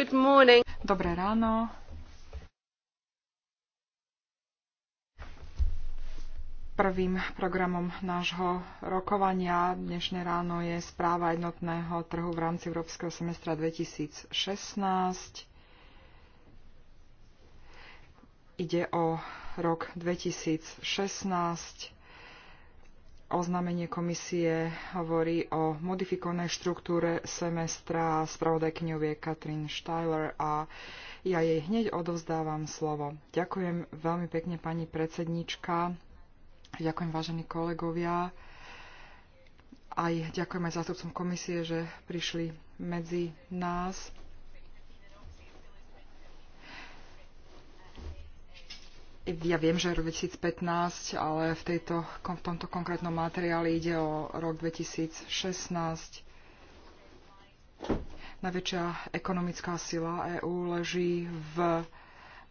Good morning. Dobré ráno. Prvým programom nášho rokovania dnešné ráno je správa jednotného trhu v rámci Európskeho semestra 2016. Ide o rok 2016 oznámenie komisie hovorí o modifikovanej štruktúre semestra. Spravodajkyňou je Katrin Steiler a ja jej hneď odovzdávam slovo. Ďakujem veľmi pekne pani predsedníčka. Ďakujem vážení kolegovia. Aj ďakujem aj zástupcom komisie, že prišli medzi nás. ja viem, že je rok 2015, ale v, tejto, v tomto konkrétnom materiáli ide o rok 2016. Najväčšia ekonomická sila EÚ leží v,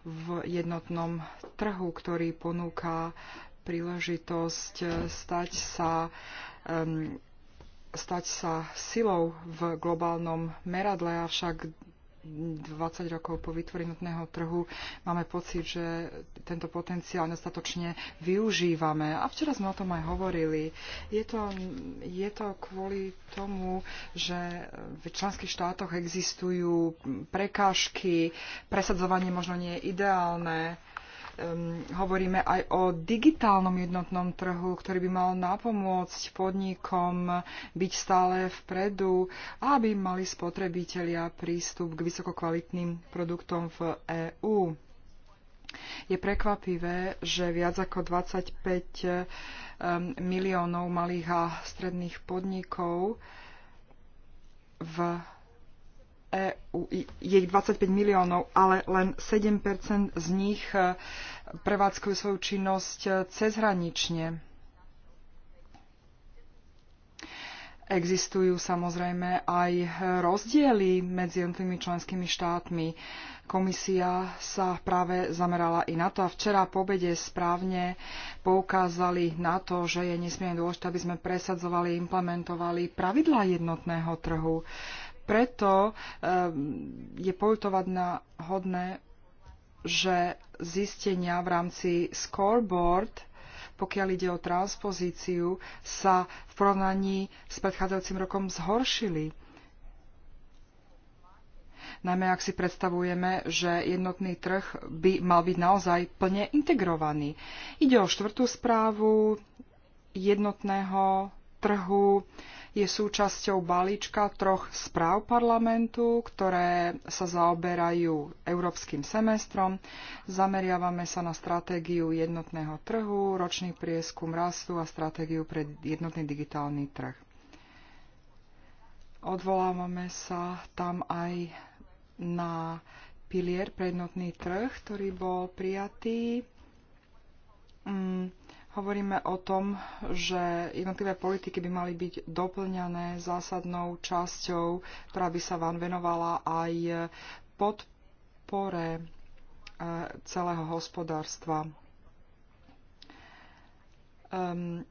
v jednotnom trhu, ktorý ponúka príležitosť stať sa, um, stať sa silou v globálnom meradle, avšak 20 rokov po vytvorí nutného trhu máme pocit, že tento potenciál nedostatočne využívame. A včera sme o tom aj hovorili. Je to, je to kvôli tomu, že v členských štátoch existujú prekážky, presadzovanie možno nie je ideálne um, hovoríme aj o digitálnom jednotnom trhu, ktorý by mal napomôcť podnikom byť stále vpredu a aby mali spotrebitelia prístup k vysokokvalitným produktom v EÚ. Je prekvapivé, že viac ako 25 ehm, miliónov malých a stredných podnikov v EU, je ich 25 miliónov, ale len 7 z nich e, prevádzkujú svoju činnosť e, cezhranične. Existujú samozrejme aj e, rozdiely medzi jednotlivými členskými štátmi. Komisia sa práve zamerala i na to a včera po obede správne poukázali na to, že je nesmierne dôležité, aby sme presadzovali, implementovali pravidlá jednotného trhu. Preto ehm, je na hodné, že zistenia v rámci scoreboard pokiaľ ide o transpozíciu, sa v porovnaní s predchádzajúcim rokom zhoršili. Najmä ak si predstavujeme, že jednotný trh by mal byť naozaj plne integrovaný. Ide o štvrtú správu jednotného trhu je súčasťou balíčka troch správ parlamentu, ktoré sa zaoberajú európskym semestrom. Zameriavame sa na stratégiu jednotného trhu, ročný prieskum rastu a stratégiu pre jednotný digitálny trh. Odvolávame sa tam aj na pilier pre jednotný trh, ktorý bol prijatý. Mm hovoríme o tom, že jednotlivé politiky by mali byť doplňané zásadnou časťou, ktorá by sa vám venovala aj podpore e, celého hospodárstva. Ehm,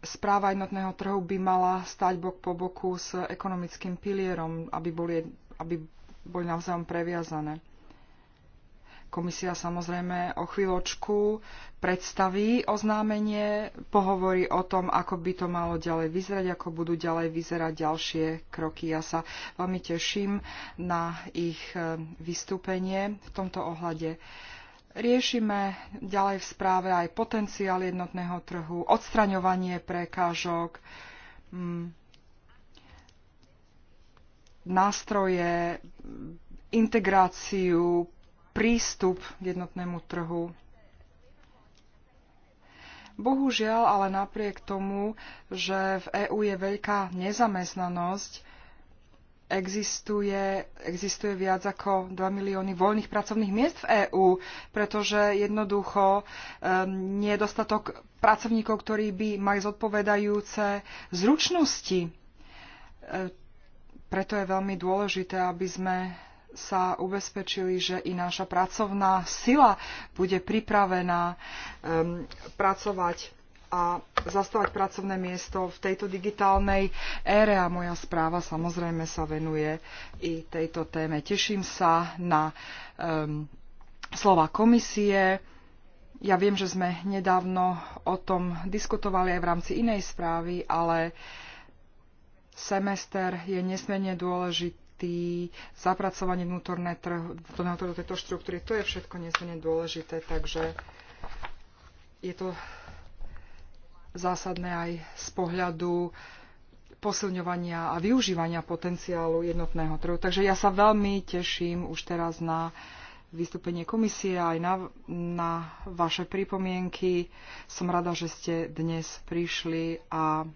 správa jednotného trhu by mala stať bok po boku s ekonomickým pilierom, aby boli, aby boli navzájom previazané. Komisia samozrejme o chvíľočku predstaví oznámenie, pohovorí o tom, ako by to malo ďalej vyzerať, ako budú ďalej vyzerať ďalšie kroky. Ja sa veľmi teším na ich e, vystúpenie v tomto ohľade. Riešime ďalej v správe aj potenciál jednotného trhu, odstraňovanie prekážok, mm, nástroje, integráciu prístup k jednotnému trhu. Bohužiaľ, ale napriek tomu, že v EÚ je veľká nezamestnanosť, existuje, existuje viac ako 2 milióny voľných pracovných miest v EÚ, pretože jednoducho um, ehm, nie je dostatok pracovníkov, ktorí by mali zodpovedajúce zručnosti. E, preto je veľmi dôležité, aby sme sa ubezpečili, že i naša pracovná sila bude pripravená um, pracovať a zastávať pracovné miesto v tejto digitálnej ére a moja správa samozrejme sa venuje i tejto téme. Teším sa na um, slova komisie. Ja viem, že sme nedávno o tom diskutovali aj v rámci inej správy, ale semester je nesmierne dôležitý aspekty, zapracovanie vnútorného trhu, trhu do tejto štruktúry, to je všetko nesmierne dôležité, takže je to zásadné aj z pohľadu posilňovania a využívania potenciálu jednotného trhu. Takže ja sa veľmi teším už teraz na vystúpenie komisie aj na, na vaše pripomienky. Som rada, že ste dnes prišli a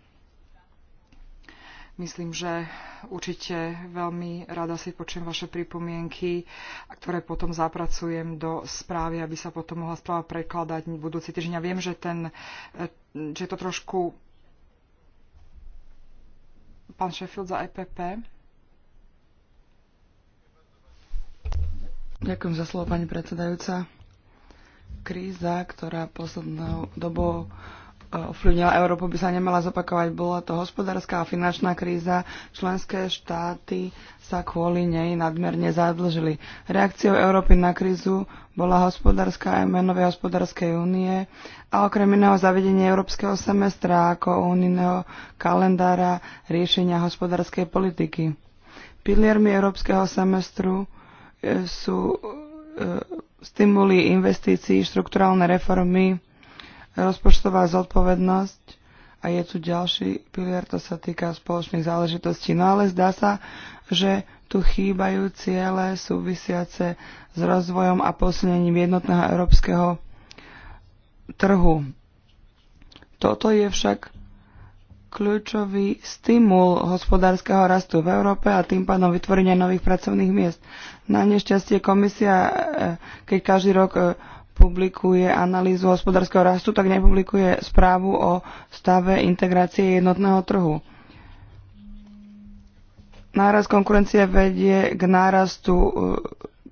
Myslím, že určite veľmi rada si počujem vaše pripomienky, ktoré potom zapracujem do správy, aby sa potom mohla správa prekladať budúci týždeň. Ja viem, že, ten, eh, že to trošku pán Sheffield za EPP. Ďakujem za slovo, pani predsedajúca. Kríza, ktorá poslednou dobou ovplyvnila Európu, by sa nemala zopakovať. Bola to hospodárska a finančná kríza. Členské štáty sa kvôli nej nadmerne zadlžili. Reakciou Európy na krízu bola hospodárska aj menovej hospodárskej únie a okrem iného zavedenie európskeho semestra ako unijného kalendára riešenia hospodárskej politiky. Piliermi európskeho semestru e, sú e, stimuli investícií, štrukturálne reformy, rozpočtová zodpovednosť a je tu ďalší pilier, to sa týka spoločných záležitostí. No ale zdá sa, že tu chýbajú ciele súvisiace s rozvojom a posunením jednotného európskeho trhu. Toto je však kľúčový stimul hospodárskeho rastu v Európe a tým pádom vytvorenia nových pracovných miest. Na nešťastie komisia, eh, keď každý rok eh, publikuje analýzu hospodárskeho rastu, tak nepublikuje správu o stave integrácie jednotného trhu. Náraz konkurencie vedie k nárastu e,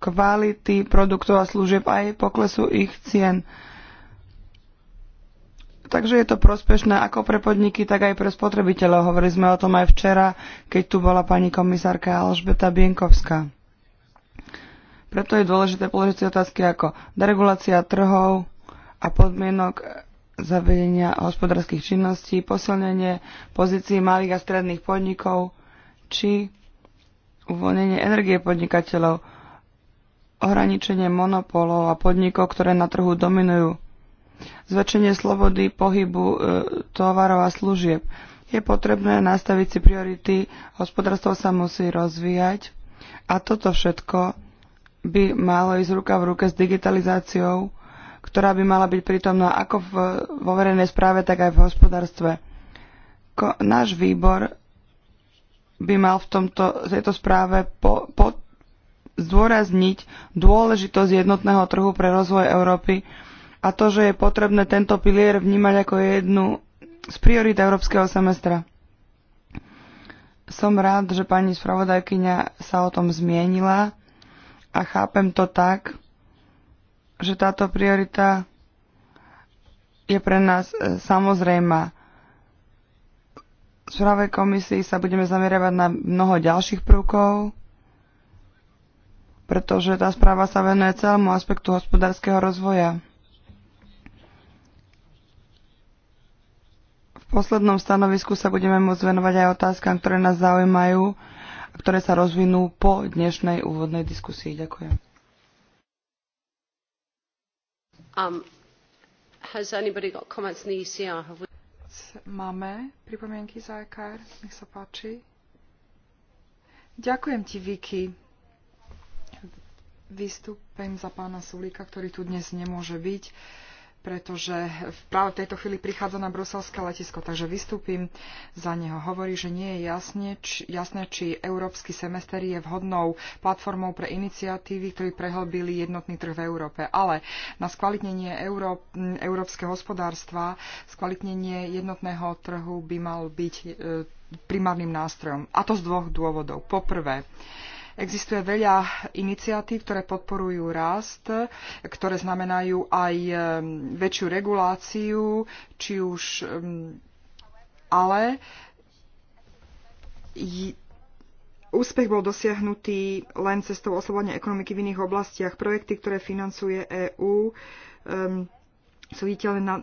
kvality produktov a služieb aj poklesu ich cien. Takže je to prospešné ako pre podniky, tak aj pre spotrebiteľov. Hovorili sme o tom aj včera, keď tu bola pani komisárka Alžbeta Bienkovská. Preto je dôležité položiť si otázky ako deregulácia trhov a podmienok zavedenia hospodárskych činností, posilnenie pozícií malých a stredných podnikov či uvoľnenie energie podnikateľov, ohraničenie monopolov a podnikov, ktoré na trhu dominujú, zväčšenie slobody pohybu e, tovarov a služieb. Je potrebné nastaviť si priority, hospodárstvo sa musí rozvíjať a toto všetko by malo ísť ruka v ruke s digitalizáciou, ktorá by mala byť prítomná ako v, vo verejnej správe, tak aj v hospodárstve. Ko, náš výbor by mal v tomto, tejto správe po, po, zdôrazniť dôležitosť jednotného trhu pre rozvoj Európy a to, že je potrebné tento pilier vnímať ako jednu z priorít európskeho semestra. Som rád, že pani spravodajkyňa sa o tom zmienila a chápem to tak, že táto priorita je pre nás e, samozrejma. V správe komisii sa budeme zamerovať na mnoho ďalších prvkov, pretože tá správa sa venuje celému aspektu hospodárskeho rozvoja. V poslednom stanovisku sa budeme môcť venovať aj otázkam, ktoré nás zaujímajú, ktoré sa rozvinú po dnešnej úvodnej diskusii. Ďakujem. Um, has anybody got comments in the ECR? Have we... Máme pripomienky za EKR? Nech sa páči. Ďakujem ti, Vicky. Vystúpim za pána Sulíka, ktorý tu dnes nemôže byť. Uh, pretože v práve v tejto chvíli prichádza na bruselské letisko, takže vystúpim za neho. Hovorí, že nie je jasne, či, jasné, či európsky semester je vhodnou platformou pre iniciatívy, ktorí prehlbili jednotný trh v Európe. Ale na skvalitnenie Euró- európskeho hospodárstva, skvalitnenie jednotného trhu by mal byť e, primárnym nástrojom. A to z dvoch dôvodov. Poprvé, Existuje veľa iniciatív, ktoré podporujú rast, ktoré znamenajú aj ehm, väčšiu reguláciu, či už ehm, ale Úspech bol dosiahnutý len cestou oslovania ekonomiky v iných oblastiach. Projekty, ktoré financuje EÚ, um, ehm, sú viditeľné na,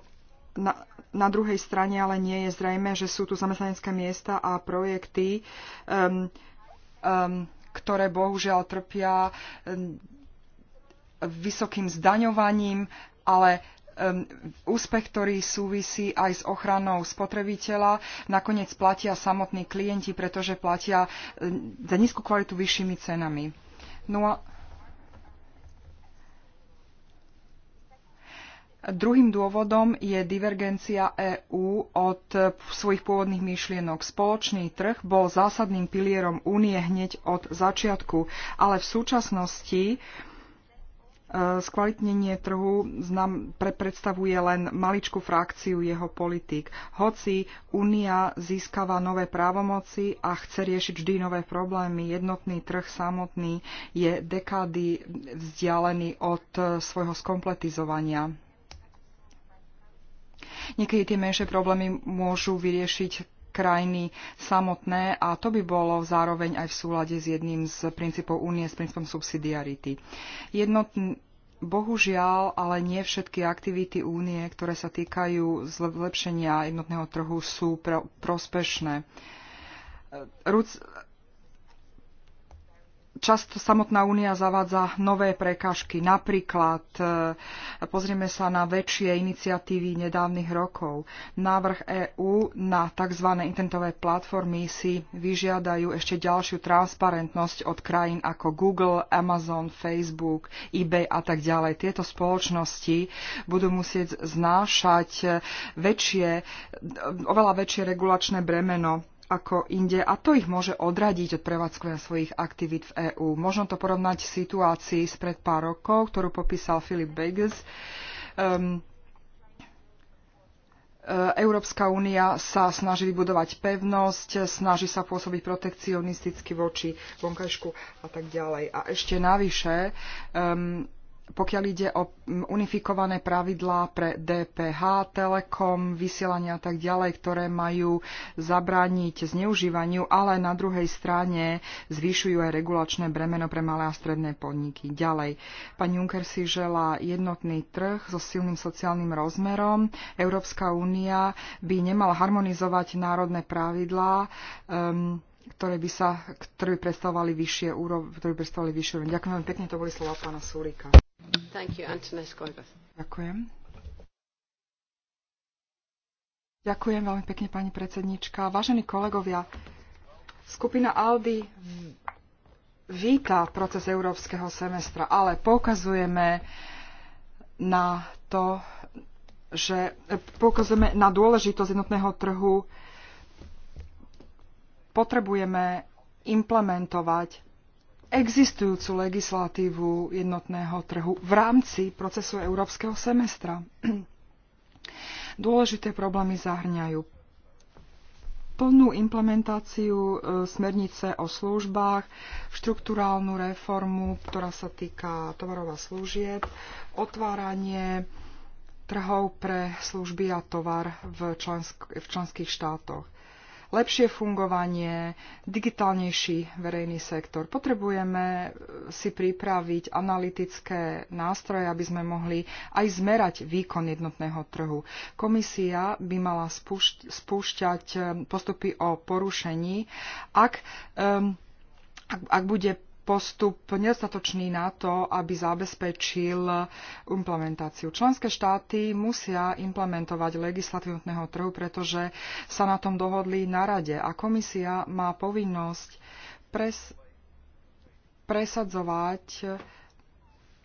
na, na druhej strane, ale nie je zrejme, že sú tu zamestnanecké miesta a projekty, um, um, ktoré bohužiaľ trpia vysokým zdaňovaním, ale um, úspech, ktorý súvisí aj s ochranou spotrebiteľa, nakoniec platia samotní klienti, pretože platia um, za nízku kvalitu vyššími cenami. No a Druhým dôvodom je divergencia EÚ od svojich pôvodných myšlienok. Spoločný trh bol zásadným pilierom únie hneď od začiatku, ale v súčasnosti e, skvalitnenie trhu znam, pre, predstavuje len maličkú frakciu jeho politik. Hoci Únia získava nové právomoci a chce riešiť vždy nové problémy, jednotný trh samotný je dekády vzdialený od e, svojho skompletizovania. Niekedy tie menšie problémy môžu vyriešiť krajiny samotné a to by bolo zároveň aj v súlade s jedným z princípov únie, s princípom subsidiarity. Jednotný, Bohužiaľ, ale nie všetky aktivity únie, ktoré sa týkajú zlepšenia jednotného trhu, sú pro, prospešné. Rúc, Často samotná únia zavádza nové prekážky. Napríklad e, pozrieme sa na väčšie iniciatívy nedávnych rokov. Návrh EÚ na tzv. internetové platformy si vyžiadajú ešte ďalšiu transparentnosť od krajín ako Google, Amazon, Facebook, eBay a tak ďalej. Tieto spoločnosti budú musieť znášať e, väčšie, e, oveľa väčšie regulačné bremeno ako inde a to ich môže odradiť od prevádzkovania svojich aktivít v EÚ. Možno to porovnať situácii spred pár rokov, ktorú popísal Philip Beggs. Um, ehm, e, Európska únia sa snaží vybudovať pevnosť, snaží sa pôsobiť protekcionisticky voči vonkajšku a tak ďalej. A ešte navyše, um, pokiaľ ide o unifikované pravidlá pre DPH, telekom, vysielania a tak ďalej, ktoré majú zabrániť zneužívaniu, ale na druhej strane zvyšujú aj regulačné bremeno pre malé a stredné podniky. Ďalej, Pani Juncker si želá jednotný trh so silným sociálnym rozmerom. Európska únia by nemala harmonizovať národné pravidlá. Um, ktoré by sa, ktoré by predstavovali vyššie úrov, ktoré by predstavovali vyššie úroveň. Ďakujem veľmi pekne, to boli slova pána Súrika. Thank you, Antones Golbas. Ďakujem. Ďakujem veľmi pekne, pani predsednička. Vážení kolegovia, skupina Aldi víta proces európskeho semestra, ale poukazujeme na to, že eh, poukazujeme na dôležitosť jednotného trhu potrebujeme implementovať existujúcu legislatívu jednotného trhu v rámci procesu európskeho semestra. Dôležité problémy zahrňajú plnú implementáciu e, smernice o službách, štruktúrálnu reformu, ktorá sa týka tovarov a služieb, otváranie trhov pre služby a tovar v, člansk- v členských štátoch lepšie fungovanie, digitálnejší verejný sektor. Potrebujeme e, si pripraviť analytické nástroje, aby sme mohli aj zmerať výkon jednotného trhu. Komisia by mala spúšť, spúšťať e, postupy o porušení, ak, um, ak, ak bude postup nedostatočný na to, aby zabezpečil implementáciu. Členské štáty musia implementovať legislatívneho trhu, pretože sa na tom dohodli na rade a komisia má povinnosť pres, presadzovať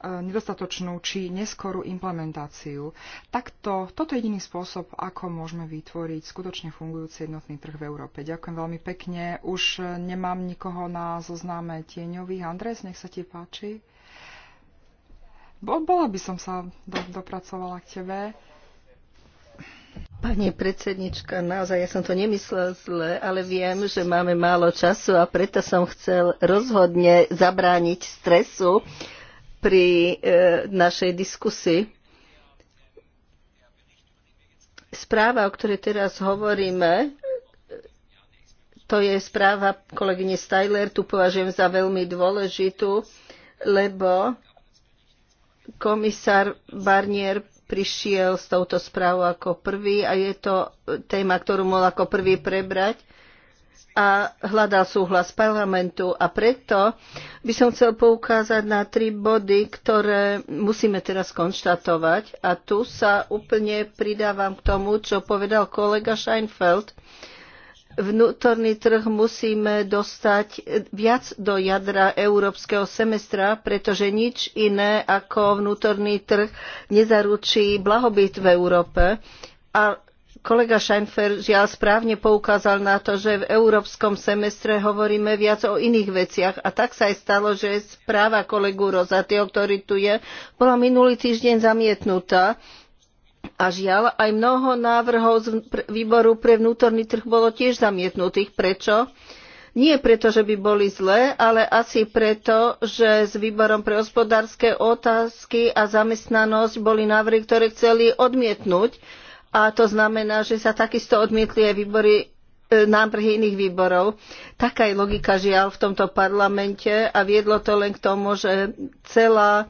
nedostatočnú či neskorú implementáciu. Takto, toto je jediný spôsob, ako môžeme vytvoriť skutočne fungujúci jednotný trh v Európe. Ďakujem veľmi pekne. Už nemám nikoho na zozname tieňových. Andres, nech sa ti páči. Bo, bola by som sa do, dopracovala k tebe. Pani predsednička, naozaj ja som to nemyslela zle, ale viem, že máme málo času a preto som chcel rozhodne zabrániť stresu pri e, našej diskusii. Správa, o ktorej teraz hovoríme, to je správa kolegyne Styler, tu považujem za veľmi dôležitú, lebo komisár Barnier prišiel s touto správou ako prvý a je to téma, ktorú mohol ako prvý prebrať a hľadá súhlas parlamentu. A preto by som chcel poukázať na tri body, ktoré musíme teraz konštatovať. A tu sa úplne pridávam k tomu, čo povedal kolega Scheinfeld. Vnútorný trh musíme dostať viac do jadra európskeho semestra, pretože nič iné ako vnútorný trh nezaručí blahobyt v Európe. A Kolega Scheinfer žiaľ správne poukázal na to, že v európskom semestre hovoríme viac o iných veciach a tak sa aj stalo, že správa kolegu rosatiho ktorý tu je, bola minulý týždeň zamietnutá a žiaľ aj mnoho návrhov z výboru pre vnútorný trh bolo tiež zamietnutých. Prečo? Nie preto, že by boli zlé, ale asi preto, že s výborom pre hospodárske otázky a zamestnanosť boli návrhy, ktoré chceli odmietnúť a to znamená, že sa takisto odmietli aj výbory e, návrhy iných výborov. Taká je logika žiaľ v tomto parlamente a viedlo to len k tomu, že celá,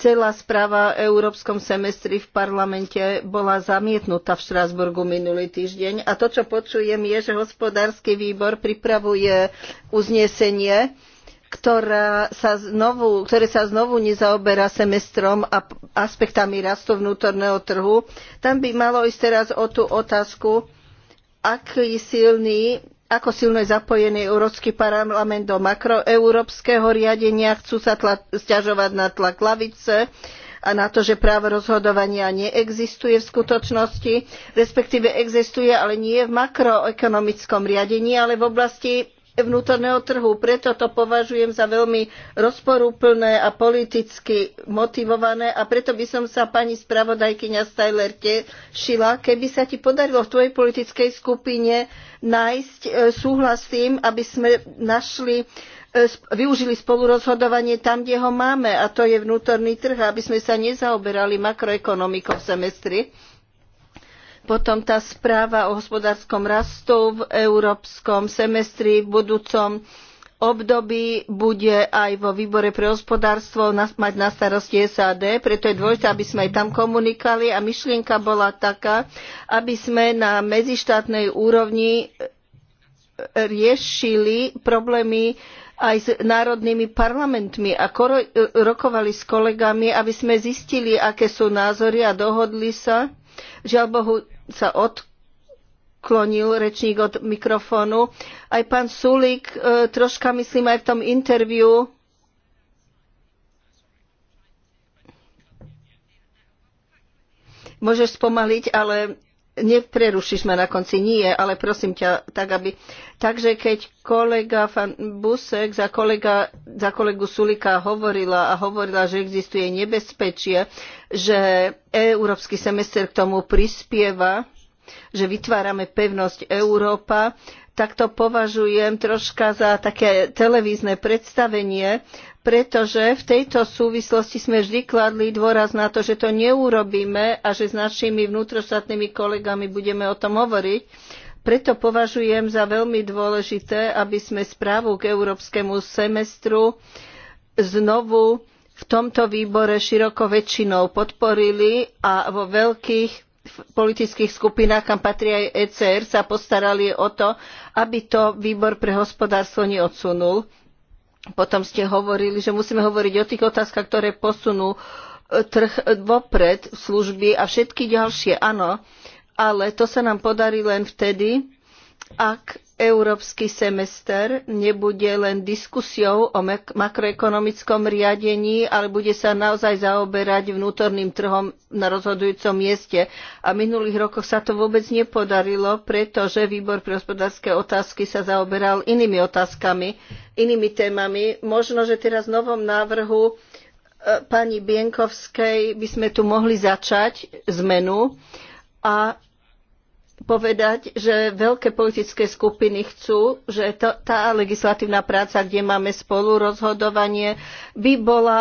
celá správa o európskom semestri v parlamente bola zamietnutá v Štrásburgu minulý týždeň. A to, čo počujem, je, že hospodársky výbor pripravuje uznesenie, ktorá sa znovu, ktoré sa znovu nezaoberá semestrom a aspektami rastu vnútorného trhu. Tam by malo ísť teraz o tú otázku, aký silný, ako silno je zapojený Európsky parlament do makroeurópskeho riadenia, chcú sa tla, stiažovať na tlak lavice a na to, že právo rozhodovania neexistuje v skutočnosti, respektíve existuje, ale nie v makroekonomickom riadení, ale v oblasti vnútorného trhu. Preto to považujem za veľmi rozporúplné a politicky motivované a preto by som sa pani spravodajkyňa Styler tešila, keby sa ti podarilo v tvojej politickej skupine nájsť e, súhlas s tým, aby sme našli e, využili spolurozhodovanie tam, kde ho máme, a to je vnútorný trh, aby sme sa nezaoberali makroekonomikou v semestri potom tá správa o hospodárskom rastu v európskom semestri v budúcom období bude aj vo výbore pre hospodárstvo mať na starosti SAD, preto je dôležité, aby sme aj tam komunikali a myšlienka bola taká, aby sme na medzištátnej úrovni e, riešili problémy aj s národnými parlamentmi a e, rokovali s kolegami, aby sme zistili, aké sú názory a dohodli sa. Žiaľ Bohu, sa odklonil rečník od mikrofónu. Aj pán Sulík e, troška, myslím, aj v tom interviu Môžeš spomaliť, ale neprerušíš ma na konci, nie, ale prosím ťa, tak aby... Takže keď kolega Fan Busek za, kolega, za kolegu Sulika hovorila a hovorila, že existuje nebezpečie, že európsky semester k tomu prispieva, že vytvárame pevnosť Európa, tak to považujem troška za také televízne predstavenie, pretože v tejto súvislosti sme vždy kladli dôraz na to, že to neurobíme a že s našimi vnútroštátnymi kolegami budeme o tom hovoriť. Preto považujem za veľmi dôležité, aby sme správu k európskemu semestru znovu v tomto výbore široko väčšinou podporili a vo veľkých politických skupinách, kam patrí aj ECR, sa postarali o to, aby to výbor pre hospodárstvo neodsunul potom ste hovorili, že musíme hovoriť o tých otázkach, ktoré posunú e, trh e, vopred, služby a všetky ďalšie, áno, ale to sa nám podarí len vtedy, ak európsky semester nebude len diskusiou o makroekonomickom riadení, ale bude sa naozaj zaoberať vnútorným trhom na rozhodujúcom mieste. A v minulých rokoch sa to vôbec nepodarilo, pretože výbor pre hospodárske otázky sa zaoberal inými otázkami, inými témami. Možno, že teraz v novom návrhu e, pani Bienkovskej by sme tu mohli začať zmenu a povedať, že veľké politické skupiny chcú, že to, tá legislatívna práca, kde máme spolu rozhodovanie, by bola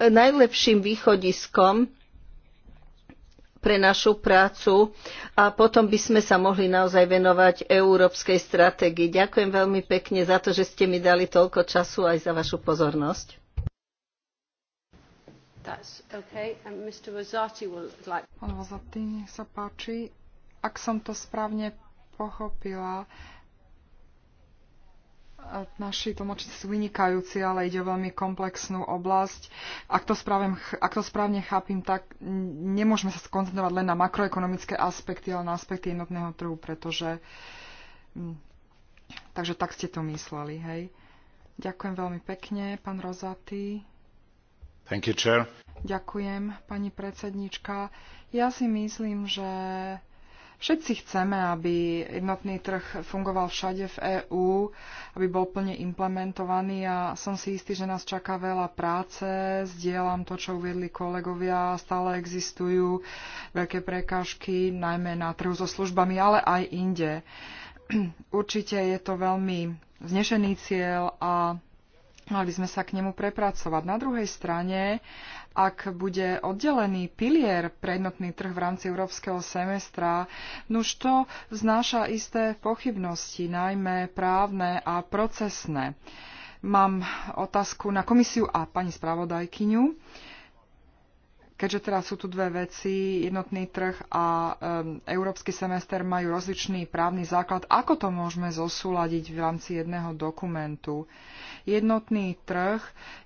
najlepším východiskom pre našu prácu a potom by sme sa mohli naozaj venovať európskej stratégii. Ďakujem veľmi pekne za to, že ste mi dali toľko času aj za vašu pozornosť. That's okay. And Mr. Rosati will like... Pán Rosati, nech sa páči. Ak som to správne pochopila, naši tlmočníci sú vynikajúci, ale ide o veľmi komplexnú oblasť. Ak to, správim, ak to správne chápim, tak nemôžeme sa skoncentrovať len na makroekonomické aspekty, ale na aspekty jednotného trhu, pretože... Mm, takže tak ste to mysleli, hej? Ďakujem veľmi pekne, pán Rozaty. Thank you, chair. Ďakujem, pani predsednička. Ja si myslím, že Všetci chceme, aby jednotný trh fungoval všade v EÚ, aby bol plne implementovaný a som si istý, že nás čaká veľa práce. Zdieľam to, čo uviedli kolegovia. Stále existujú veľké prekážky, najmä na trhu so službami, ale aj inde. Určite je to veľmi znešený cieľ a mali by sme sa k nemu prepracovať. Na druhej strane, ak bude oddelený pilier pre jednotný trh v rámci európskeho semestra, nuž to vznáša isté pochybnosti, najmä právne a procesné. Mám otázku na komisiu a pani spravodajkyňu keďže teraz sú tu dve veci, jednotný trh a um, európsky semester majú rozličný právny základ, ako to môžeme zosúľadiť v rámci jedného dokumentu? Jednotný trh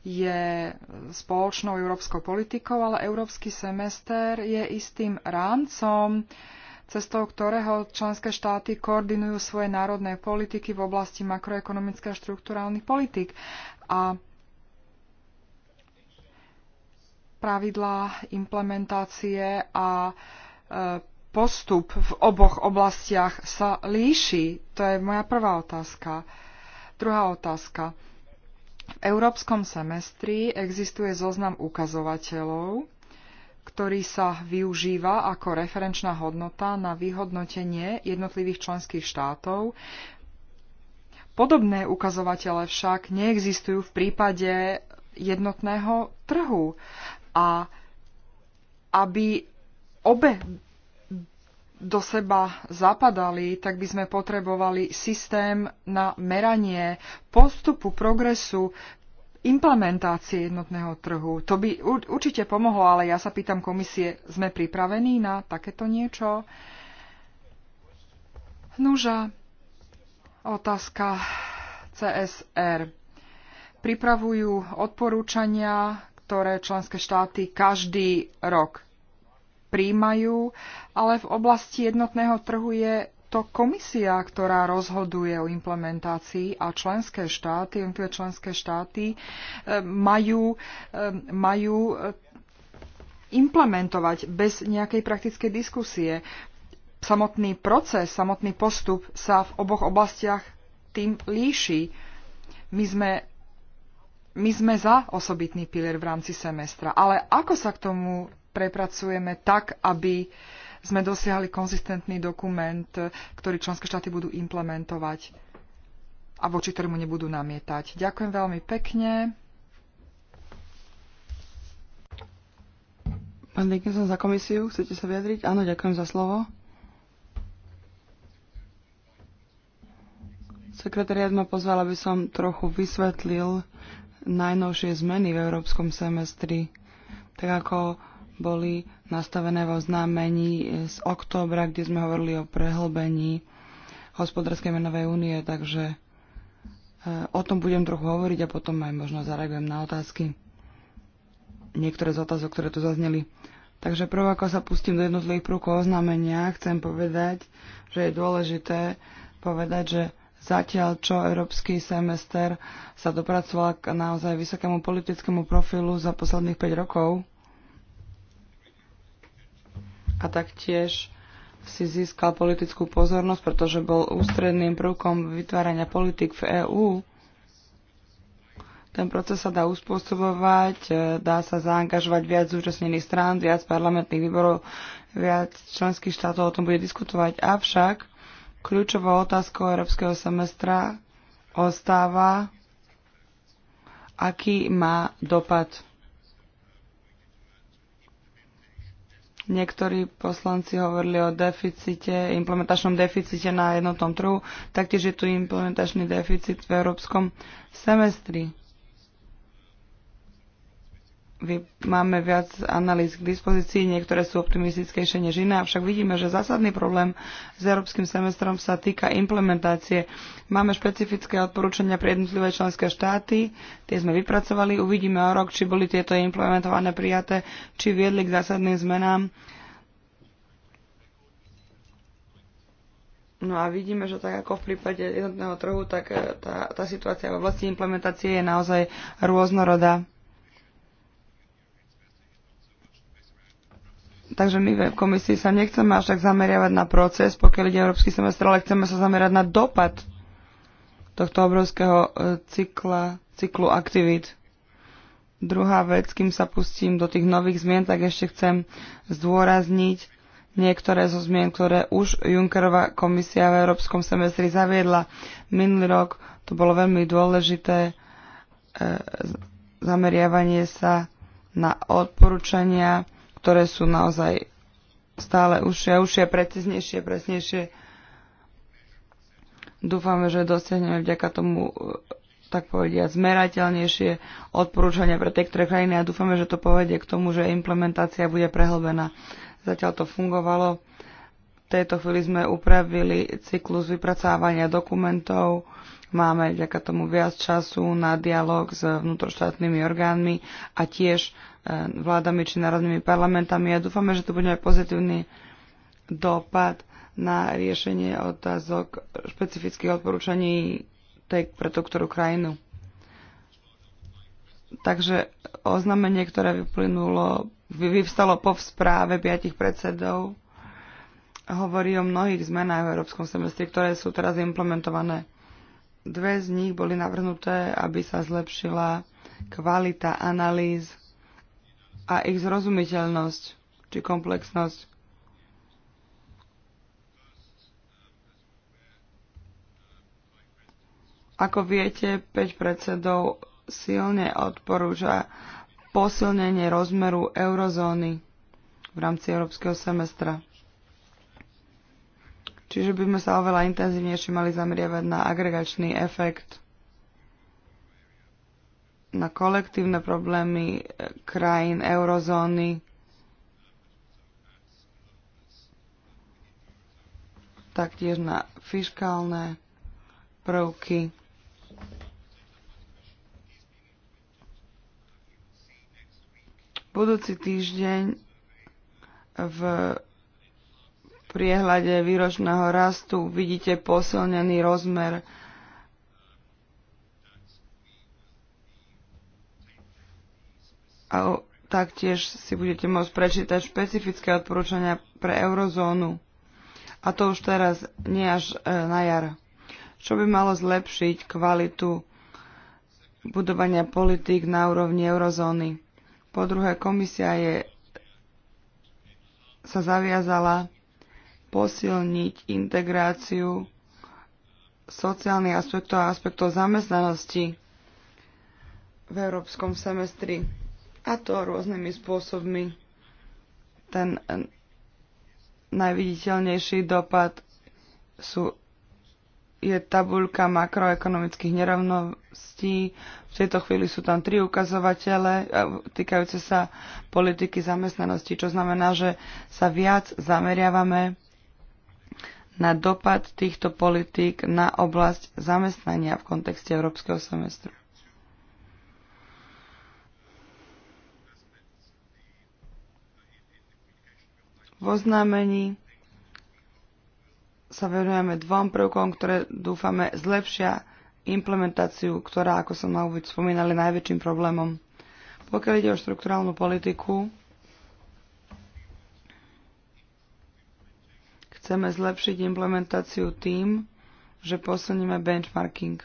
je spoločnou európskou politikou, ale európsky semester je istým rámcom, cestou ktorého členské štáty koordinujú svoje národné politiky v oblasti makroekonomických a štruktúrálnych politik. A pravidlá implementácie a e, postup v oboch oblastiach sa líši? To je moja prvá otázka. Druhá otázka. V európskom semestri existuje zoznam ukazovateľov, ktorý sa využíva ako referenčná hodnota na vyhodnotenie jednotlivých členských štátov. Podobné ukazovatele však neexistujú v prípade jednotného trhu a aby obe do seba zapadali, tak by sme potrebovali systém na meranie postupu, progresu, implementácie jednotného trhu. To by určite pomohlo, ale ja sa pýtam komisie, sme pripravení na takéto niečo? Nuža, otázka CSR. Pripravujú odporúčania ktoré členské štáty každý rok príjmajú, ale v oblasti jednotného trhu je to komisia, ktorá rozhoduje o implementácii a členské štáty, jednotlivé členské štáty e, majú, e, majú e, implementovať bez nejakej praktickej diskusie. Samotný proces, samotný postup sa v oboch oblastiach tým líši. My sme my sme za osobitný pilier v rámci semestra, ale ako sa k tomu prepracujeme tak, aby sme dosiahli konzistentný dokument, ktorý členské štáty budú implementovať a voči ktorému nebudú namietať. Ďakujem veľmi pekne. Pán Dickinson za komisiu, chcete sa vyjadriť? Áno, ďakujem za slovo. Sekretariat ma pozval, aby som trochu vysvetlil najnovšie zmeny v európskom semestri, tak ako boli nastavené vo známení z októbra, kde sme hovorili o prehlbení hospodárskej menovej únie, takže e, o tom budem trochu hovoriť a potom aj možno zareagujem na otázky. Niektoré z otázok, ktoré tu zazneli. Takže prvá, ako sa pustím do jednotlivých prúkov oznámenia, chcem povedať, že je dôležité povedať, že Zatiaľ, čo európsky semester sa dopracoval k naozaj vysokému politickému profilu za posledných 5 rokov a taktiež si získal politickú pozornosť, pretože bol ústredným prvkom vytvárania politik v EÚ. Ten proces sa dá uspôsobovať, e, dá sa zaangažovať viac zúčastnených strán, viac parlamentných výborov, viac členských štátov o tom bude diskutovať. Avšak Kľúčovou otázkou európskeho semestra ostáva, aký má dopad. Niektorí poslanci hovorili o deficite, implementačnom deficite na jednotnom trhu, taktiež je tu implementačný deficit v európskom semestri máme viac analýz k dispozícii, niektoré sú optimistickejšie než iné, avšak vidíme, že zásadný problém s európskym semestrom sa týka implementácie. Máme špecifické odporúčania pre jednotlivé členské štáty, tie sme vypracovali, uvidíme o rok, či boli tieto implementované, prijaté, či viedli k zásadným zmenám. No a vidíme, že tak ako v prípade jednotného trhu, tak eh, tá, tá situácia v oblasti implementácie je naozaj rôznorodá. Takže my v komisii sa nechceme až tak zameriavať na proces, pokiaľ ide európsky semestr, ale chceme sa zamerať na dopad tohto obrovského e, cykla, cyklu aktivít. Druhá vec, kým sa pustím do tých nových zmien, tak ešte chcem zdôrazniť niektoré zo zmien, ktoré už Junckerová komisia v európskom semestri zaviedla. Minulý rok to bolo veľmi dôležité e, zameriavanie sa na odporúčania ktoré sú naozaj stále užšie, užšie, preciznejšie, presnejšie. Dúfame, že dosiahneme vďaka tomu e, tak povediať, zmerateľnejšie odporúčania pre tie ktoré krajiny a dúfame, že to povedie k tomu, že implementácia bude prehlbená. Zatiaľ to fungovalo. V tejto chvíli sme upravili cyklus vypracávania dokumentov Máme vďaka tomu viac času na dialog s vnútroštátnymi orgánmi a tiež e, vládami či národnými parlamentami a dúfame, že to bude aj pozitívny dopad na riešenie otázok špecifických odporúčaní tej pre tú ktorú krajinu. Takže oznámenie, ktoré vyplynulo, vyvstalo po správe piatich predsedov, hovorí o mnohých zmenách v európskom semestri, ktoré sú teraz implementované. Dve z nich boli navrhnuté, aby sa zlepšila kvalita analýz a ich zrozumiteľnosť či komplexnosť. Ako viete, 5 predsedov silne odporúča posilnenie rozmeru eurozóny v rámci európskeho semestra. Čiže by sme sa oveľa intenzívnejšie mali zameriavať na agregačný efekt, na kolektívne problémy e, krajín eurozóny. taktiež na fiskálne prvky. Budúci týždeň v priehľade výročného rastu vidíte posilnený rozmer a taktiež si budete môcť prečítať špecifické odporúčania pre eurozónu. A to už teraz, nie až e, na jar. Čo by malo zlepšiť kvalitu budovania politík na úrovni eurozóny. Po druhé, komisia je, sa zaviazala posilniť integráciu sociálnych aspektov a aspektov zamestnanosti v európskom semestri. A to rôznymi spôsobmi. Ten najviditeľnejší dopad sú, je tabuľka makroekonomických nerovností. V tejto chvíli sú tam tri ukazovatele eh, týkajúce sa politiky zamestnanosti, čo znamená, že sa viac zameriavame na dopad týchto politík na oblasť zamestnania v kontexte európskeho semestru. V oznámení sa venujeme dvom prvkom, ktoré dúfame zlepšia implementáciu, ktorá, ako som na úvod spomínal, je najväčším problémom. Pokiaľ ide o štrukturálnu politiku, Chceme zlepšiť implementáciu tým, že posuníme benchmarking.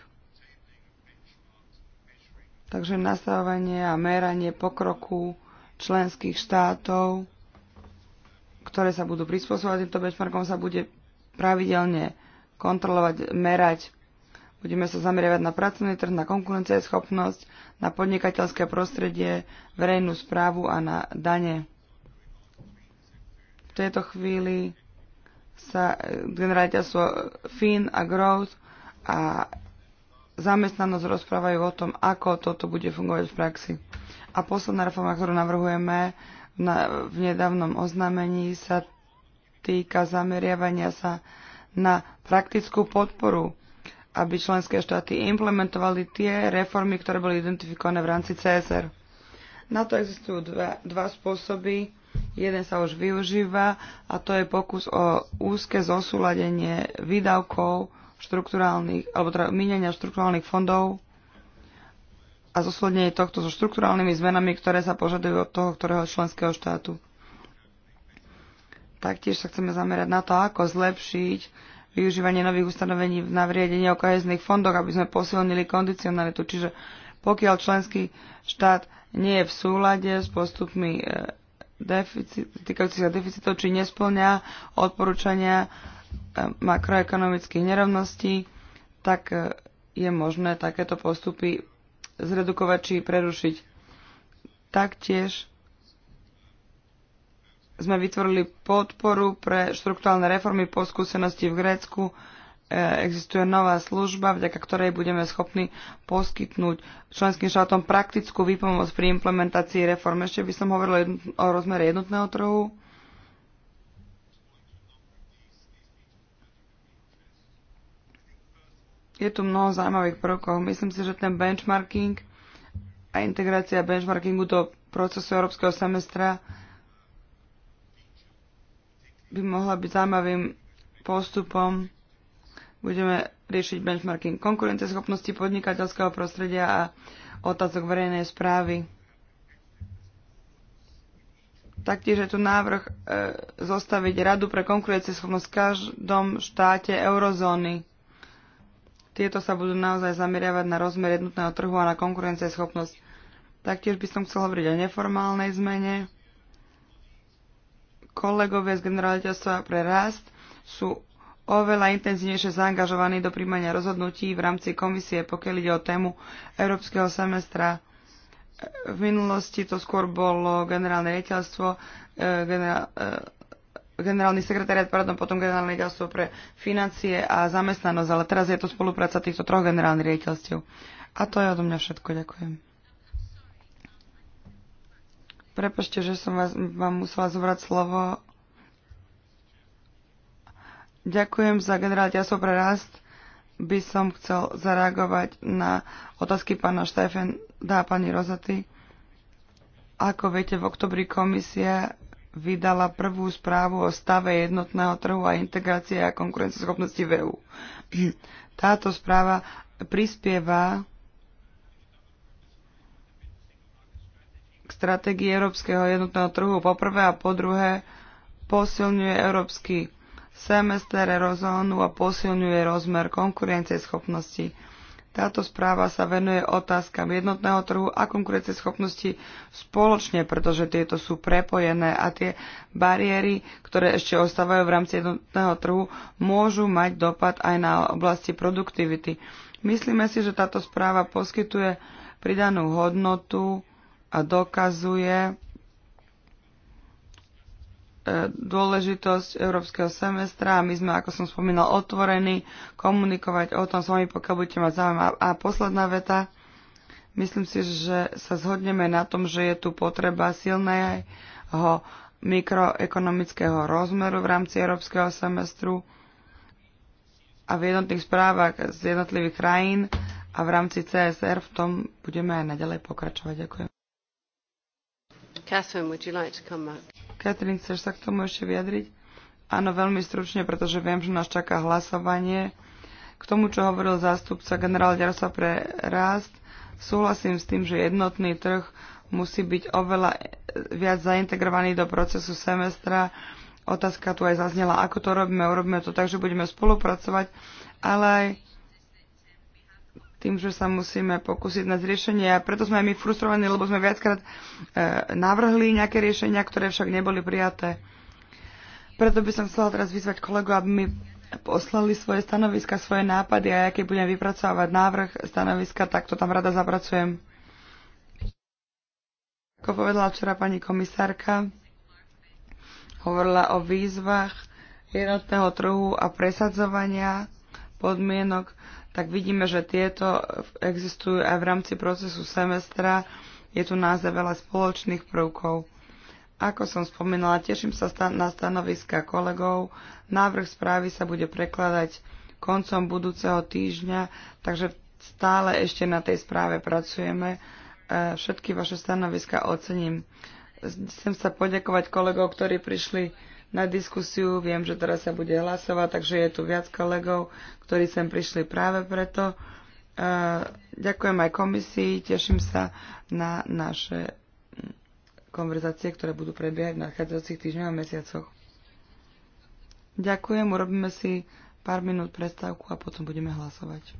Takže nastavovanie a meranie pokroku členských štátov, ktoré sa budú prispôsobovať týmto benchmarkom, sa bude pravidelne kontrolovať, merať. Budeme sa zameriavať na pracovný trh, na konkurencieschopnosť, na podnikateľské prostredie, verejnú správu a na dane. V tejto chvíli sa sú FIN a Growth a zamestnanosť rozprávajú o tom, ako toto bude fungovať v praxi. A posledná reforma, ktorú navrhujeme na, v nedávnom oznámení, sa týka zameriavania sa na praktickú podporu, aby členské štáty implementovali tie reformy, ktoré boli identifikované v rámci CSR. Na to existujú dva, dva spôsoby Jeden sa už využíva a to je pokus o úzke zosúladenie výdavkov štrukturálnych, alebo teda minenia štrukturálnych fondov a zosúladenie tohto so štrukturálnymi zmenami, ktoré sa požadujú od toho, ktorého členského štátu. Taktiež sa chceme zamerať na to, ako zlepšiť využívanie nových ustanovení v navriadení o kohezných fondoch, aby sme posilnili kondicionalitu. Čiže pokiaľ členský štát nie je v súlade s postupmi e, týkajúcich týkajúci sa deficitov, či nesplňa odporúčania eh, makroekonomických nerovností, tak eh, je možné takéto postupy zredukovať či prerušiť. Taktiež sme vytvorili podporu pre štruktúrálne reformy po skúsenosti v Grécku existuje nová služba, vďaka ktorej budeme schopní poskytnúť členským štátom praktickú výpomoc pri implementácii reform. Ešte by som hovoril o rozmere jednotného trhu. Je tu mnoho zaujímavých prvkov. Myslím si, že ten benchmarking a integrácia benchmarkingu do procesu európskeho semestra by mohla byť zaujímavým postupom Budeme riešiť benchmarking konkurenceschopnosti podnikateľského prostredia a otázok verejnej správy. Taktiež je tu návrh e, zostaviť Radu pre konkurenceschopnosť v každom štáte eurozóny. Tieto sa budú naozaj zameriavať na rozmer jednotného trhu a na konkurenceschopnosť. Taktiež by som chcel hovoriť o neformálnej zmene. Kolegovia z generaliteľstva pre rast sú oveľa intenzívnejšie zaangažovaní do príjmania rozhodnutí v rámci komisie, pokiaľ ide o tému európskeho semestra. V minulosti to skôr bolo generálne riaditeľstvo, e, e, generálny sekretariat, pardon, potom generálne riaditeľstvo pre financie a zamestnanosť, ale teraz je to spolupráca týchto troch generálnych riaditeľstiev. A to je odo mňa všetko. Ďakujem. Prepašte, že som vás, vám musela zobrať slovo, Ďakujem za generál Ťasov pre rast. By som chcel zareagovať na otázky pána Štefen a pani Rozaty. Ako viete, v oktobri komisia vydala prvú správu o stave jednotného trhu a integrácie a konkurenceschopnosti v EU. Táto správa prispieva k stratégii Európskeho jednotného trhu po prvé a po druhé posilňuje európsky Semester eurozónu a posilňuje rozmer konkurencieschopnosti. Táto správa sa venuje otázkam jednotného trhu a konkurencieschopnosti spoločne, pretože tieto sú prepojené a tie bariéry, ktoré ešte ostávajú v rámci jednotného trhu, môžu mať dopad aj na oblasti produktivity. Myslíme si, že táto správa poskytuje pridanú hodnotu a dokazuje dôležitosť európskeho semestra a my sme, ako som spomínal, otvorení komunikovať o tom s vami, pokiaľ budete mať záujem. A, posledná veta. Myslím si, že sa zhodneme na tom, že je tu potreba silného mikroekonomického rozmeru v rámci európskeho semestru a v jednotných správach z jednotlivých krajín a v rámci CSR v tom budeme aj naďalej pokračovať. Ďakujem. Catherine, would you like to come back? Katrin, chceš sa k tomu ešte vyjadriť? Áno, veľmi stručne, pretože viem, že nás čaká hlasovanie. K tomu, čo hovoril zástupca generál Ďarsa pre rást, súhlasím s tým, že jednotný trh musí byť oveľa e, viac zaintegrovaný do procesu semestra, otázka tu aj zaznela, ako to robíme. Urobíme to tak, že budeme spolupracovať, ale aj tým, že sa musíme pokúsiť na riešenie a preto sme aj my frustrovaní, lebo sme viackrát e, navrhli nejaké riešenia, ktoré však neboli prijaté. Preto by som chcela teraz vyzvať kolegu, aby mi poslali svoje stanoviska, svoje nápady a ja keď budem vypracovať návrh stanoviska, tak to tam rada zapracujem. Ako povedala včera pani komisárka, hovorila o výzvach jednotného trhu a presadzovania podmienok tak vidíme, že tieto existujú aj v rámci procesu semestra. Je tu naozaj veľa spoločných prvkov. Ako som spomínala, teším sa na stanoviska kolegov. Návrh správy sa bude prekladať koncom budúceho týždňa, takže stále ešte na tej správe pracujeme. E, všetky vaše stanoviska ocením. Chcem sa poďakovať kolegov, ktorí prišli na diskusiu. Viem, že teraz sa bude hlasovať, takže je tu viac kolegov, ktorí sem prišli práve preto. E, ďakujem aj komisii, teším sa na naše konverzácie, ktoré budú prebiehať v nadchádzajúcich týždňoch a mesiacoch. Ďakujem, urobíme si pár minút prestávku a potom budeme hlasovať.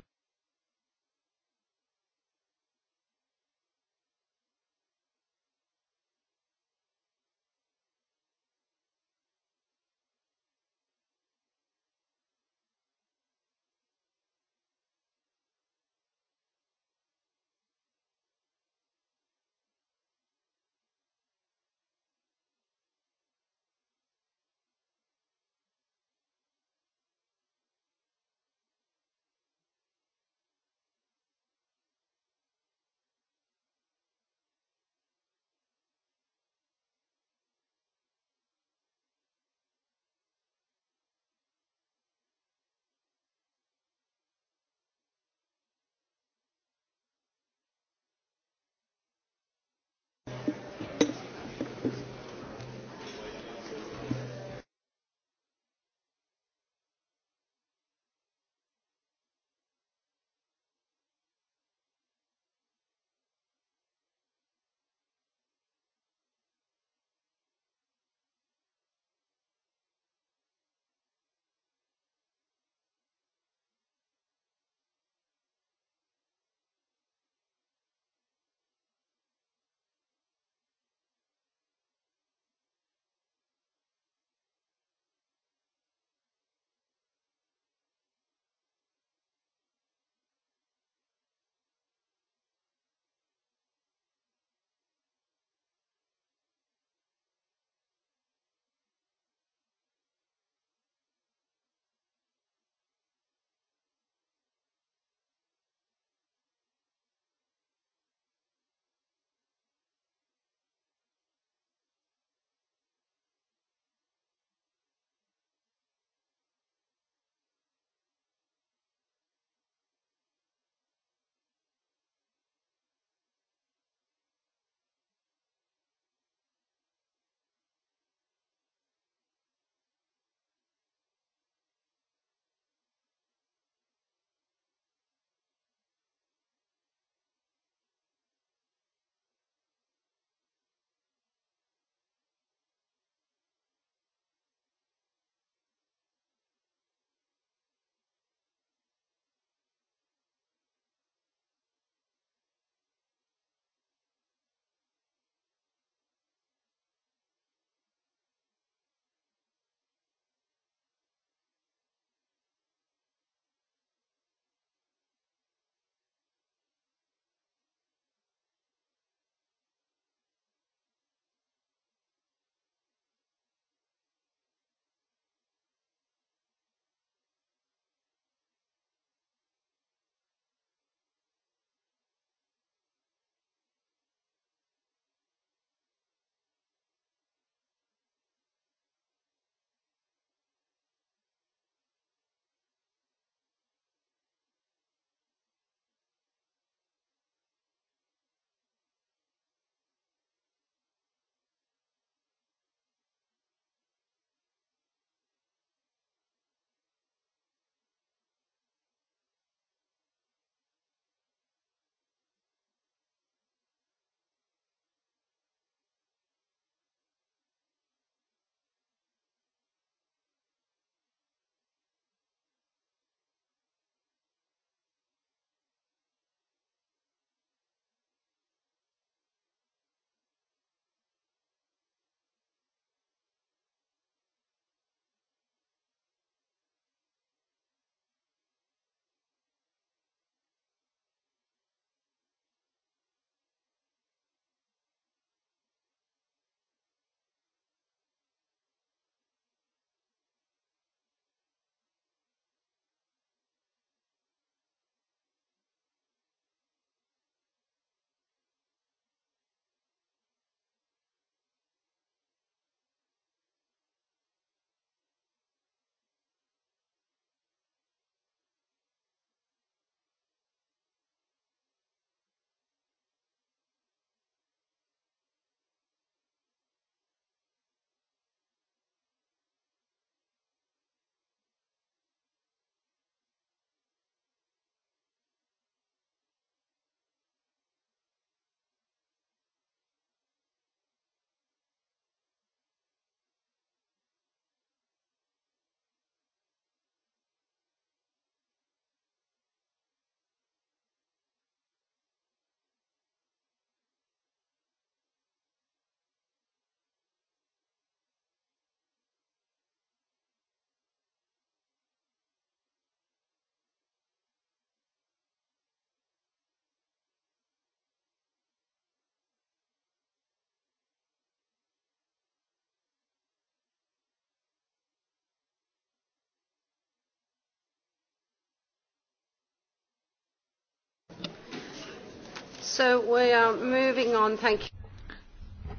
So we are moving on. Thank you.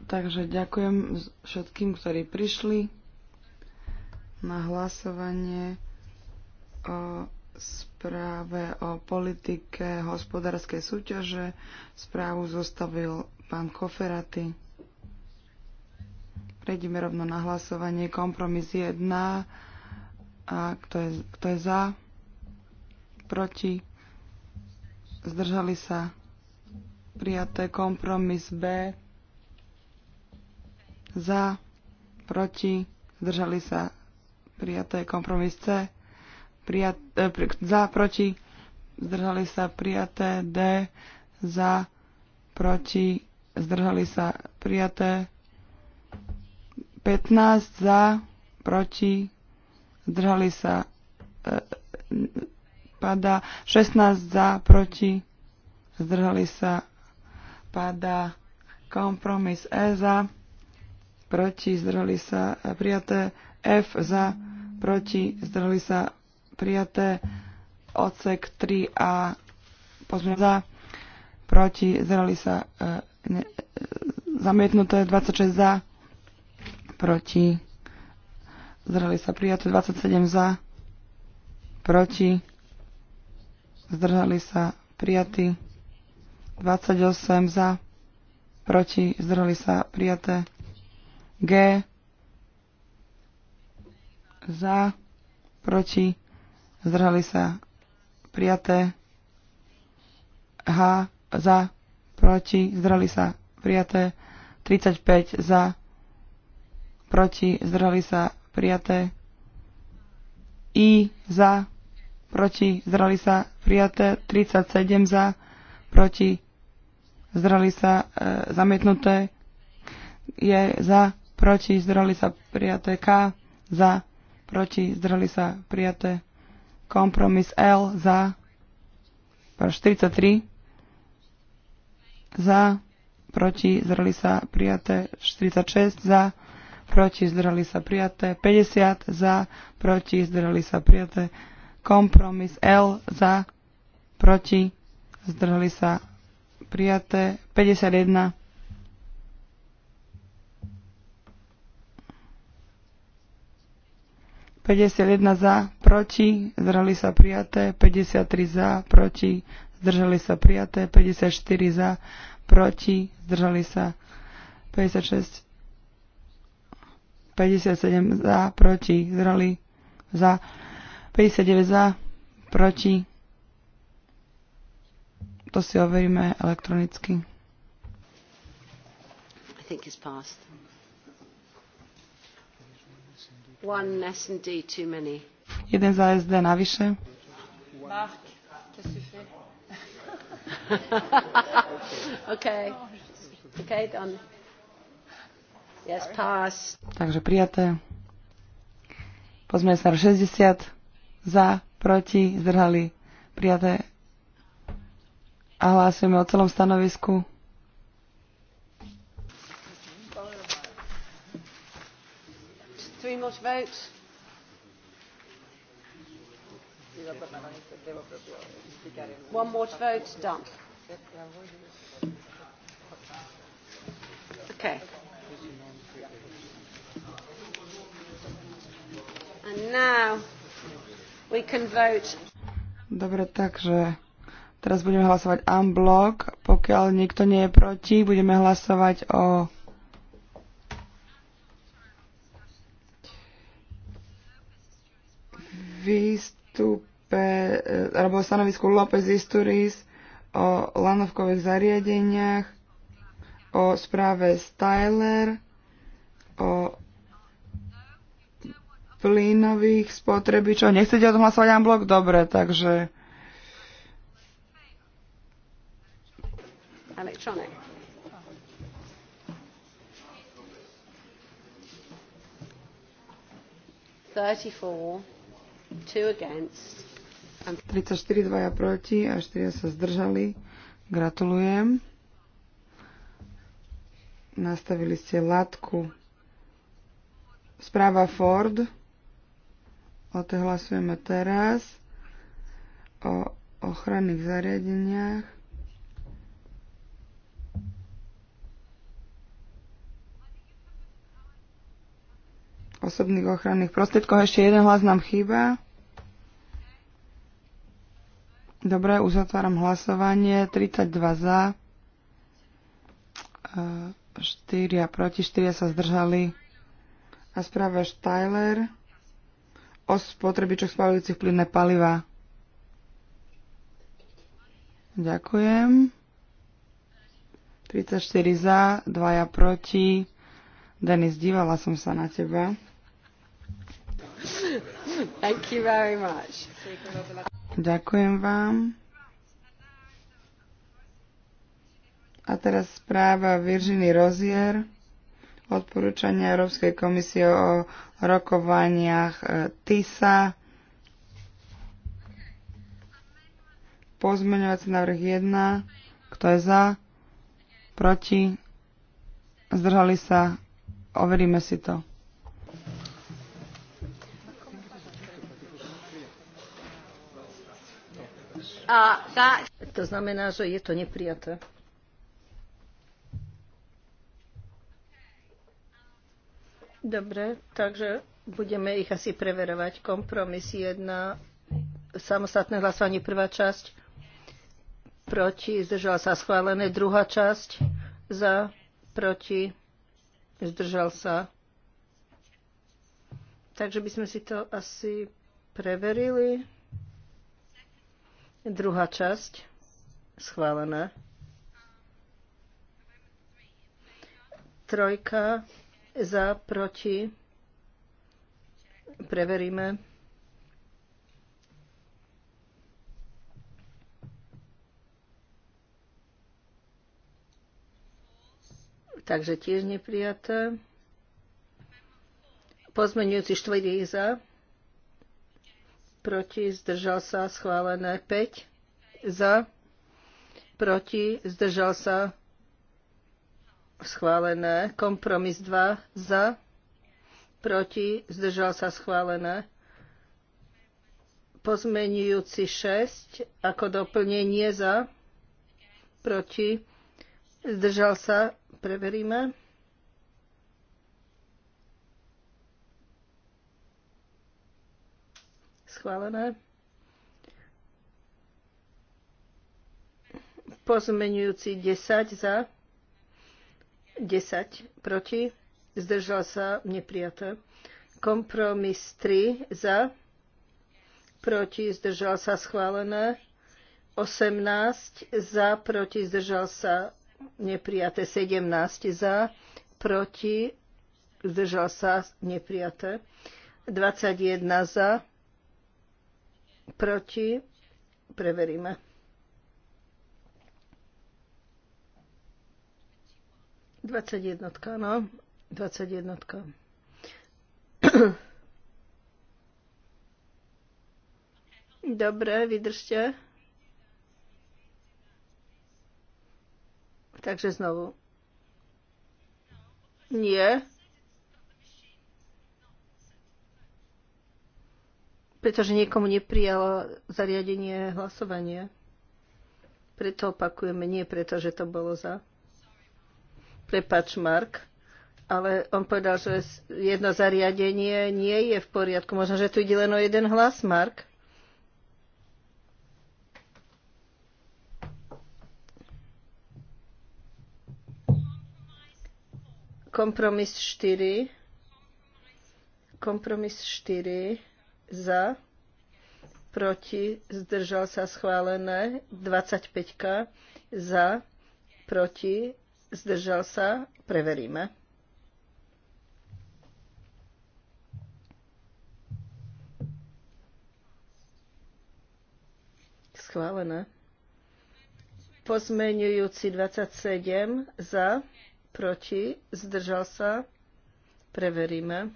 Takže ďakujem všetkým, ktorí prišli na hlasovanie o správe o politike hospodárskej súťaže. Správu zostavil pán Koferaty. Prejdeme rovno na hlasovanie. Kompromis 1. A kto je, kto je za? Proti? Zdržali sa? Prijaté kompromis B. Za, proti, zdržali sa. Prijaté kompromis C. Prijat, eh, pri, za, proti, zdržali sa. Prijaté D. Za, proti, zdržali sa. Prijaté 15 za, proti, zdržali sa, e, pada, 16 za, proti, zdržali sa, Padá kompromis E za, proti, zdrhli sa, e, prijaté. F za, proti, zdrhli sa, prijaté. Odsek 3A, pozmeň za, proti, zdrhli sa, e, ne, e, zamietnuté. 26 za, proti, zdrhli sa, prijaté. 27 za, proti, zdržali sa, prijatí. 28 za, proti, zdrhli sa, prijaté. G, za, proti, zdrhali sa, prijaté. H, za, proti, zdrhali sa, prijaté. 35 za, proti, zdrhali sa, prijaté. I, za, proti, zdrhali sa, prijaté. 37 za, proti, zdrali sa e, zamietnuté, je za, proti, zdrali sa prijaté, K, za, proti, zdrali sa prijaté, kompromis L, za, 43, za, proti, zdrali sa prijaté, 46, za, proti, zdrali sa prijaté, 50, za, proti, zdrali sa prijaté, kompromis L, za, proti, zdrali sa prijaté 51. jedna za, proti, zdržali sa prijaté, 53 za, proti, zdržali sa prijaté, 54 za, proti, zdržali sa 56, 57 za, proti, zdržali za, 59 za, proti, to si overíme elektronicky. I think it's passed. One S&D too many. Jeden za SD navyše. okay. Okay, done. Yes, pass. Takže prijaté. Pozme sa 60 za, proti, zdrhali, prijaté a hlasujeme o celom stanovisku. One more vote, done. Okay. And now we can vote. Dobre, takže Teraz budeme hlasovať unblock. Pokiaľ niekto nie je proti, budeme hlasovať o výstupe eh, alebo stanovisku López Isturis o lanovkových zariadeniach, o správe Styler, o plynových spotrebičoch. Nechcete o tom hlasovať unblock? Dobre, takže electronic. Thirty four, 34 proti a 4 sa zdržali. Gratulujem. Nastavili ste latku. Správa Ford. O teraz. O ochranných zariadeniach. osobných ochranných prostriedkoch. Ešte jeden hlas nám chýba. Dobre, uzatváram hlasovanie. 32 za, 4 e, proti, 4 sa zdržali. A správa Štajler o spotrebičoch spalujúcich plynné paliva. Ďakujem. 34 za, 2 proti. Denis, dívala som sa na teba. Thank you very much. Ďakujem vám. A teraz správa Virginie Rozier, odporúčania Európskej komisie o rokovaniach e, TISA. Pozmeňovací návrh 1. Kto je za? Proti? Zdržali sa? Overíme si to. To znamená, že je to neprijaté. Dobre, takže budeme ich asi preverovať. Kompromis 1, samostatné hlasovanie, prvá časť. Proti, zdržal sa schválené. Druhá časť, za, proti, zdržal sa. Takže by sme si to asi preverili. Druhá časť. Schválená. Trojka. Za, proti. Preveríme. Takže tiež neprijaté. Pozmeňujúci štvrtý za proti, zdržal sa, schválené 5 za, proti, zdržal sa, schválené, kompromis 2 za, proti, zdržal sa, schválené, pozmenujúci 6 ako doplnenie za, proti, zdržal sa, preveríme. schválené. Pozmenujúci 10 za, 10 proti, zdržal sa neprijaté. Kompromis 3 za, proti, zdržal sa schválené. 18 za, proti, zdržal sa neprijaté. 17 za, proti, zdržal sa neprijaté. 21 za, proti, preveríme. Dvadsať jednotka, no. Dvadsať jednotka. Dobre, vydržte. Takže znovu. Nie. pretože niekomu neprijalo zariadenie hlasovanie. Preto opakujeme, nie preto, že to bolo za. Prepač, Mark. Ale on povedal, že jedno zariadenie nie je v poriadku. Možno, že tu ide len o jeden hlas, Mark. Kompromis 4. Kompromis 4 za, proti, zdržal sa schválené, 25 za, proti, zdržal sa, preveríme. Schválené. Pozmenujúci 27 za, proti, zdržal sa, preveríme.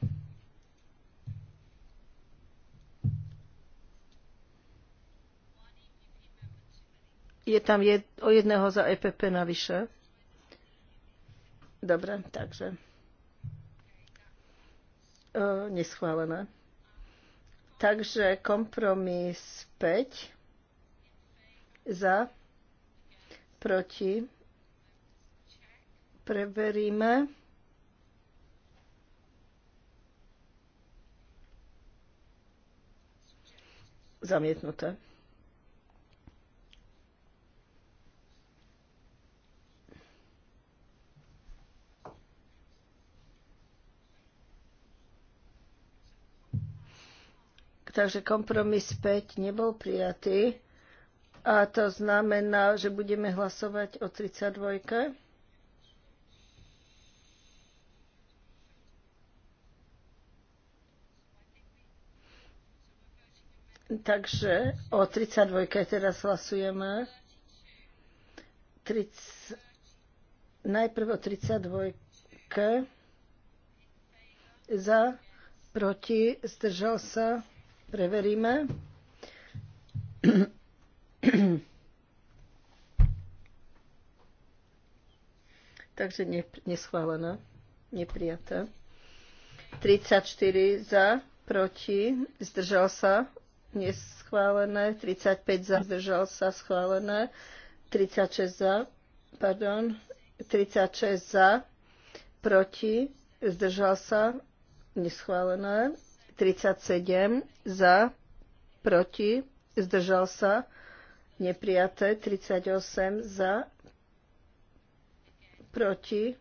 Je tam jed, o jedného za EPP navyše. Dobre, takže. E, neschválené. Takže kompromis 5 za, proti, preveríme. Zamietnuté. Takže kompromis 5 nebol prijatý. A to znamená, že budeme hlasovať o 32. Takže o 32 teraz hlasujeme. 30, najprv o 32 za, proti, zdržal sa. Preveríme. Takže ne, neschválená, neprijatá. 34 za, proti, zdržal sa, neschválené. 35 za, zdržal sa, schválené. 36 za, pardon, 36 za, proti, zdržal sa, neschválené. 37 za, proti, zdržal sa, neprijaté, 38 za, proti,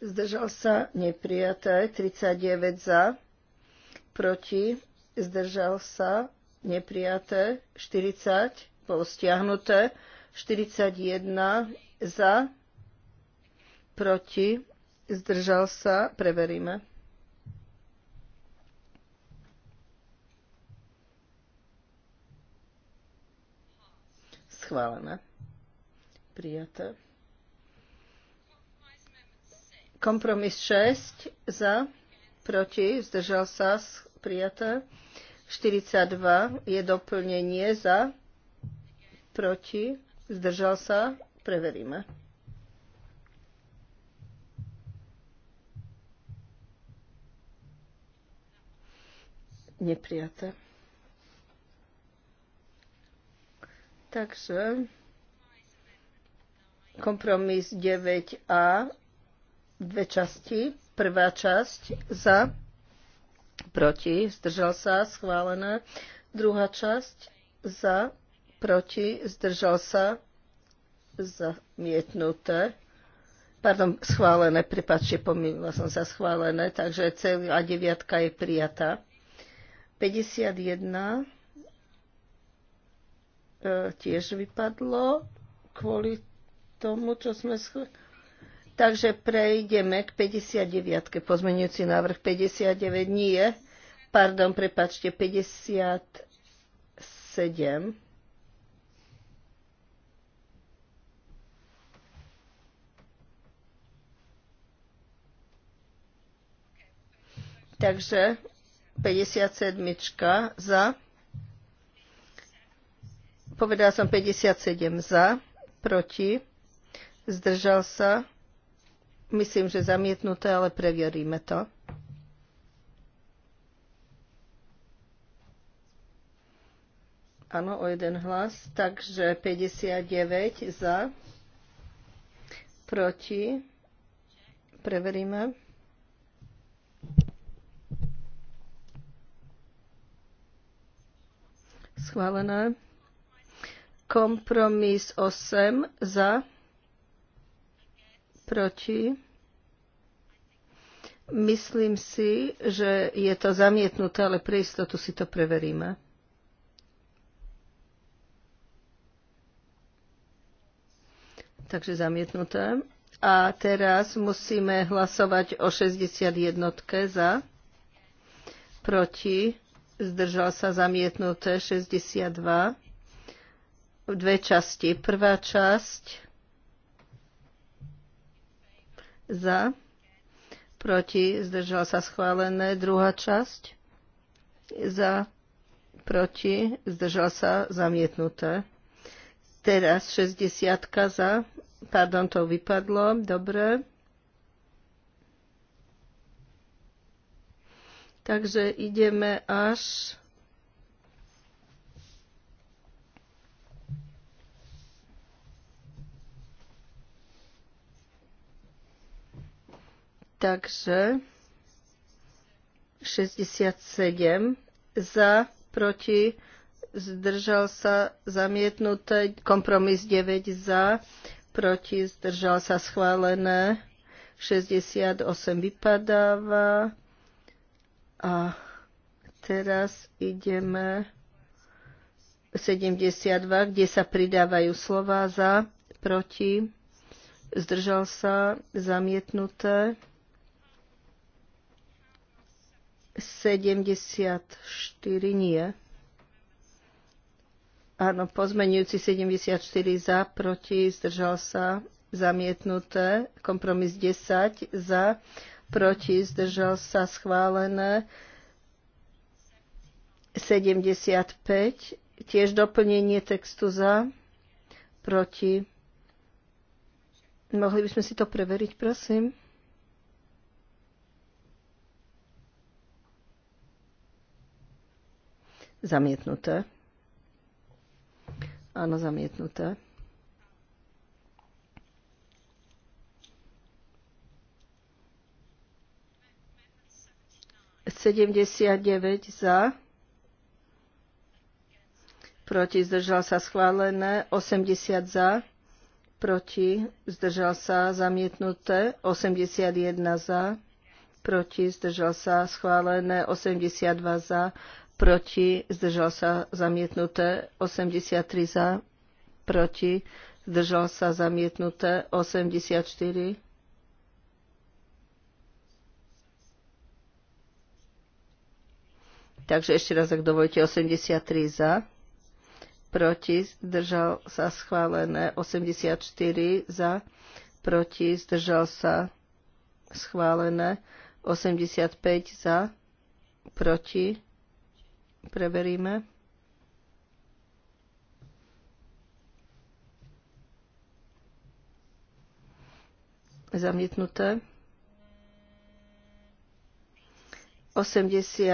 zdržal sa, neprijaté, 39 za, proti, zdržal sa, neprijaté, 40 bolo stiahnuté, 41 za, proti, zdržal sa, preveríme. schválené. Prijaté. Kompromis 6 za, proti, zdržal sa, prijaté. 42 je doplnenie za, proti, zdržal sa, preveríme. Neprijaté. Takže kompromis 9a, dve časti. Prvá časť za, proti, zdržal sa, schválená. Druhá časť za, proti, zdržal sa, zamietnuté. Pardon, schválené, prepáčte, pomýlila som sa, schválené, takže celá deviatka je prijatá. 51 E, tiež vypadlo kvôli tomu, čo sme schli. Takže prejdeme k 59. Pozmenujúci návrh 59 nie. Pardon, prepačte, 57. Takže 57. za. Povedala som 57 za, proti, zdržal sa. Myslím, že zamietnuté, ale preveríme to. Áno, o jeden hlas. Takže 59 za, proti. Preveríme. Schválené. Kompromis 8 za, proti. Myslím si, že je to zamietnuté, ale pre istotu si to preveríme. Takže zamietnuté. A teraz musíme hlasovať o 61 za, proti, zdržal sa zamietnuté 62 v dve časti. Prvá časť za, proti, zdržal sa schválené. Druhá časť za, proti, zdržal sa zamietnuté. Teraz 60 za, pardon, to vypadlo, dobre. Takže ideme až Takže 67 za, proti, zdržal sa zamietnuté, kompromis 9 za, proti, zdržal sa schválené, 68 vypadáva a teraz ideme 72, kde sa pridávajú slova za, proti, zdržal sa, zamietnuté. 74 nie. Áno, pozmenujúci 74 za, proti, zdržal sa, zamietnuté. Kompromis 10 za, proti, zdržal sa, schválené. 75, tiež doplnenie textu za, proti. Mohli by sme si to preveriť, prosím? Zamietnuté. Áno, zamietnuté. Sedemdesiat deväť za. Proti zdržal sa schválené. 80 za. Proti zdržal sa zamietnuté. 81 za. Proti zdržal sa schválené. 82 za proti, zdržal sa zamietnuté 83 za, proti, zdržal sa zamietnuté 84. Takže ešte raz, ak dovolíte, 83 za, proti, zdržal sa schválené 84 za, proti, zdržal sa schválené 85 za, proti, Preveríme. Zamietnuté. 86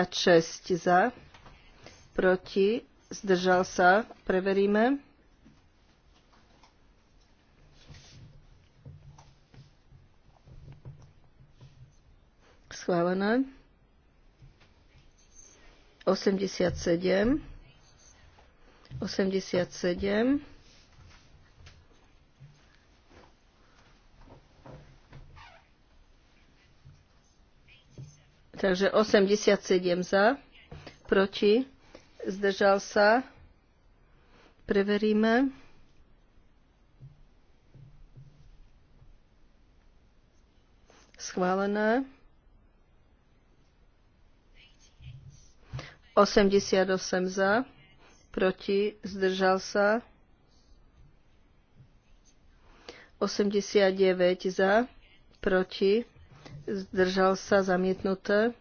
za, proti, zdržal sa, preveríme. Schválené. 87, 87, Takže 87 za, proti, zdržal sa, preveríme. Schválené. 88 za, proti, zdržal sa. 89 za, proti, zdržal sa, zamietnuté.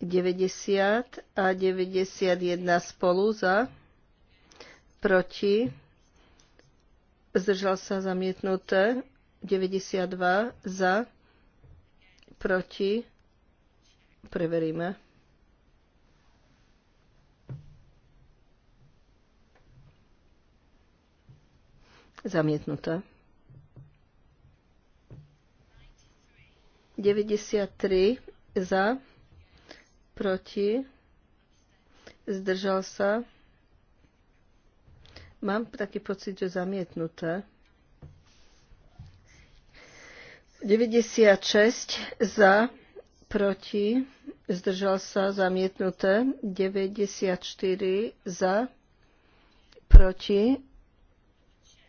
90 a 91 spolu za, proti, zdržal sa, zamietnuté. 92 za, proti, preveríme. zamietnutá. 93 za, proti, zdržal sa. Mám taký pocit, že zamietnuté. 96 za, proti, zdržal sa, zamietnuté. 94 za, proti,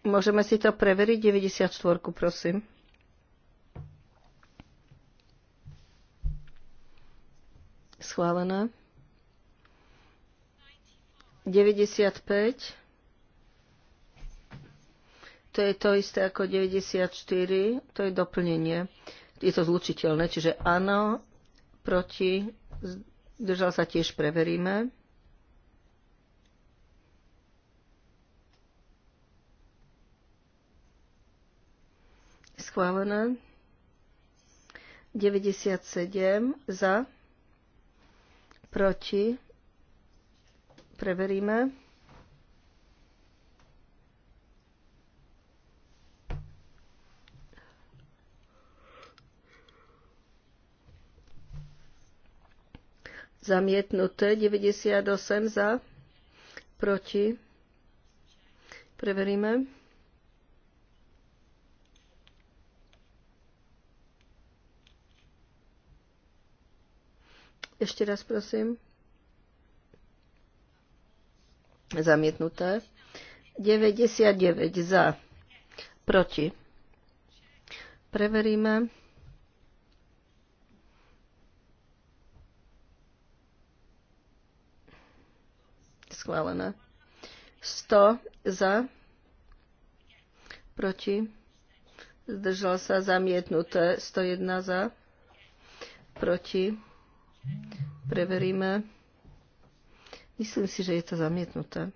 Môžeme si to preveriť? 94, prosím. Schválené. 95. To je to isté ako 94. To je doplnenie. Je to zlučiteľné, čiže áno, proti, zdržal sa tiež preveríme. schválené. 97 za, proti, preveríme. Zamietnuté 98 za, proti, preveríme. Ešte raz prosím. Zamietnuté. 99 za. Proti. Preveríme. Schválené. 100 za. Proti. Zdržal sa zamietnuté. 101 za. Proti Preveríme. Myslím si, že je to zamietnuté.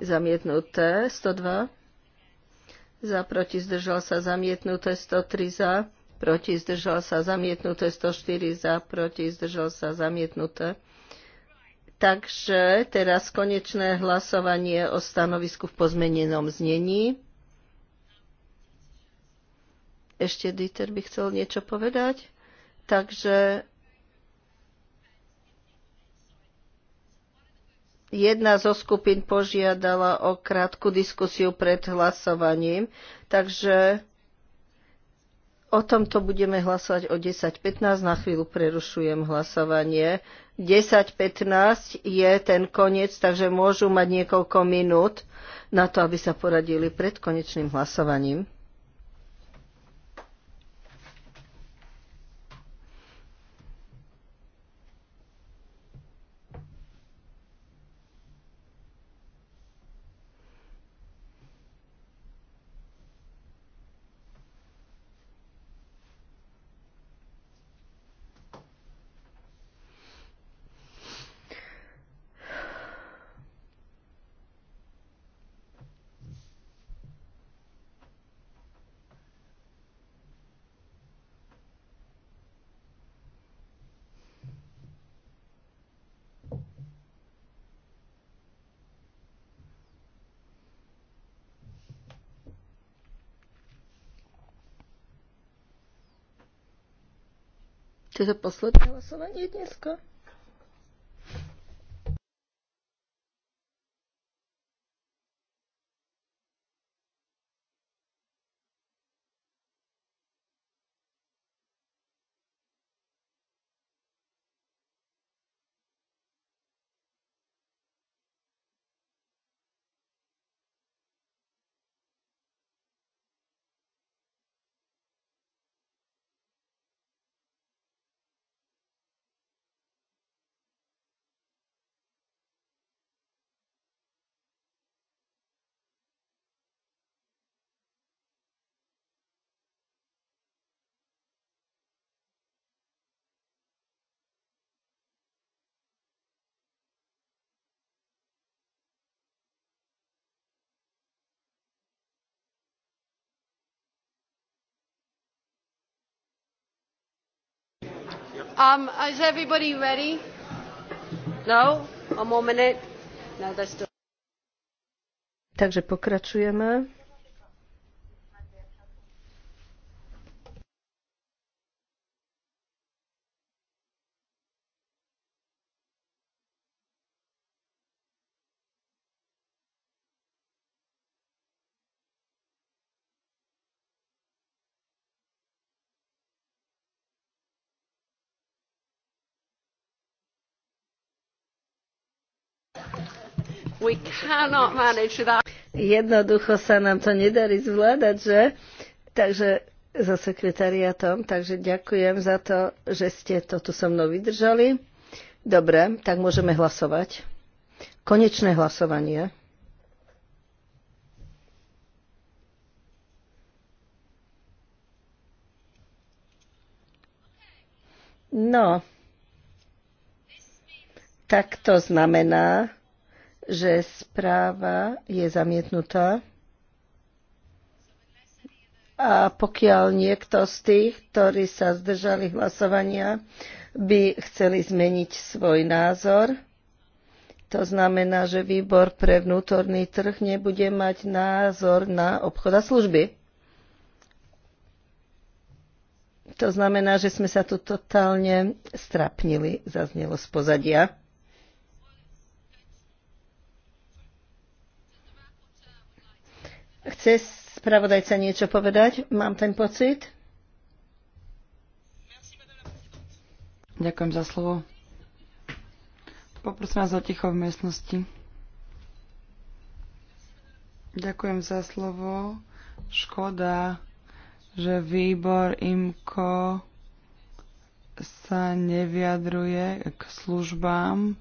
Zamietnuté 102. Za proti zdržal sa zamietnuté 103 za. Proti zdržal sa zamietnuté 104 za. Proti zdržal sa zamietnuté. Takže teraz konečné hlasovanie o stanovisku v pozmenenom znení. Ešte Dieter by chcel niečo povedať. Takže jedna zo skupín požiadala o krátku diskusiu pred hlasovaním. Takže O tomto budeme hlasovať o 10.15. Na chvíľu prerušujem hlasovanie. 10.15 je ten koniec, takže môžu mať niekoľko minút na to, aby sa poradili pred konečným hlasovaním. Čiže posledné hlasovanie dneska. Um, is everybody ready? No? A more minute? No, that's still... Takže pokračujeme. Jednoducho sa nám to nedarí zvládať, že? Takže za sekretariatom, takže ďakujem za to, že ste to tu so mnou vydržali. Dobre, tak môžeme hlasovať. Konečné hlasovanie. No, tak to znamená, že správa je zamietnutá. A pokiaľ niekto z tých, ktorí sa zdržali hlasovania, by chceli zmeniť svoj názor, to znamená, že výbor pre vnútorný trh nebude mať názor na obchod a služby. To znamená, že sme sa tu totálne strapnili, zaznelo z pozadia. Chce spravodajca niečo povedať? Mám ten pocit. Ďakujem za slovo. Poprosím vás o ticho v miestnosti. Ďakujem za slovo. Škoda, že výbor IMKO sa nevyjadruje k službám,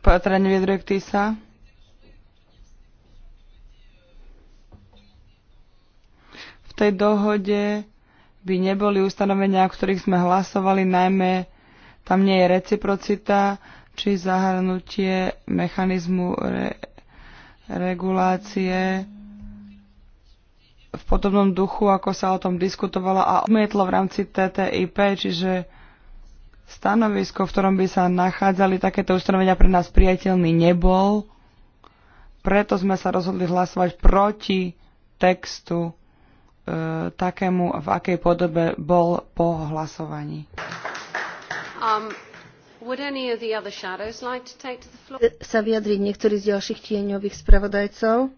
teda nevyjadruje k TISA. V tej dohode by neboli ustanovenia, o ktorých sme hlasovali, najmä tam nie je reciprocita či zahrnutie mechanizmu re- regulácie v podobnom duchu, ako sa o tom diskutovalo a odmietlo v rámci TTIP, čiže stanovisko, v ktorom by sa nachádzali takéto ustanovenia pre nás priateľný nebol. Preto sme sa rozhodli hlasovať proti textu E, takému, v akej podobe bol po hlasovaní. Um, like Sa vyjadriť niektorý z ďalších tieňových spravodajcov?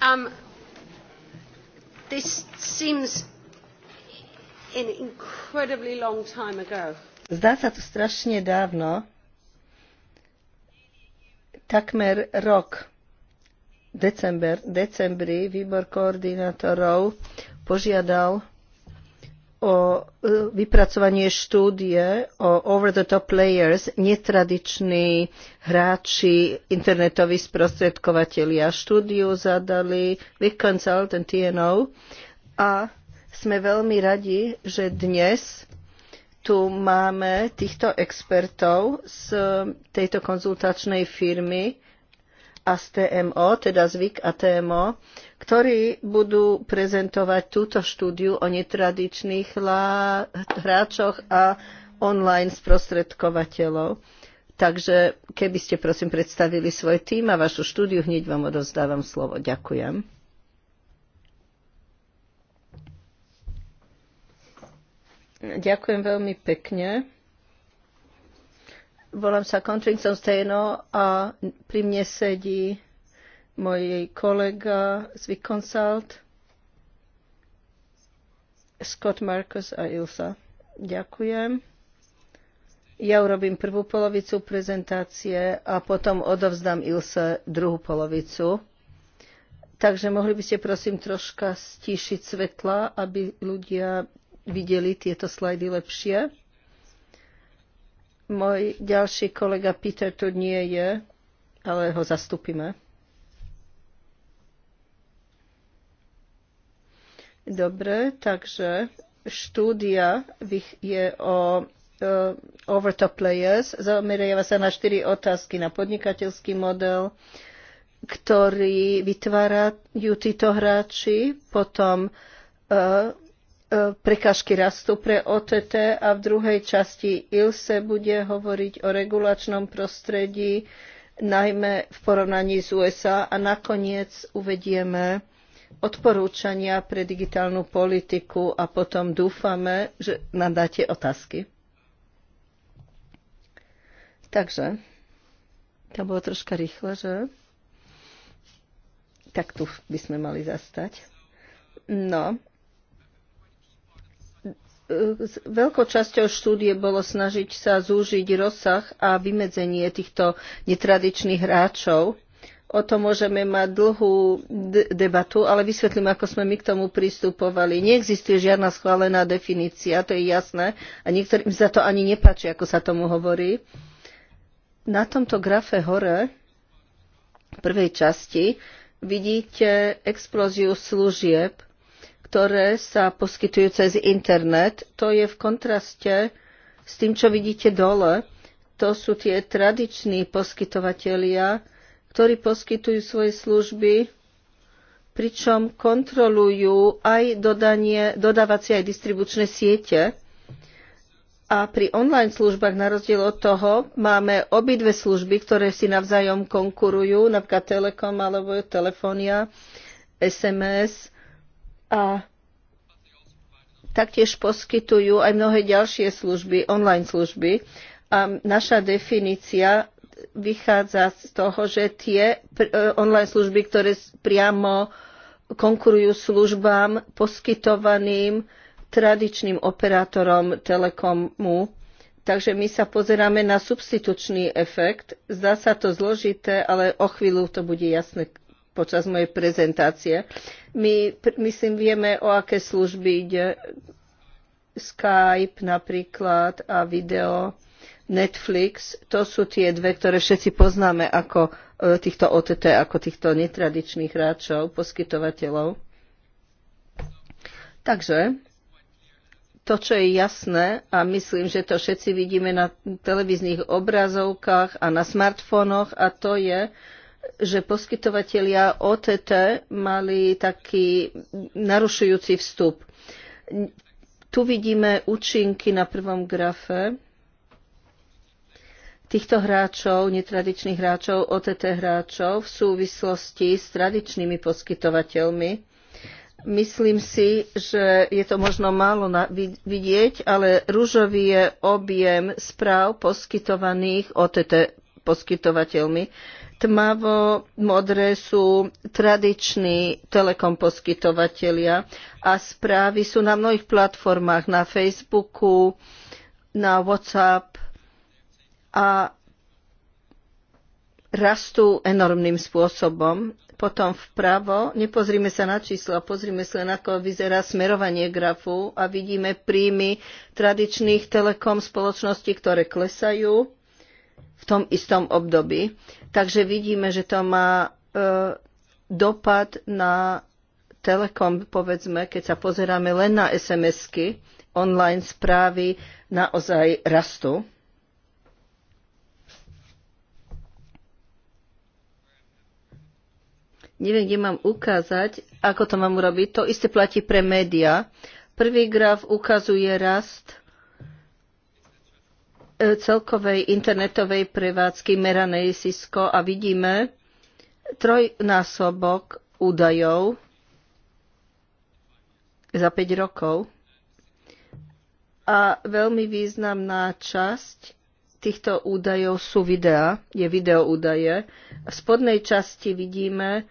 Um, this seems an incredibly long time ago. Zdá sa to strašne dávno, takmer rok, december, decembri, výbor koordinátorov požiadal o e, vypracovanie štúdie o over-the-top players, netradiční hráči, internetoví sprostredkovateľia. Štúdiu zadali Big Consult and TNO a sme veľmi radi, že dnes tu máme týchto expertov z tejto konzultačnej firmy a z TMO, teda Zvyk a TMO, ktorí budú prezentovať túto štúdiu o netradičných hráčoch a online sprostredkovateľov. Takže keby ste prosím predstavili svoj tým a vašu štúdiu, hneď vám odovzdávam slovo. Ďakujem. Ďakujem veľmi pekne. Volám sa Contrington Stejno a pri mne sedí mojej kolega z Viconsult, Scott Marcus a Ilsa. Ďakujem. Ja urobím prvú polovicu prezentácie a potom odovzdám Ilse druhú polovicu. Takže mohli by ste prosím troška stíšiť svetla, aby ľudia videli tieto slajdy lepšie. Môj ďalší kolega Peter tu nie je, ale ho zastupíme. Dobre, takže štúdia je o e, over top players. Zameriava sa na štyri otázky. Na podnikateľský model, ktorý vytvárajú títo hráči, potom e, e, prekážky rastu pre OTT a v druhej časti ILSE bude hovoriť o regulačnom prostredí, najmä v porovnaní s USA a nakoniec uvedieme odporúčania pre digitálnu politiku a potom dúfame, že nám dáte otázky. Takže, to bolo troška rýchle, že? Tak tu by sme mali zastať. No. Veľkou časťou štúdie bolo snažiť sa zúžiť rozsah a vymedzenie týchto netradičných hráčov O tom môžeme mať dlhú debatu, ale vysvetlím, ako sme my k tomu pristupovali. Neexistuje žiadna schválená definícia, to je jasné, a niektorým sa to ani nepáči, ako sa tomu hovorí. Na tomto grafe hore, v prvej časti, vidíte explóziu služieb, ktoré sa poskytujú cez internet. To je v kontraste s tým, čo vidíte dole. To sú tie tradiční poskytovatelia, ktorí poskytujú svoje služby, pričom kontrolujú aj dodanie, dodávacie aj distribučné siete. A pri online službách, na rozdiel od toho, máme obidve služby, ktoré si navzájom konkurujú, napríklad Telekom alebo Telefónia, SMS a taktiež poskytujú aj mnohé ďalšie služby, online služby. A naša definícia vychádza z toho, že tie e, online služby, ktoré priamo konkurujú službám poskytovaným tradičným operátorom telekomu. Takže my sa pozeráme na substitučný efekt. Zdá sa to zložité, ale o chvíľu to bude jasné počas mojej prezentácie. My, myslím, vieme, o aké služby ide. Skype napríklad a video Netflix, to sú tie dve, ktoré všetci poznáme ako e, týchto OTT, ako týchto netradičných hráčov, poskytovateľov. Takže to, čo je jasné, a myslím, že to všetci vidíme na televíznych obrazovkách a na smartfónoch, a to je, že poskytovatelia OTT mali taký narušujúci vstup. Tu vidíme účinky na prvom grafe týchto hráčov, netradičných hráčov, OTT hráčov v súvislosti s tradičnými poskytovateľmi. Myslím si, že je to možno málo vidieť, ale rúžový je objem správ poskytovaných OTT poskytovateľmi. Tmavo modré sú tradiční telekom poskytovateľia a správy sú na mnohých platformách, na Facebooku, na WhatsApp, a rastú enormným spôsobom. Potom vpravo, nepozrime sa na čísla, pozrime sa, ako vyzerá smerovanie grafu a vidíme príjmy tradičných telekom spoločností, ktoré klesajú v tom istom období. Takže vidíme, že to má e, dopad na telekom, povedzme, keď sa pozeráme len na SMS-ky, online správy naozaj rastú. neviem, kde mám ukázať, ako to mám urobiť. To isté platí pre média. Prvý graf ukazuje rast e, celkovej internetovej prevádzky meranej Cisco a vidíme trojnásobok údajov za 5 rokov. A veľmi významná časť týchto údajov sú videá, je video údaje. V spodnej časti vidíme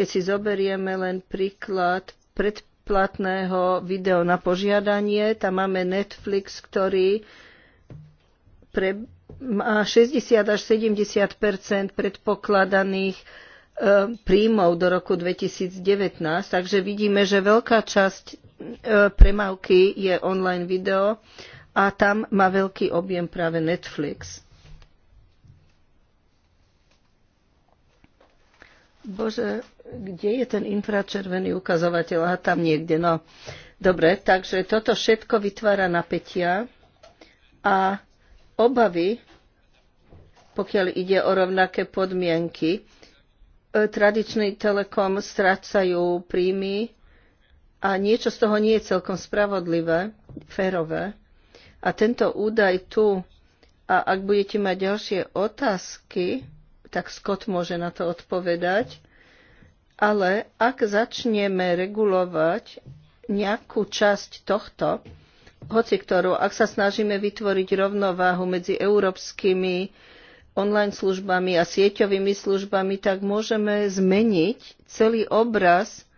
keď si zoberieme len príklad predplatného video na požiadanie, tam máme Netflix, ktorý pre, má 60 až 70 predpokladaných e, príjmov do roku 2019, takže vidíme, že veľká časť e, premávky je online video a tam má veľký objem práve Netflix. Bože, kde je ten infračervený ukazovateľ? Aha, tam niekde, no. Dobre, takže toto všetko vytvára napätia a obavy, pokiaľ ide o rovnaké podmienky. E, tradičný telekom strácajú príjmy a niečo z toho nie je celkom spravodlivé, férové. A tento údaj tu, a ak budete mať ďalšie otázky, tak Scott môže na to odpovedať. Ale ak začneme regulovať nejakú časť tohto, hoci ktorú, ak sa snažíme vytvoriť rovnováhu medzi európskymi online službami a sieťovými službami, tak môžeme zmeniť celý obraz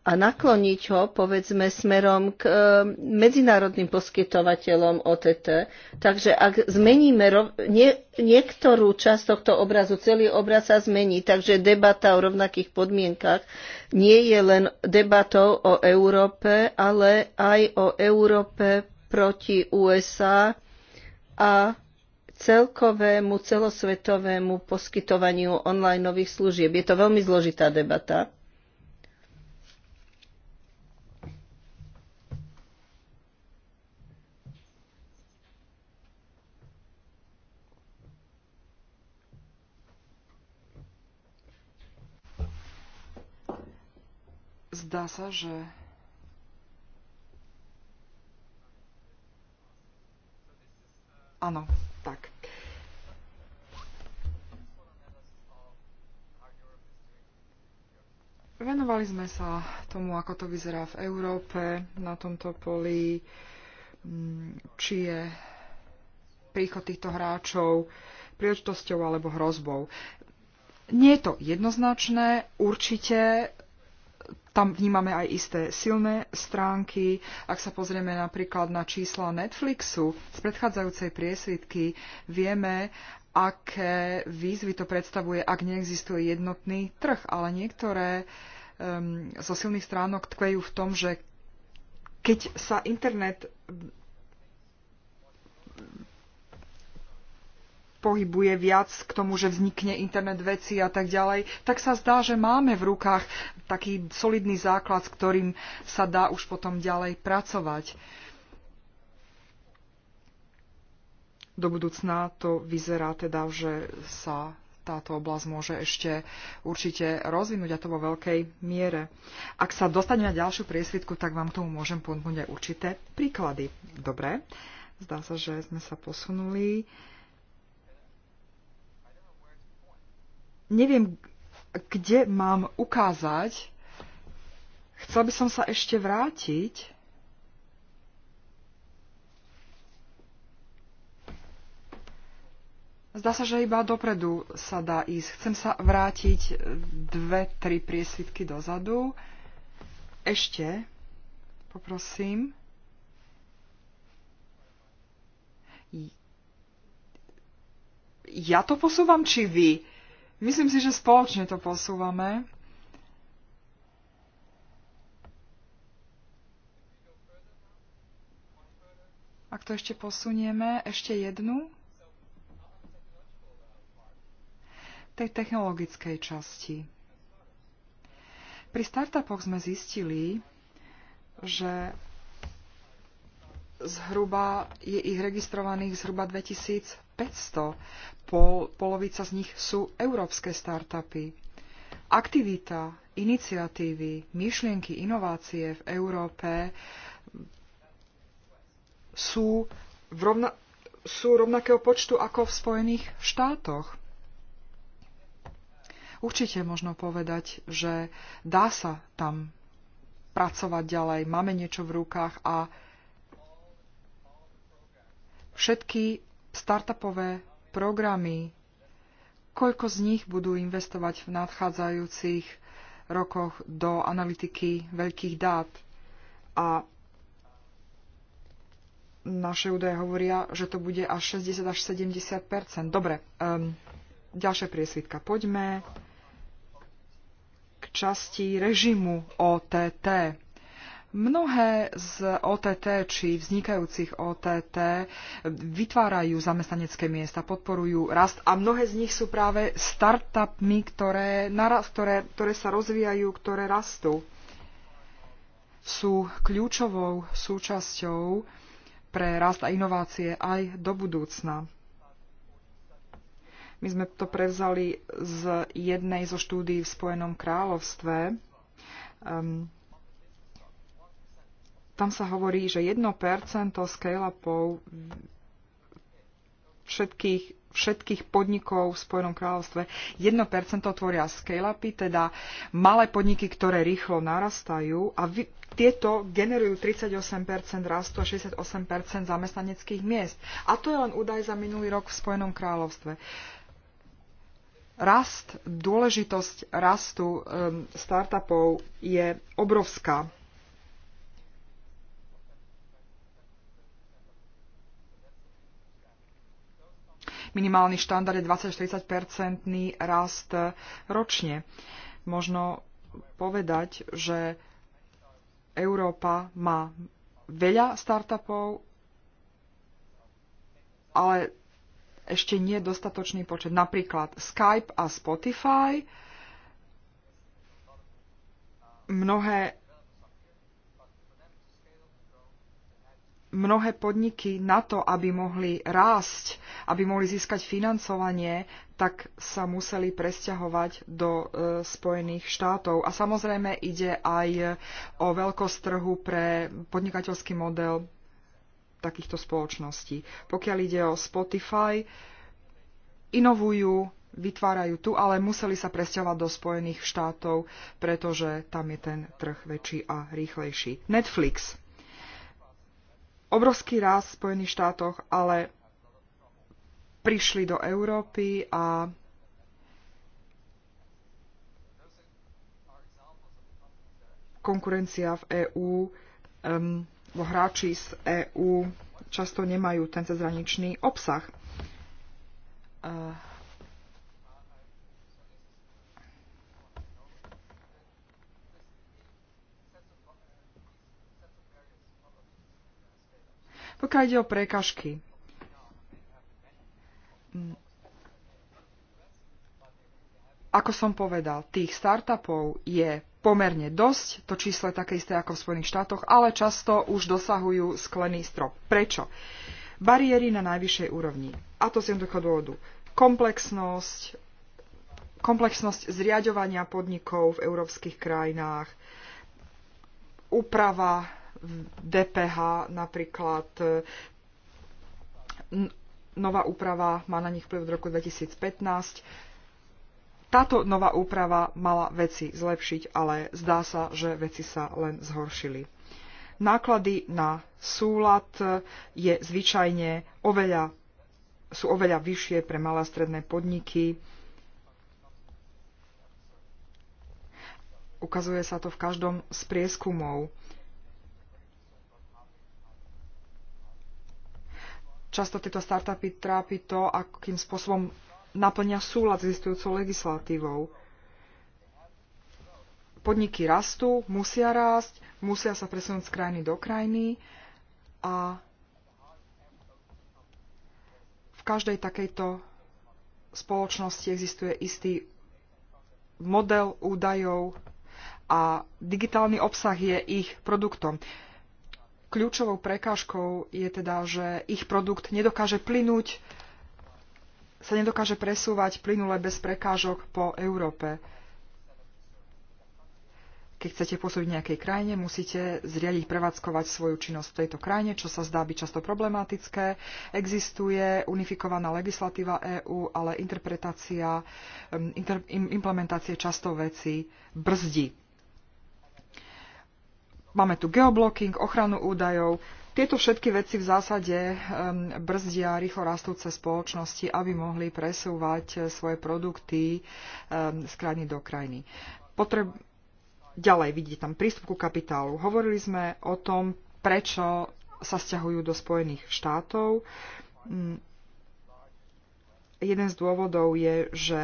a nakloniť ho, povedzme, smerom k e, medzinárodným poskytovateľom OTT. Takže ak zmeníme nie, niektorú časť tohto obrazu, celý obraz sa zmení, takže debata o rovnakých podmienkach nie je len debatou o Európe, ale aj o Európe proti USA a celkovému celosvetovému poskytovaniu online nových služieb. Je to veľmi zložitá debata. Zdá sa, že Áno, tak. Venovali sme sa tomu, ako to vyzerá v Európe na tomto poli, mm, či je príchod týchto hráčov príležitosťou alebo hrozbou. Nie je to jednoznačné, určite tam vnímame aj isté silné stránky. Ak sa pozrieme napríklad na čísla Netflixu z predchádzajúcej priesvitky, vieme, aké výzvy to predstavuje, ak neexistuje jednotný trh. Ale niektoré um, zo silných stránok tkvejú v tom, že keď sa internet pohybuje viac k tomu, že vznikne internet veci a tak ďalej, tak sa zdá, že máme v rukách taký solidný základ, s ktorým sa dá už potom ďalej pracovať. Do budúcna to vyzerá teda, že sa táto oblasť môže ešte určite rozvinúť a to vo veľkej miere. Ak sa dostaneme na ďalšiu priesvitku, tak vám k tomu môžem ponúknuť aj určité príklady. Dobre, zdá sa, že sme sa posunuli. Uh, neviem, kde mám ukázať. Chcel by som sa ešte vrátiť. Zdá sa, že iba dopredu sa dá ísť. Chcem sa vrátiť dve, tri priesvitky dozadu. Ešte, poprosím. Ja to posúvam, či vy? Myslím si, že spoločne to posúvame. Ak to ešte posunieme, ešte jednu. Tej technologickej časti. Pri startupoch sme zistili, že zhruba, je ich registrovaných zhruba 2500. Pol, polovica z nich sú európske startupy. Aktivita, iniciatívy, myšlienky, inovácie v Európe sú, v rovna, sú rovnakého počtu ako v Spojených štátoch. Určite možno povedať, že dá sa tam pracovať ďalej, máme niečo v rukách a všetky startupové programy, koľko z nich budú investovať v nadchádzajúcich rokoch do analytiky veľkých dát. A naše údaje hovoria, že to bude až 60 až 70 Dobre, um, ďalšia priesvitka. Poďme k časti režimu OTT. Mnohé z OTT či vznikajúcich OTT vytvárajú zamestnanecké miesta, podporujú rast a mnohé z nich sú práve startupmi, ktoré, naraz, ktoré, ktoré sa rozvíjajú, ktoré rastú. Sú kľúčovou súčasťou pre rast a inovácie aj do budúcna. My sme to prevzali z jednej zo štúdií v Spojenom kráľovstve. Um, tam sa hovorí, že 1% scale-upov všetkých všetkých podnikov v Spojenom kráľovstve. 1% tvoria scale-upy, teda malé podniky, ktoré rýchlo narastajú a vy, tieto generujú 38% rastu a 68% zamestnaneckých miest. A to je len údaj za minulý rok v Spojenom kráľovstve. Rast, dôležitosť rastu um, startupov je obrovská minimálny štandard je 20-40-percentný rast ročne. Možno povedať, že Európa má veľa startupov, ale ešte nie dostatočný počet. Napríklad Skype a Spotify. Mnohé mnohé podniky na to, aby mohli rásť, aby mohli získať financovanie, tak sa museli presťahovať do e, Spojených štátov. A samozrejme ide aj o veľkosť trhu pre podnikateľský model takýchto spoločností. Pokiaľ ide o Spotify, inovujú, vytvárajú tu, ale museli sa presťahovať do Spojených štátov, pretože tam je ten trh väčší a rýchlejší. Netflix obrovský rast v Spojených štátoch, ale prišli do Európy a konkurencia v EÚ, um, vo hráči z EÚ často nemajú ten cezraničný obsah. Uh, Pokiaľ ide o prekažky, ako som povedal, tých startupov je pomerne dosť, to číslo je také isté ako v Spojených štátoch, ale často už dosahujú sklený strop. Prečo? Bariéry na najvyššej úrovni. A to z jednoduchého dôvodu. Komplexnosť, komplexnosť zriadovania podnikov v európskych krajinách, úprava DPH napríklad e, nová úprava má na nich vplyv od roku 2015. Táto nová úprava mala veci zlepšiť, ale zdá sa, že veci sa len zhoršili. Náklady na súlad je zvyčajne oveľa, sú oveľa vyššie pre malé a stredné podniky. Ukazuje sa to v každom z prieskumov. často tieto startupy trápi to, akým spôsobom naplňa súlad s existujúcou legislatívou. Podniky rastú, musia rásť, musia sa presunúť z krajiny do krajiny a v každej takejto spoločnosti existuje istý model údajov a digitálny obsah je ich produktom. Kľúčovou prekážkou je teda, že ich produkt nedokáže plynúť, sa nedokáže presúvať plynule bez prekážok po Európe. Keď chcete pôsobiť v nejakej krajine, musíte zriadiť prevádzkovať svoju činnosť v tejto krajine, čo sa zdá byť často problematické. Existuje unifikovaná legislatíva EÚ, ale interpretácia, implementácie často veci brzdí Máme tu geoblocking, ochranu údajov. Tieto všetky veci v zásade brzdia rýchlo rastúce spoločnosti, aby mohli presúvať e, svoje produkty z krajiny do krajiny. Potreb... Ďalej vidíte tam prístup ku kapitálu. Hovorili sme o tom, prečo sa stiahujú do Spojených štátov. Mm, jeden z dôvodov je, že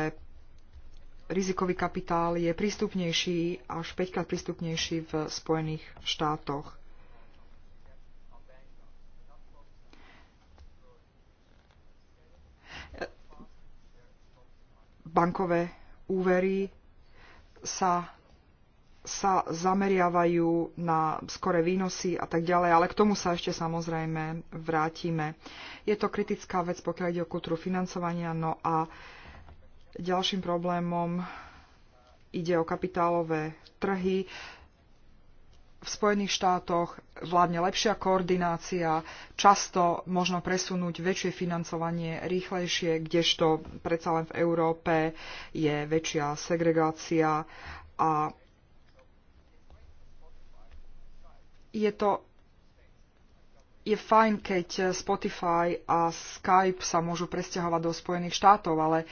rizikový kapitál je prístupnejší, až 5 krát prístupnejší v Spojených štátoch. Bankové úvery sa, sa zameriavajú na skore výnosy a tak ďalej, ale k tomu sa ešte samozrejme vrátime. Je to kritická vec, pokiaľ ide o kultúru financovania, no a uh, Ďalším problémom ide o kapitálové trhy. V Spojených štátoch vládne lepšia koordinácia, často možno presunúť väčšie financovanie rýchlejšie, kdežto predsa len v Európe je väčšia segregácia a je to je fajn, keď Spotify a Skype sa môžu presťahovať do Spojených štátov, ale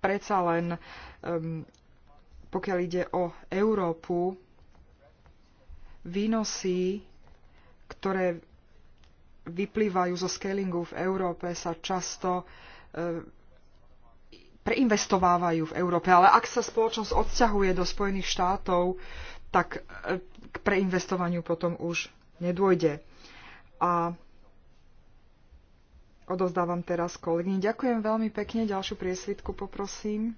predsa len, um, pokiaľ ide o Európu, výnosy, ktoré vyplývajú zo scalingu v Európe, sa často um, preinvestovávajú v Európe. Ale ak sa spoločnosť odsťahuje do Spojených štátov, tak ehm, k preinvestovaniu potom už nedôjde. A odozdávam teraz kolegyni. Ďakujem veľmi pekne. Ďalšiu priesvitku poprosím.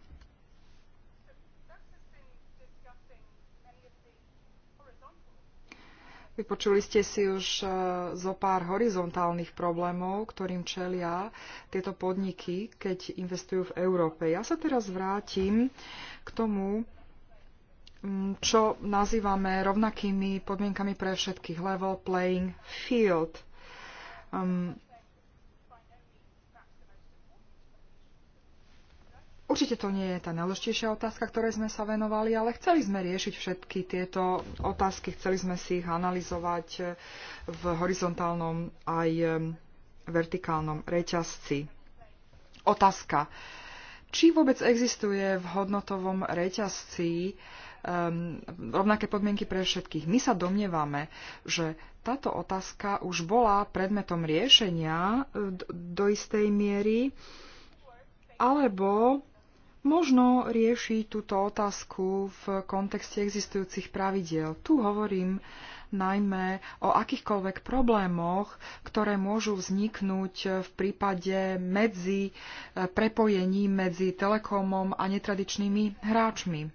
Vypočuli ste si už eh, zo pár horizontálnych problémov, ktorým čelia tieto podniky, keď investujú v Európe. Ja sa teraz vrátim k tomu, mm, čo nazývame rovnakými podmienkami pre všetkých. Level playing field. Um, Určite to nie je tá najložitejšia otázka, ktorej sme sa venovali, ale chceli sme riešiť všetky tieto otázky, chceli sme si ich analyzovať v horizontálnom aj vertikálnom reťazci. Otázka. Či vôbec existuje v hodnotovom reťazci um, rovnaké podmienky pre všetkých? My sa domnievame, že táto otázka už bola predmetom riešenia e, do istej miery, alebo Možno riešiť túto otázku v kontexte existujúcich pravidiel. Tu hovorím najmä o akýchkoľvek problémoch, ktoré môžu vzniknúť v prípade medzi eh, prepojení medzi telekomom a netradičnými hráčmi.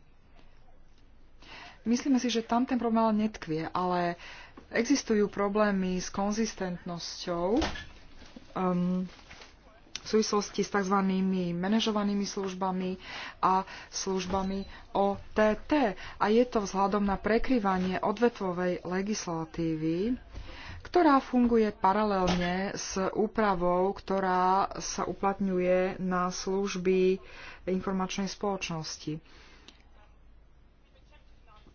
Myslíme si, že tam ten problém ale netkvie, ale existujú problémy s konzistentnosťou um, v súvislosti s tzv. manažovanými službami a službami OTT. A je to vzhľadom na prekryvanie odvetvovej legislatívy, ktorá funguje paralelne s úpravou, ktorá sa uplatňuje na služby informačnej spoločnosti.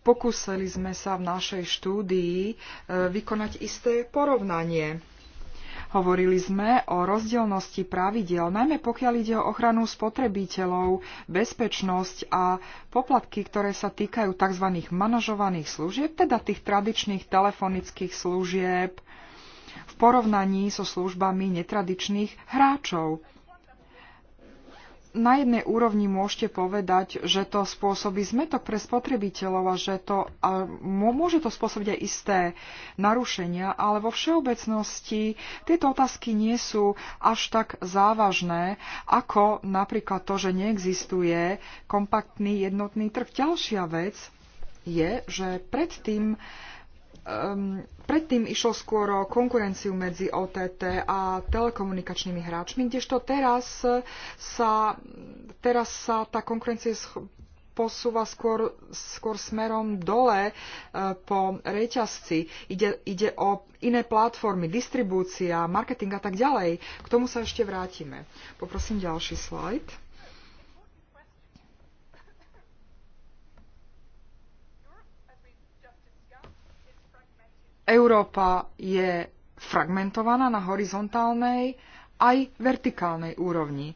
Pokúsili sme sa v našej štúdii e, vykonať isté porovnanie Hovorili sme o rozdielnosti pravidel, najmä pokiaľ ide o ochranu spotrebiteľov, bezpečnosť a poplatky, ktoré sa týkajú tzv. manažovaných služieb, teda tých tradičných telefonických služieb v porovnaní so službami netradičných hráčov na jednej úrovni môžete povedať, že to spôsobí zmetok pre spotrebiteľov a že to a môže to spôsobiť aj isté narušenia, ale vo všeobecnosti tieto otázky nie sú až tak závažné, ako napríklad to, že neexistuje kompaktný jednotný trh. Ďalšia vec je, že predtým, um, predtým išlo skôr o konkurenciu medzi OTT a telekomunikačnými hráčmi, kdežto teraz sa, teraz sa tá konkurencia posúva skôr, skôr smerom dole e, po reťazci. Ide, ide o iné platformy, distribúcia, marketing a tak ďalej. K tomu sa ešte vrátime. Poprosím ďalší slajd. Európa je fragmentovaná na horizontálnej aj vertikálnej úrovni.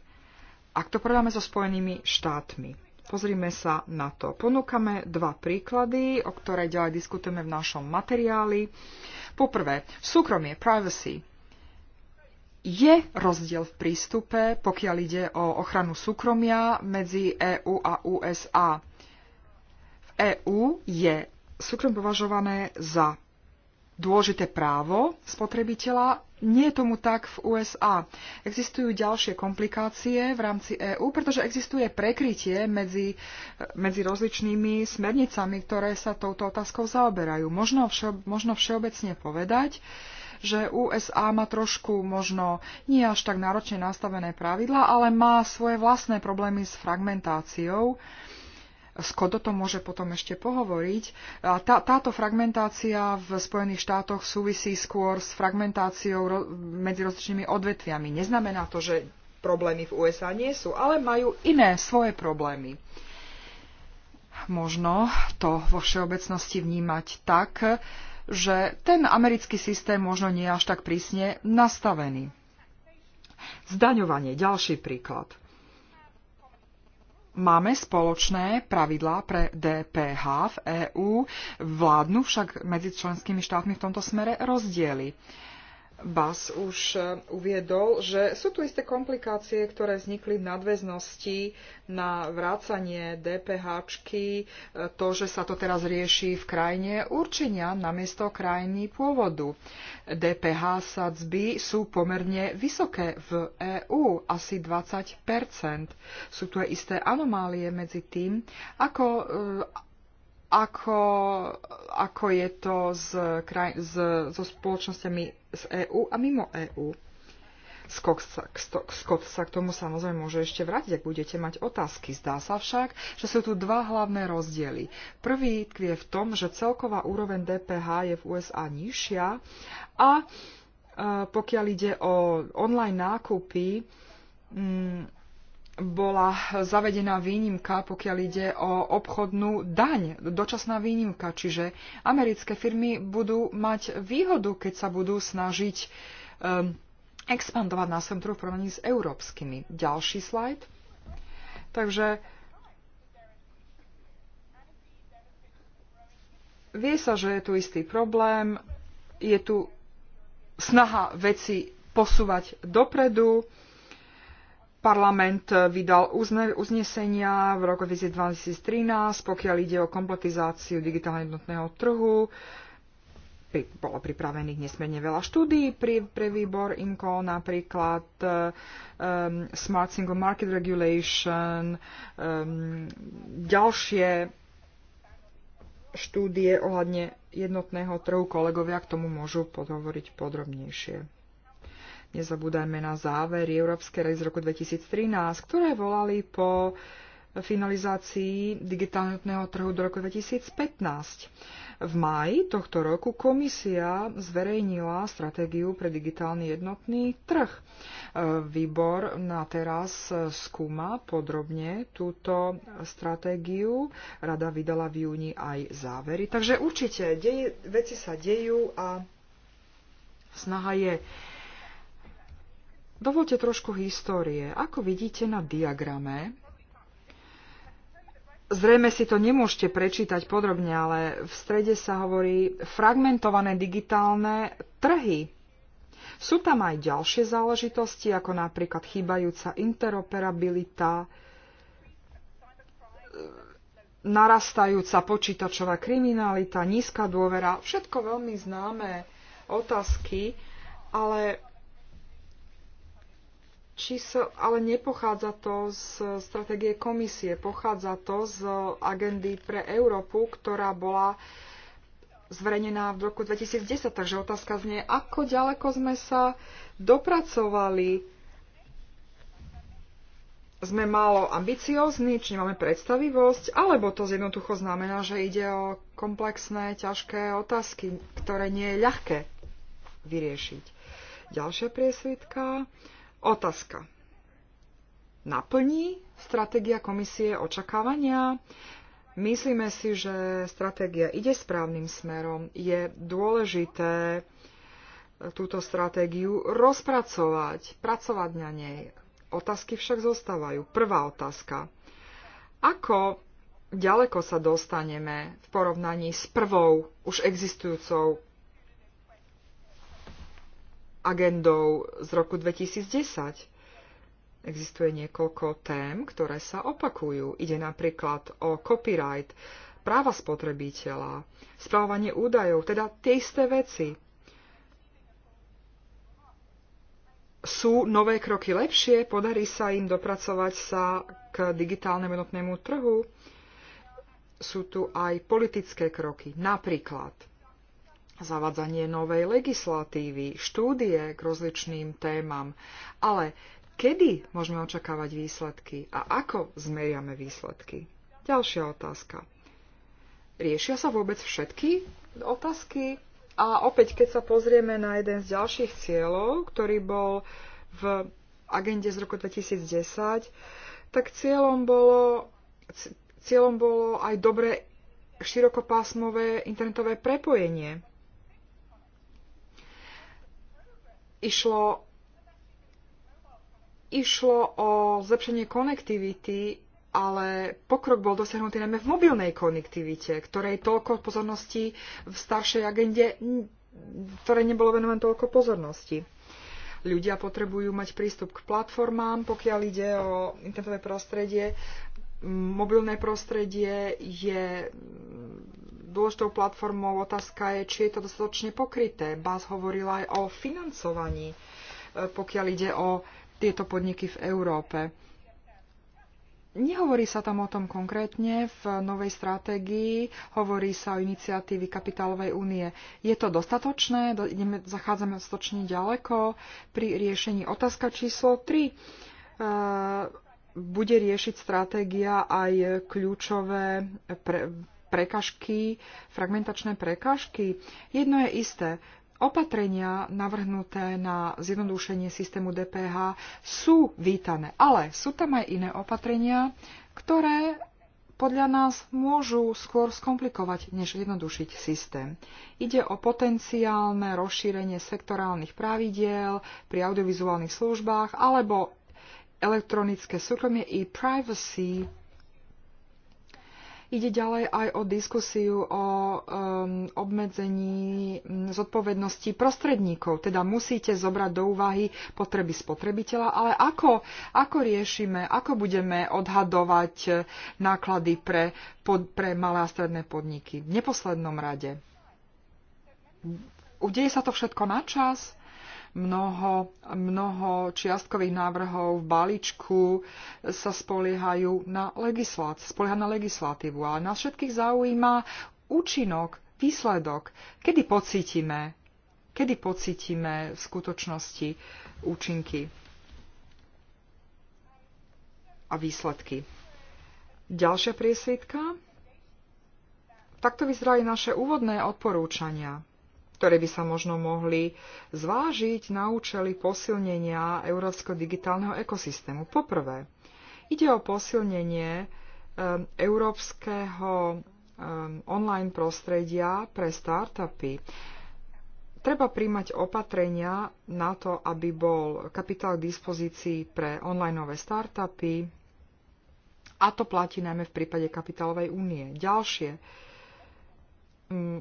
Ak to porovnáme so Spojenými štátmi, pozrime sa na to. Ponúkame dva príklady, o ktoré ďalej diskutujeme v našom materiáli. Poprvé, súkromie, privacy. Je rozdiel v prístupe, pokiaľ ide o ochranu súkromia medzi EÚ a USA. V EÚ je súkrom považované za dôležité právo spotrebiteľa. Nie je tomu tak v USA. Existujú ďalšie komplikácie v rámci EÚ, pretože existuje prekrytie medzi, medzi rozličnými smernicami, ktoré sa touto otázkou zaoberajú. Možno, vše, možno všeobecne povedať, že USA má trošku možno nie až tak náročne nastavené pravidla, ale má svoje vlastné problémy s fragmentáciou. Skot o tom môže potom ešte pohovoriť. A tá, táto fragmentácia v Spojených štátoch súvisí skôr s fragmentáciou ro, medzi rozličnými odvetviami. Neznamená to, že problémy v USA nie sú, ale majú iné svoje problémy. Možno to vo všeobecnosti vnímať tak, že ten americký systém možno nie je až tak prísne nastavený. Zdaňovanie, ďalší príklad. Máme spoločné pravidlá pre DPH v EÚ, vládnu však medzi členskými štátmi v tomto smere rozdiely. Bas už e, uviedol, že sú tu isté komplikácie, ktoré vznikli v nadväznosti na vrácanie DPH, e, to, že sa to teraz rieši v krajine určenia namiesto krajiny pôvodu. DPH sadzby sú pomerne vysoké v EÚ, asi 20 Sú tu aj isté anomálie medzi tým, ako e, ako, ako je to s, kraj, s, so spoločnosťami z EÚ a mimo EÚ. Skot sa, Scott sa k tomu samozrejme môže ešte vrátiť, ak budete mať otázky. Zdá sa však, že sú tu dva hlavné rozdiely. Prvý tkvie v tom, že celková úroveň DPH je v USA nižšia a e, pokiaľ ide o online nákupy, mm, bola zavedená výnimka, pokiaľ ide o obchodnú daň, dočasná výnimka, čiže americké firmy budú mať výhodu, keď sa budú snažiť um, expandovať na svojom trhu v porovnaní s európskymi. Ďalší slajd. Takže vie sa, že je tu istý problém, je tu snaha veci posúvať dopredu, Parlament eh, vydal uznesenia v roku 2013, pokiaľ ide o kompletizáciu digitálne jednotného trhu. bolo pripravených nesmierne veľa štúdí pre, pre výbor IMCO, napríklad um, Smart Single Market Regulation, um, ďalšie štúdie ohľadne jednotného trhu. Kolegovia k tomu môžu podhovoriť podrobnejšie. Nezabúdajme na závery Európskej rady z roku 2013, ktoré volali po finalizácii digitálneho trhu do roku 2015. V máji tohto roku komisia zverejnila stratégiu pre digitálny jednotný trh. Výbor na teraz skúma podrobne túto stratégiu. Rada vydala v júni aj závery. Takže určite deje, veci sa dejú a snaha je Dovolte trošku histórie. Ako vidíte na diagrame, zrejme si to nemôžete prečítať podrobne, ale v strede sa hovorí fragmentované digitálne trhy. Sú tam aj ďalšie záležitosti, ako napríklad chýbajúca interoperabilita, narastajúca počítačová kriminalita, nízka dôvera, všetko veľmi známe otázky, ale čísel, ale nepochádza to z stratégie komisie, pochádza to z agendy pre Európu, ktorá bola zverejnená v roku 2010. Takže otázka znie, ako ďaleko sme sa dopracovali. Sme málo ambiciózni, či nemáme predstavivosť, alebo to jednoducho znamená, že ide o komplexné, ťažké otázky, ktoré nie je ľahké vyriešiť. Ďalšia priesvitka Otázka. Naplní stratégia komisie očakávania? Myslíme si, že stratégia ide správnym smerom. Je dôležité eh, túto stratégiu rozpracovať, pracovať na nej. Otázky však zostávajú. Prvá otázka. Ako ďaleko sa dostaneme v porovnaní s prvou už existujúcou agendou z roku 2010. Existuje niekoľko tém, ktoré sa opakujú. Ide napríklad o copyright, práva spotrebiteľa, správanie údajov, teda tie isté veci. Sú nové kroky lepšie? Podarí sa im dopracovať sa k digitálnemu jednotnému trhu? Sú tu aj politické kroky. Napríklad zavadzanie novej legislatívy, štúdie k rozličným témam. Ale kedy môžeme očakávať výsledky a ako zmeriame výsledky? Ďalšia otázka. Riešia sa vôbec všetky otázky? A opäť, keď sa pozrieme na jeden z ďalších cieľov, ktorý bol v agende z roku 2010, tak cieľom bolo, cieľom bolo aj dobré širokopásmové internetové prepojenie Išlo, išlo o zlepšenie konektivity, ale pokrok bol dosiahnutý najmä v mobilnej konektivite, ktorej toľko pozornosti v staršej agende, ktoré nebolo venované toľko pozornosti. Ľudia potrebujú mať prístup k platformám, pokiaľ ide o internetové prostredie. Mobilné prostredie je dôležitou platformou otázka je, či je to dostatočne pokryté. Bás hovorila aj o financovaní, e, pokiaľ ide o tieto podniky v Európe. Nehovorí sa tam o tom konkrétne v novej stratégii, hovorí sa o iniciatívy kapitálovej únie. Je to dostatočné? Ideme, zachádzame dostatočne ďaleko pri riešení. Otázka číslo 3. E, bude riešiť stratégia aj kľúčové pre, prekažky, fragmentačné prekažky. Jedno je isté, opatrenia navrhnuté na zjednodušenie systému DPH sú vítané, ale sú tam aj iné opatrenia, ktoré podľa nás môžu skôr skomplikovať, než jednodušiť systém. Ide o potenciálne rozšírenie sektorálnych pravidiel pri audiovizuálnych službách alebo elektronické súkromie i privacy Ide ďalej aj o diskusiu o um, obmedzení mm, zodpovednosti prostredníkov. Teda musíte zobrať do úvahy potreby spotrebiteľa, ale ako, ako riešime, ako budeme odhadovať e, náklady pre, pod, pre malé a stredné podniky. V neposlednom rade. Udeje sa to všetko na čas? mnoho, mnoho čiastkových návrhov v balíčku sa spoliehajú na, legislát, spolieha na legislatívu. Ale nás všetkých zaujíma účinok, výsledok. Kedy pocítime, kedy pocítime v skutočnosti účinky a výsledky. Ďalšia priesvitka. Takto vyzerali naše úvodné odporúčania ktoré by sa možno mohli zvážiť na účely posilnenia európskeho digitálneho ekosystému. Poprvé, ide o posilnenie um, európskeho um, online prostredia pre startupy. Treba príjmať opatrenia na to, aby bol kapitál k dispozícii pre onlineové startupy a to platí najmä v prípade kapitálovej únie. Ďalšie um,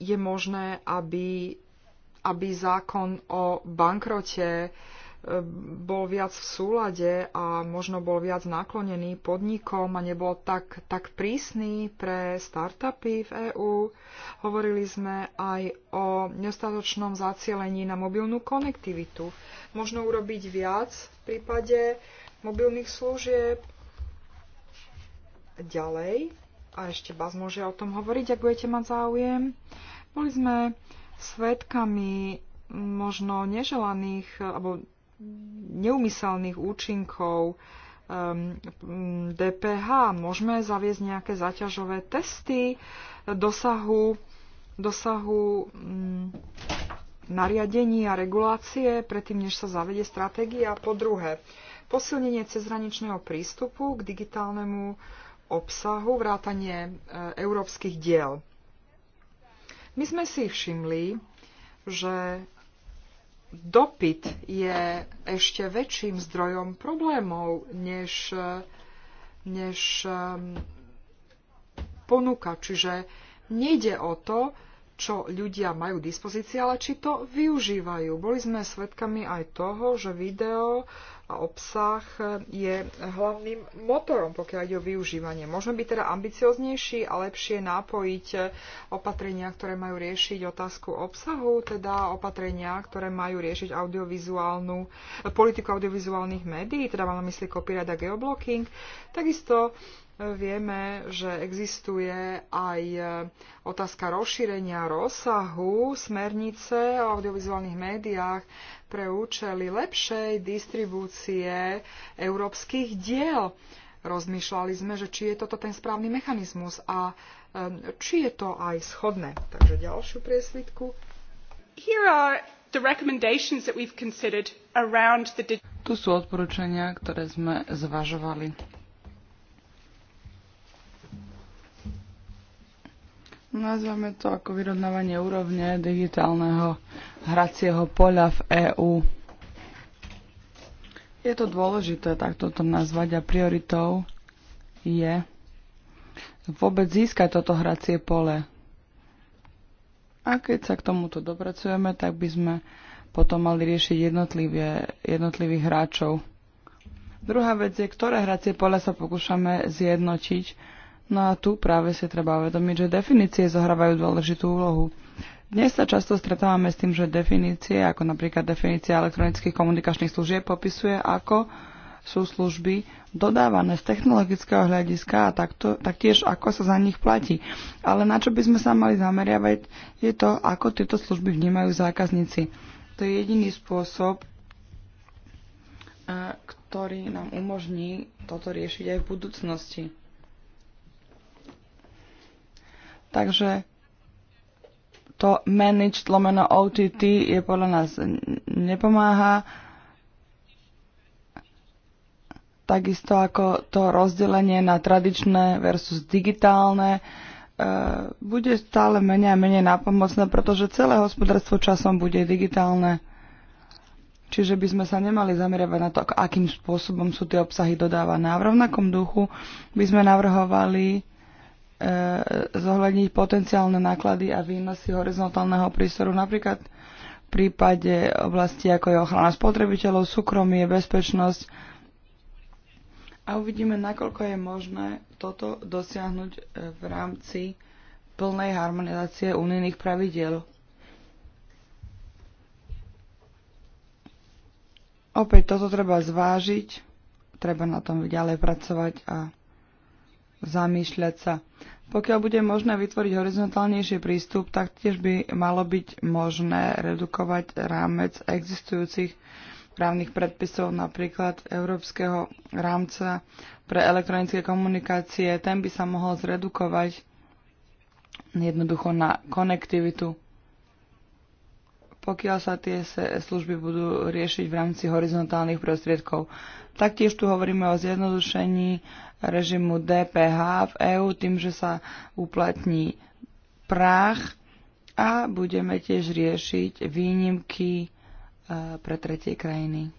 je možné, aby, aby zákon o bankrote eh, bol viac v súlade a možno bol viac naklonený podnikom a nebol tak, tak prísny pre startupy v EÚ. Hovorili sme aj o nedostatočnom zacielení na mobilnú konektivitu. Možno urobiť viac v prípade mobilných služieb. Ďalej a ešte Baz môže o tom hovoriť, ak budete mať záujem. Boli sme svetkami možno neželaných eh, alebo neumyselných účinkov um, ehm, DPH. Môžeme zaviesť nejaké zaťažové testy dosahu, dosahu um, nariadení a regulácie predtým, než sa zavede stratégia. Po druhé, posilnenie cezhraničného prístupu k digitálnemu obsahu, vrátanie e, európskych diel. My sme si všimli, že dopyt je ešte väčším zdrojom problémov, než, e, než e, ponuka. Čiže nejde o to, čo ľudia majú dispozícii, ale či to využívajú. Boli sme svedkami aj toho, že video a obsah je hlavným motorom, pokiaľ ide o využívanie. Môžeme byť teda ambicioznejší a lepšie napojiť opatrenia, ktoré majú riešiť otázku obsahu, teda opatrenia, ktoré majú riešiť audiovizuálnu, politiku audiovizuálnych médií, teda mám na mysli copyright a geoblocking. Takisto vieme, že existuje aj e, otázka rozšírenia rozsahu smernice o audiovizuálnych médiách pre účely lepšej distribúcie európskych diel. Rozmýšľali sme, že či je toto ten správny mechanizmus a či je to aj schodné. Takže ďalšiu priesvitku. Here are the recommendations that we've considered around the Tu sú odporúčania, ktoré sme zvažovali Nazveme to ako vyrovnávanie úrovne digitálneho hracieho poľa v EÚ. Je to dôležité takto to nazvať a prioritou je vôbec získať toto hracie pole. A keď sa k tomuto dopracujeme, tak by sme potom mali riešiť jednotlivých hráčov. Druhá vec je, ktoré hracie pole sa pokúšame zjednotiť No a tu práve si treba uvedomiť, že definície zohrávajú dôležitú úlohu. Dnes sa často stretávame s tým, že definície, ako napríklad definícia elektronických komunikačných služieb, popisuje, ako sú služby dodávané z technologického hľadiska a takto, taktiež ako sa za nich platí. Ale na čo by sme sa mali zameriavať, je to, ako tieto služby vnímajú zákazníci. To je jediný spôsob, e, ktorý nám umožní toto riešiť aj v budúcnosti. Takže to managed lomeno OTT je podľa nás nepomáha. Takisto ako to rozdelenie na tradičné versus digitálne e, bude stále menej a menej napomocné, pretože celé hospodárstvo časom bude digitálne. Čiže by sme sa nemali zameriavať na to, akým spôsobom sú tie obsahy dodávané. A v rovnakom duchu by sme navrhovali E, zohľadniť potenciálne náklady a výnosy horizontálneho prístoru. Napríklad v prípade oblasti ako je ochrana spotrebiteľov, súkromie, bezpečnosť. A uvidíme, nakoľko je možné toto dosiahnuť e, v rámci plnej harmonizácie unijných pravidiel. Opäť toto treba zvážiť, treba na tom ďalej pracovať a zamýšľať sa. Pokiaľ bude možné vytvoriť horizontálnejší prístup, tak tiež by malo byť možné redukovať rámec existujúcich právnych predpisov, napríklad Európskeho rámca pre elektronické komunikácie. Ten by sa mohol zredukovať jednoducho na konektivitu pokiaľ sa tie služby budú riešiť v rámci horizontálnych prostriedkov. Taktiež tu hovoríme o zjednodušení režimu DPH v EÚ tým, že sa uplatní práh a budeme tiež riešiť výnimky e, pre tretie krajiny.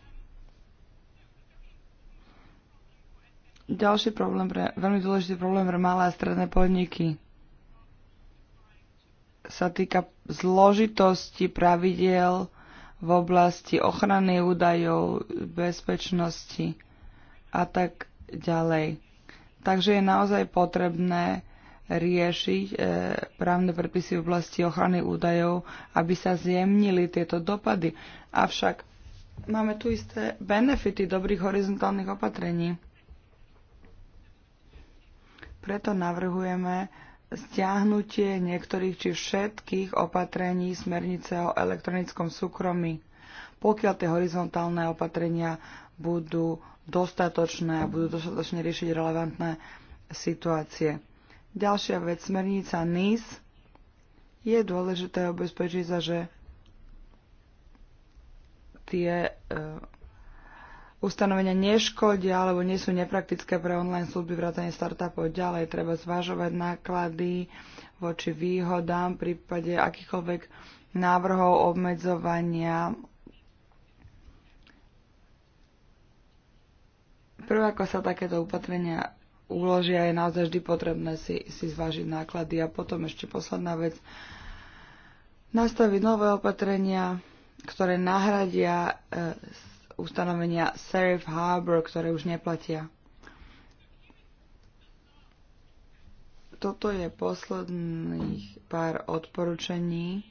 Ďalší problém, pre, veľmi dôležitý problém pre malé a stredné podniky sa týka zložitosti pravidiel v oblasti ochrany údajov, bezpečnosti a tak ďalej. Takže je naozaj potrebné riešiť e, právne predpisy v oblasti ochrany údajov, aby sa zjemnili tieto dopady. Avšak máme tu isté benefity dobrých horizontálnych opatrení. Preto navrhujeme stiahnutie niektorých či všetkých opatrení smernice o elektronickom súkromí, pokiaľ tie horizontálne opatrenia budú dostatočné a budú dostatočne riešiť relevantné situácie. Ďalšia vec, smernica NIS je dôležité obezpečiť sa, že tie e, ustanovenia neškodia alebo nie sú nepraktické pre online služby vrátane startupov. Ďalej treba zvažovať náklady voči výhodám v prípade akýchkoľvek návrhov obmedzovania. Prvé, ako sa takéto opatrenia uložia, je naozaj vždy potrebné si, si zvážiť náklady. A potom ešte posledná vec, nastaviť nové opatrenia, ktoré nahradia e, ustanovenia Safe Harbor, ktoré už neplatia. Toto je posledných pár odporúčení.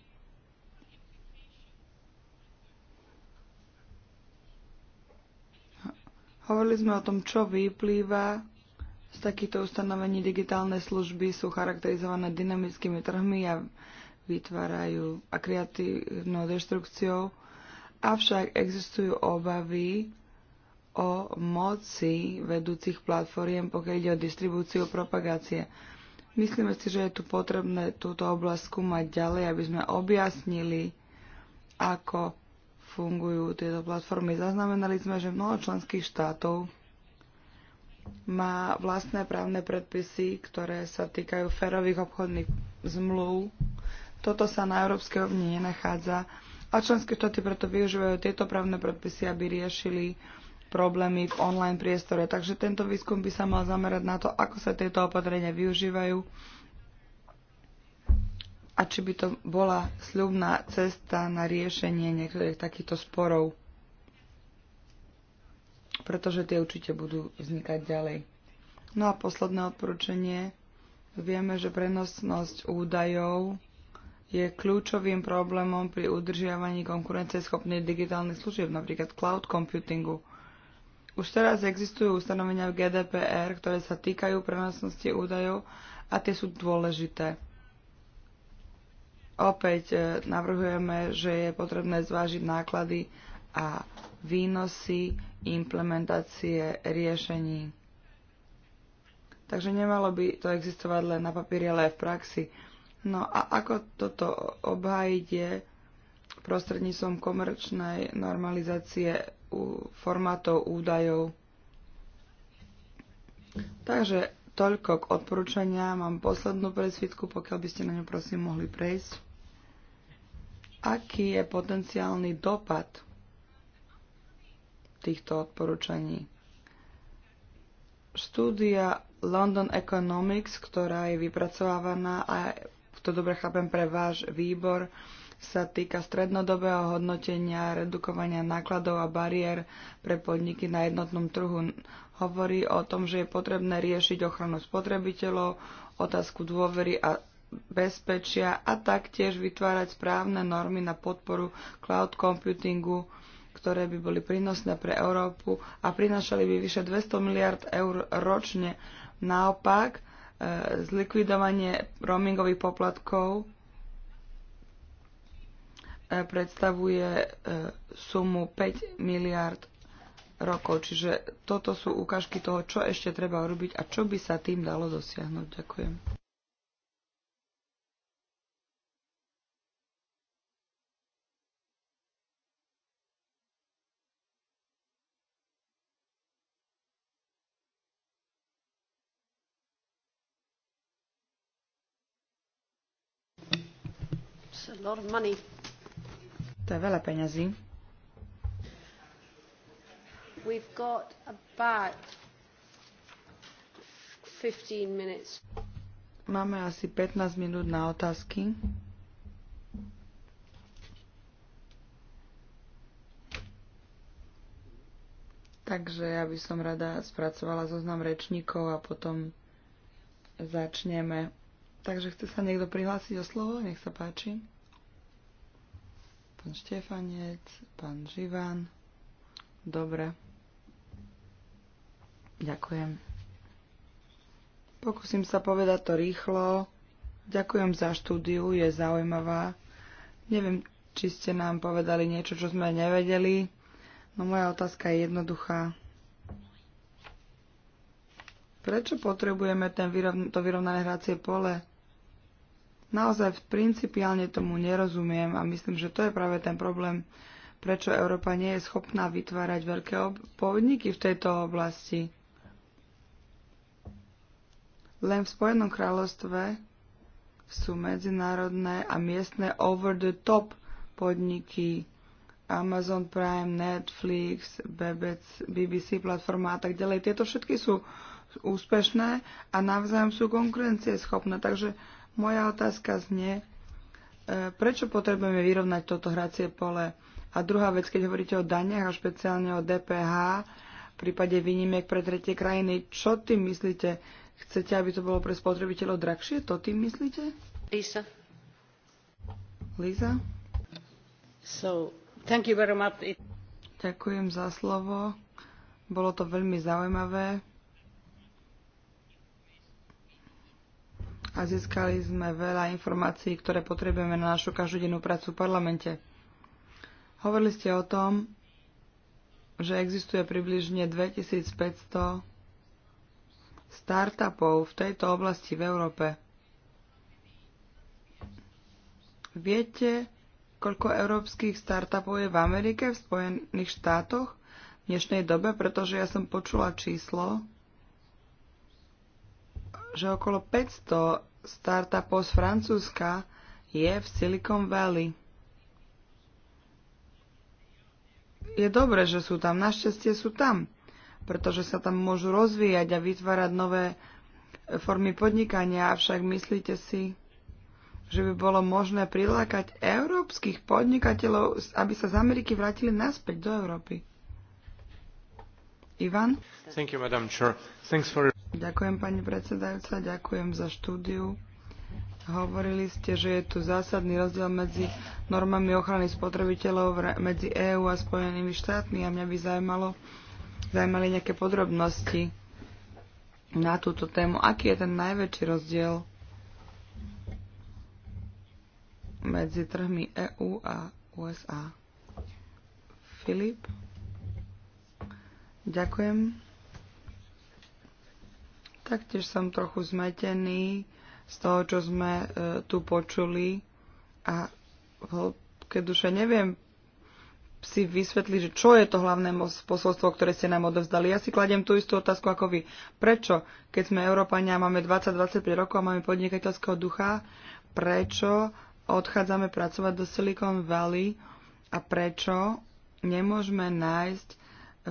Hovorili sme o tom, čo vyplýva z takýchto ustanovení. Digitálne služby sú charakterizované dynamickými trhmi a vytvárajú a kreatívnou deštrukciou Avšak existujú obavy o moci vedúcich platformiem, pokiaľ ide o distribúciu propagácie. Myslíme si, že je tu potrebné túto oblasť skúmať ďalej, aby sme objasnili, ako fungujú tieto platformy. Zaznamenali sme, že mnoho členských štátov má vlastné právne predpisy, ktoré sa týkajú férových obchodných zmluv. Toto sa na európskej úrovni nenachádza a členské štáty preto využívajú tieto právne predpisy, aby riešili problémy v online priestore. Takže tento výskum by sa mal zamerať na to, ako sa tieto opatrenia využívajú a či by to bola sľubná cesta na riešenie niektorých takýchto sporov. Pretože tie určite budú vznikať ďalej. No a posledné odporúčanie. Vieme, že prenosnosť údajov je kľúčovým problémom pri udržiavaní konkurencieschopných digitálnych služieb, napríklad cloud computingu. Už teraz existujú ustanovenia v GDPR, ktoré sa týkajú prenosnosti údajov a tie sú dôležité. Opäť e, navrhujeme, že je potrebné zvážiť náklady a výnosy implementácie riešení. Takže nemalo by to existovať len na papieri, ale aj v praxi. No a ako toto obhájiť je prostredníctvom komerčnej normalizácie formátov údajov. Takže toľko k odporúčania. Mám poslednú presvitku, pokiaľ by ste na ňu prosím mohli prejsť. Aký je potenciálny dopad týchto odporúčaní? Štúdia London Economics, ktorá je vypracovávaná a to dobre chápem, pre váš výbor sa týka strednodobého hodnotenia, redukovania nákladov a bariér pre podniky na jednotnom trhu. Hovorí o tom, že je potrebné riešiť ochranu spotrebiteľov, otázku dôvery a bezpečia a taktiež vytvárať správne normy na podporu cloud computingu, ktoré by boli prínosné pre Európu a prinašali by vyše 200 miliard eur ročne. Naopak, E, zlikvidovanie roamingových poplatkov e, predstavuje e, sumu 5 miliard rokov. Čiže toto sú ukážky toho, čo ešte treba urobiť a čo by sa tým dalo dosiahnuť. Ďakujem. To je veľa peňazí. We've got about 15 minutes. Máme asi 15 minút na otázky. Takže ja by som rada spracovala zoznam rečníkov a potom začneme. Takže chce sa niekto prihlásiť o slovo? Nech sa páči. Pán Štefanec, pán Živan. Dobre. Ďakujem. Pokúsim sa povedať to rýchlo. Ďakujem za štúdiu, je zaujímavá. Neviem, či ste nám povedali niečo, čo sme nevedeli. No moja otázka je jednoduchá. Prečo potrebujeme ten vyrovn- to vyrovnané hracie pole? Naozaj principiálne tomu nerozumiem a myslím, že to je práve ten problém, prečo Európa nie je schopná vytvárať veľké podniky v tejto oblasti. Len v Spojenom kráľovstve sú medzinárodné a miestne over-the-top podniky Amazon Prime, Netflix, BBC platforma a tak ďalej. Tieto všetky sú úspešné a navzájom sú konkurencieschopné. Takže moja otázka znie, e, prečo potrebujeme vyrovnať toto hracie pole? A druhá vec, keď hovoríte o daniach a špeciálne o DPH, v prípade výnimiek pre tretie krajiny, čo tým myslíte? Chcete, aby to bolo pre spotrebiteľov drahšie? To tým myslíte? Lisa. Lisa? So, thank you very much. Ďakujem za slovo. Bolo to veľmi zaujímavé. a získali sme veľa informácií, ktoré potrebujeme na našu každodennú prácu v parlamente. Hovorili ste o tom, že existuje približne 2500 startupov v tejto oblasti v Európe. Viete, koľko európskych startupov je v Amerike, v Spojených štátoch v dnešnej dobe? Pretože ja som počula číslo, že okolo 500 startupov z Francúzska je v Silicon Valley. Je dobré, že sú tam. Našťastie sú tam, pretože sa tam môžu rozvíjať a vytvárať nové formy podnikania. Avšak myslíte si, že by bolo možné prilákať európskych podnikateľov, aby sa z Ameriky vrátili naspäť do Európy? Ivan? Thank you, Madam Chair. Thanks for... Ďakujem pani predsedajúca, ďakujem za štúdiu. Hovorili ste, že je tu zásadný rozdiel medzi normami ochrany spotrebiteľov medzi EÚ a Spojenými štátmi a mňa by zaujímalo, zaujímali nejaké podrobnosti na túto tému. Aký je ten najväčší rozdiel medzi trhmi EÚ a USA? Filip? Ďakujem. Taktiež som trochu zmetený z toho, čo sme e, tu počuli a v hĺbke duše neviem si vysvetliť, čo je to hlavné posolstvo, ktoré ste nám odovzdali. Ja si kladiem tú istú otázku ako vy. Prečo, keď sme Európania, máme 20-25 rokov a máme podnikateľského ducha, prečo odchádzame pracovať do Silicon Valley a prečo nemôžeme nájsť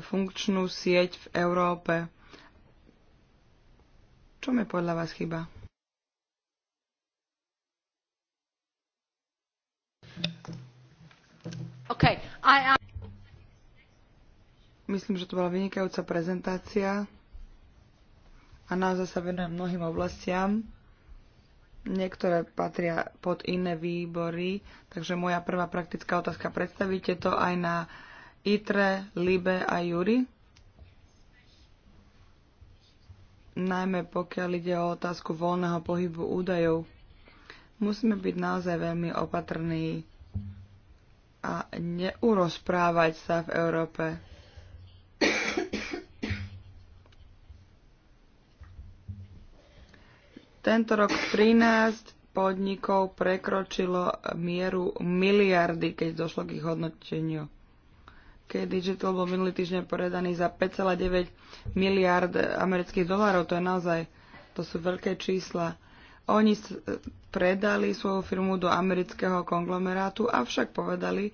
funkčnú sieť v Európe? Čo mi podľa vás chyba? Okay. I, I... Myslím, že to bola vynikajúca prezentácia a naozaj sa venujem mnohým oblastiam. Niektoré patria pod iné výbory, takže moja prvá praktická otázka. Predstavíte to aj na ITRE, LIBE a JURY? najmä pokiaľ ide o otázku voľného pohybu údajov. Musíme byť naozaj veľmi opatrní a neurozprávať sa v Európe. Tento rok 13 podnikov prekročilo mieru miliardy, keď došlo k ich hodnoteniu. Digital bol minulý týždeň poredaný za 5,9 miliard amerických dolárov. To je naozaj, to sú veľké čísla. Oni predali svoju firmu do amerického konglomerátu, avšak povedali,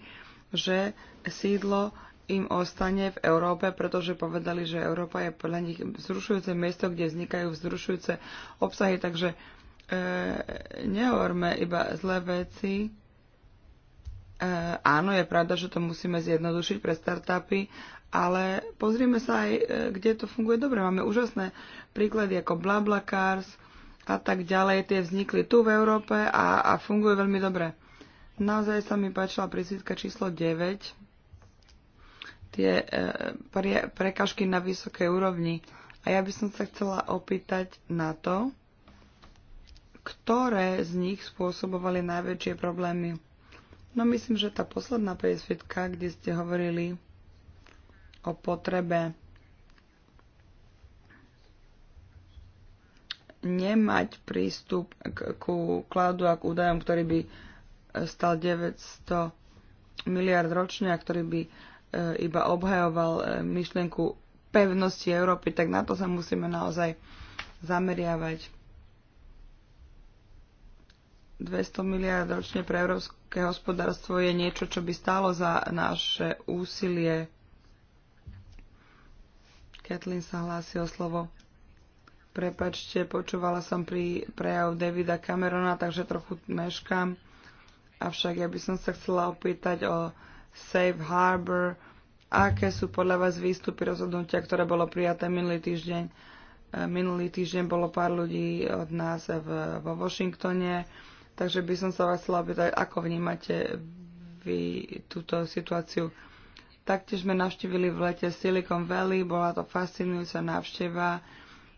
že sídlo im ostane v Európe, pretože povedali, že Európa je podľa nich vzrušujúce miesto, kde vznikajú vzrušujúce obsahy, takže e, nehovorme iba zlé veci, E, áno, je pravda, že to musíme zjednodušiť pre startupy, ale pozrieme sa aj, e, kde to funguje dobre. Máme úžasné príklady ako BlaBlaCars a tak ďalej. Tie vznikli tu v Európe a, a fungujú veľmi dobre. Naozaj sa mi páčila prísvitka číslo 9. Tie e, pre, prekažky na vysokej úrovni. A ja by som sa chcela opýtať na to, ktoré z nich spôsobovali najväčšie problémy No myslím, že tá posledná priesvitka, kde ste hovorili o potrebe nemať prístup k, ku a k údajom, ktorý by e, stal 900 miliard ročne a ktorý by e, iba obhajoval e, myšlienku pevnosti Európy, tak na to sa musíme naozaj zameriavať. 200 miliard ročne pre európske hospodárstvo je niečo, čo by stálo za naše úsilie. Kathleen sa hlási o slovo. Prepačte, počúvala som pri prejav Davida Camerona, takže trochu meškam. Avšak ja by som sa chcela opýtať o Safe Harbor. Aké sú podľa vás výstupy rozhodnutia, ktoré bolo prijaté minulý týždeň? E, minulý týždeň bolo pár ľudí od nás v, vo Washingtone Takže by som sa vás chcela pýtať, ako vnímate vy túto situáciu. Taktiež sme navštívili v lete Silicon Valley, bola to fascinujúca návšteva,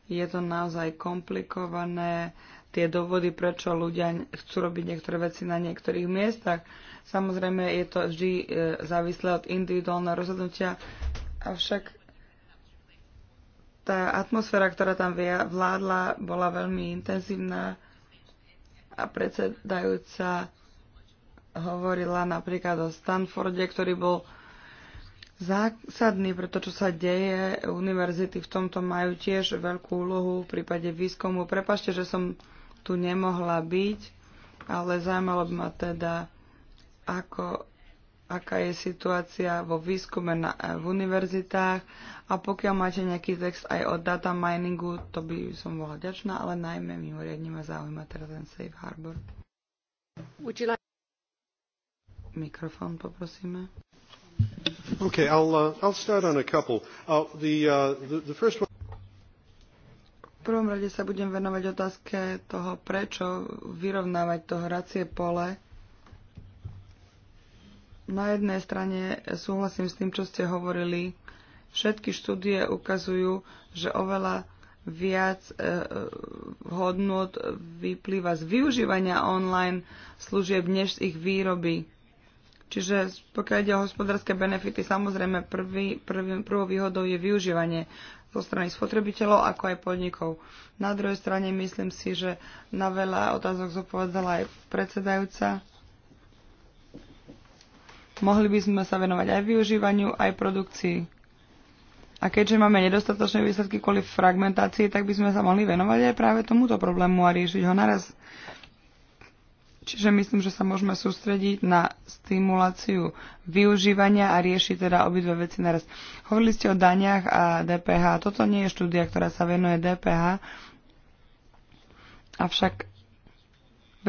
je to naozaj komplikované, tie dôvody, prečo ľudia chcú robiť niektoré veci na niektorých miestach. Samozrejme, je to vždy e, závislé od individuálneho rozhodnutia, avšak tá atmosféra, ktorá tam vládla, bola veľmi intenzívna a predsedajúca hovorila napríklad o Stanforde, ktorý bol zásadný pre to, čo sa deje. Univerzity v tomto majú tiež veľkú úlohu v prípade výskumu. Prepašte, že som tu nemohla byť, ale zaujímalo by ma teda, ako aká je situácia vo výskume na, e, v univerzitách a pokiaľ máte nejaký text aj o data miningu, to by som bola ďačná, ale najmä mimoriadne ma zaujíma teraz ten Safe Harbor. Mikrofón poprosíme. Okay, I'll, uh, I'll start on a couple. Uh, the, uh, the, the first one... V prvom rade sa budem venovať otázke toho, prečo vyrovnávať to hracie pole na jednej strane súhlasím s tým, čo ste hovorili. Všetky štúdie ukazujú, že oveľa viac e, e, hodnot vyplýva z využívania online služieb než z ich výroby. Čiže pokiaľ ide o hospodárske benefity, samozrejme prvý, prvý, prvou výhodou je využívanie zo strany spotrebiteľov ako aj podnikov. Na druhej strane myslím si, že na veľa otázok zodpovedala aj predsedajúca. Mohli by sme sa venovať aj využívaniu, aj produkcii. A keďže máme nedostatočné výsledky kvôli fragmentácii, tak by sme sa mohli venovať aj práve tomuto problému a riešiť ho naraz. Čiže myslím, že sa môžeme sústrediť na stimuláciu využívania a riešiť teda obidve veci naraz. Hovorili ste o daniach a DPH. Toto nie je štúdia, ktorá sa venuje DPH. Avšak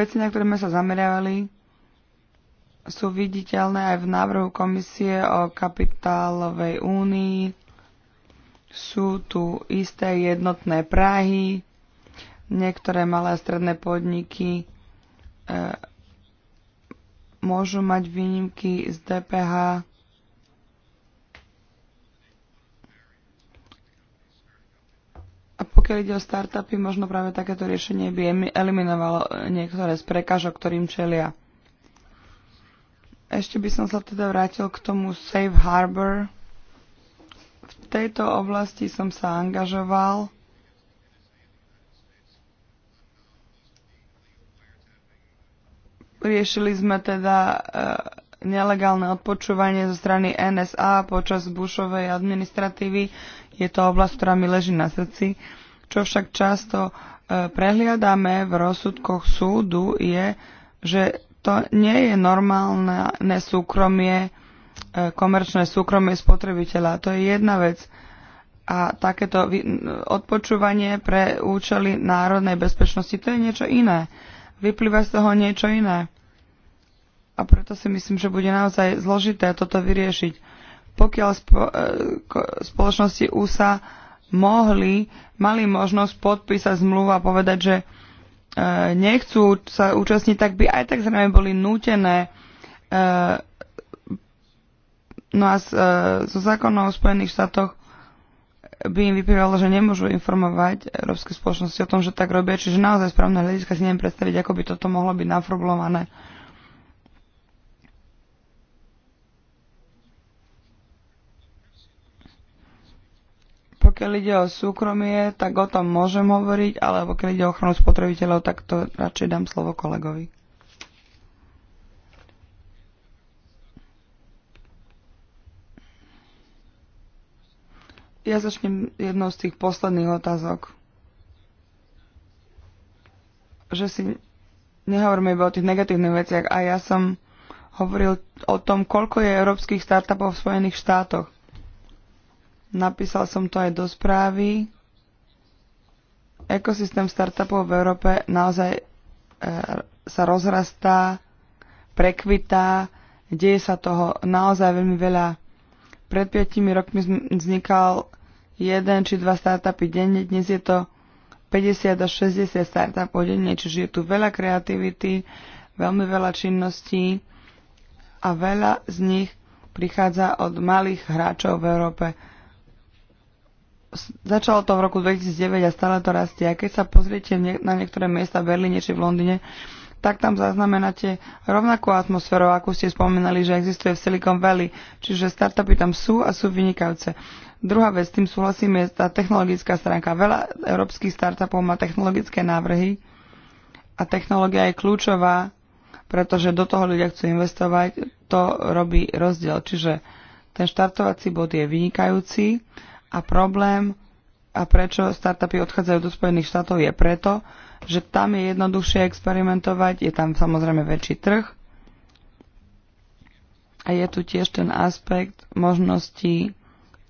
veci, na ktoré sme sa zameriavali, sú viditeľné aj v návrhu komisie o kapitálovej únii. Sú tu isté jednotné Prahy, niektoré malé a stredné podniky e, môžu mať výnimky z DPH. A pokiaľ ide o startupy, možno práve takéto riešenie by eliminovalo niektoré z prekážok, ktorým čelia. Ešte by som sa teda vrátil k tomu Safe Harbor. V tejto oblasti som sa angažoval. Riešili sme teda e, nelegálne odpočúvanie zo strany NSA počas Bushovej administratívy. Je to oblasť, ktorá mi leží na srdci. Čo však často e, prehliadame v rozsudkoch súdu je, že to nie je normálne súkromie, e, komerčné súkromie spotrebiteľa. To je jedna vec. A takéto odpočúvanie pre účely národnej bezpečnosti, to je niečo iné. Vyplýva z toho niečo iné. A preto si myslím, že bude naozaj zložité toto vyriešiť. Pokiaľ e, spoločnosti USA mohli, mali možnosť podpísať zmluvu a povedať, že E, nechcú sa účastniť, tak by aj tak zrejme boli nútené. E, no a e, so zákonom o Spojených štátoch by im vyplývalo, že nemôžu informovať európske spoločnosti o tom, že tak robia, čiže naozaj správne hľadiska si neviem predstaviť, ako by toto mohlo byť naformulované. Uh, Pokiaľ ide o súkromie, tak o tom môžem hovoriť, ale pokiaľ ide o ochranu spotrebiteľov, tak to radšej dám slovo kolegovi. Ja začnem jednou z tých posledných otázok. Že si nehovoríme iba o tých negatívnych veciach a ja som hovoril o tom, koľko je európskych startupov v Spojených štátoch. Napísal som to aj do správy. Ekosystém startupov v Európe naozaj e, sa rozrastá, prekvitá, deje sa toho naozaj veľmi veľa. Pred 5 rokmi vznikal jeden či dva startupy denne, dnes je to 50 až 60 startupov denne, čiže je tu veľa kreativity, veľmi veľa činností a veľa z nich prichádza od malých hráčov v Európe začalo to v roku 2009 a stále to rastie. A keď sa pozriete na niektoré miesta v Berlíne či v Londýne, tak tam zaznamenáte rovnakú atmosféru, akú ste spomínali, že existuje v Silicon Valley. Čiže startupy tam sú a sú vynikajúce. Druhá vec, s tým súhlasím, je tá technologická stránka. Veľa európskych startupov má technologické návrhy a technológia je kľúčová, pretože do toho ľudia chcú investovať, to robí rozdiel. Čiže ten štartovací bod je vynikajúci a problém a prečo startupy odchádzajú do Spojených štátov je preto, že tam je jednoduchšie experimentovať, je tam samozrejme väčší trh a je tu tiež ten aspekt možnosti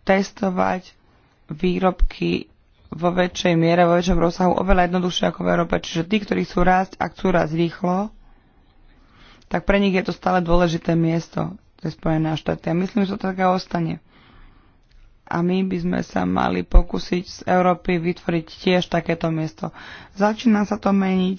testovať výrobky vo väčšej miere, vo väčšom rozsahu oveľa jednoduchšie ako v Európe. Čiže tí, ktorí chcú rásť a chcú rásť rýchlo, tak pre nich je to stále dôležité miesto, to je Spojené štáty. A myslím, že to tak aj ostane a my by sme sa mali pokúsiť z Európy vytvoriť tiež takéto miesto. Začína sa to meniť,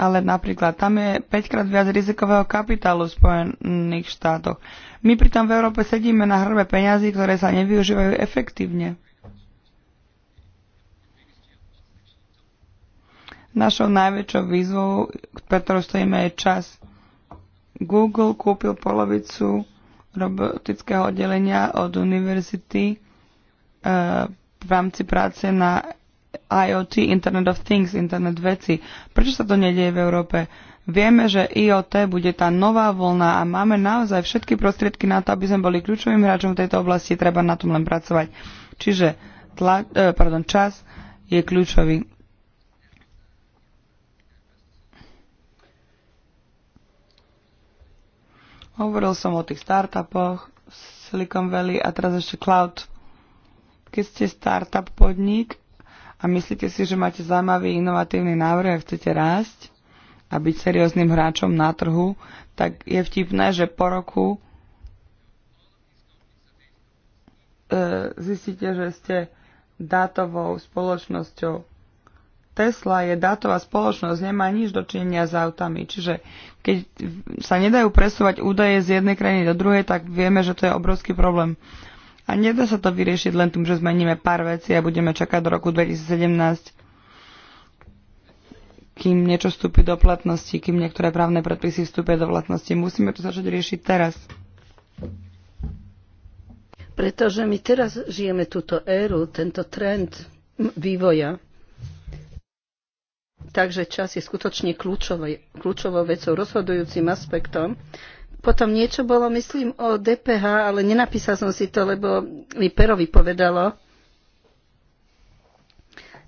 ale napríklad tam je 5 krát viac rizikového kapitálu v Spojených štátoch. My pritom v Európe sedíme na hrbe peňazí, ktoré sa nevyužívajú efektívne. Našou najväčšou výzvou, pre ktorú stojíme, je čas. Google kúpil polovicu robotického oddelenia od univerzity eh, v rámci práce na IoT, Internet of Things, Internet veci. Prečo sa to nedieje v Európe? Vieme, že IoT bude tá nová voľna a máme naozaj všetky prostriedky na to, aby sme boli kľúčovým hráčom v tejto oblasti, treba na tom len pracovať. Čiže tla, eh, pardon, čas je kľúčový. Hovoril som o tých startupoch, Silicon Valley a teraz ešte cloud. Keď ste startup podnik a myslíte si, že máte zaujímavý inovatívny návrh a chcete rásť a byť serióznym hráčom na trhu, tak je vtipné, že po roku e, zistíte, že ste dátovou spoločnosťou Tesla je dátová spoločnosť, nemá nič dočinenia s autami. Čiže keď sa nedajú presúvať údaje z jednej krajiny do druhej, tak vieme, že to je obrovský problém. A nedá sa to vyriešiť len tým, že zmeníme pár vecí a budeme čakať do roku 2017, kým niečo vstúpi do platnosti, kým niektoré právne predpisy vstúpia do platnosti. Musíme to začať riešiť teraz pretože my teraz žijeme túto éru, tento trend vývoja. Takže čas je skutočne kľúčovou, kľúčovou vecou, rozhodujúcim aspektom. Potom niečo bolo, myslím, o DPH, ale nenapísal som si to, lebo mi Perovi povedalo.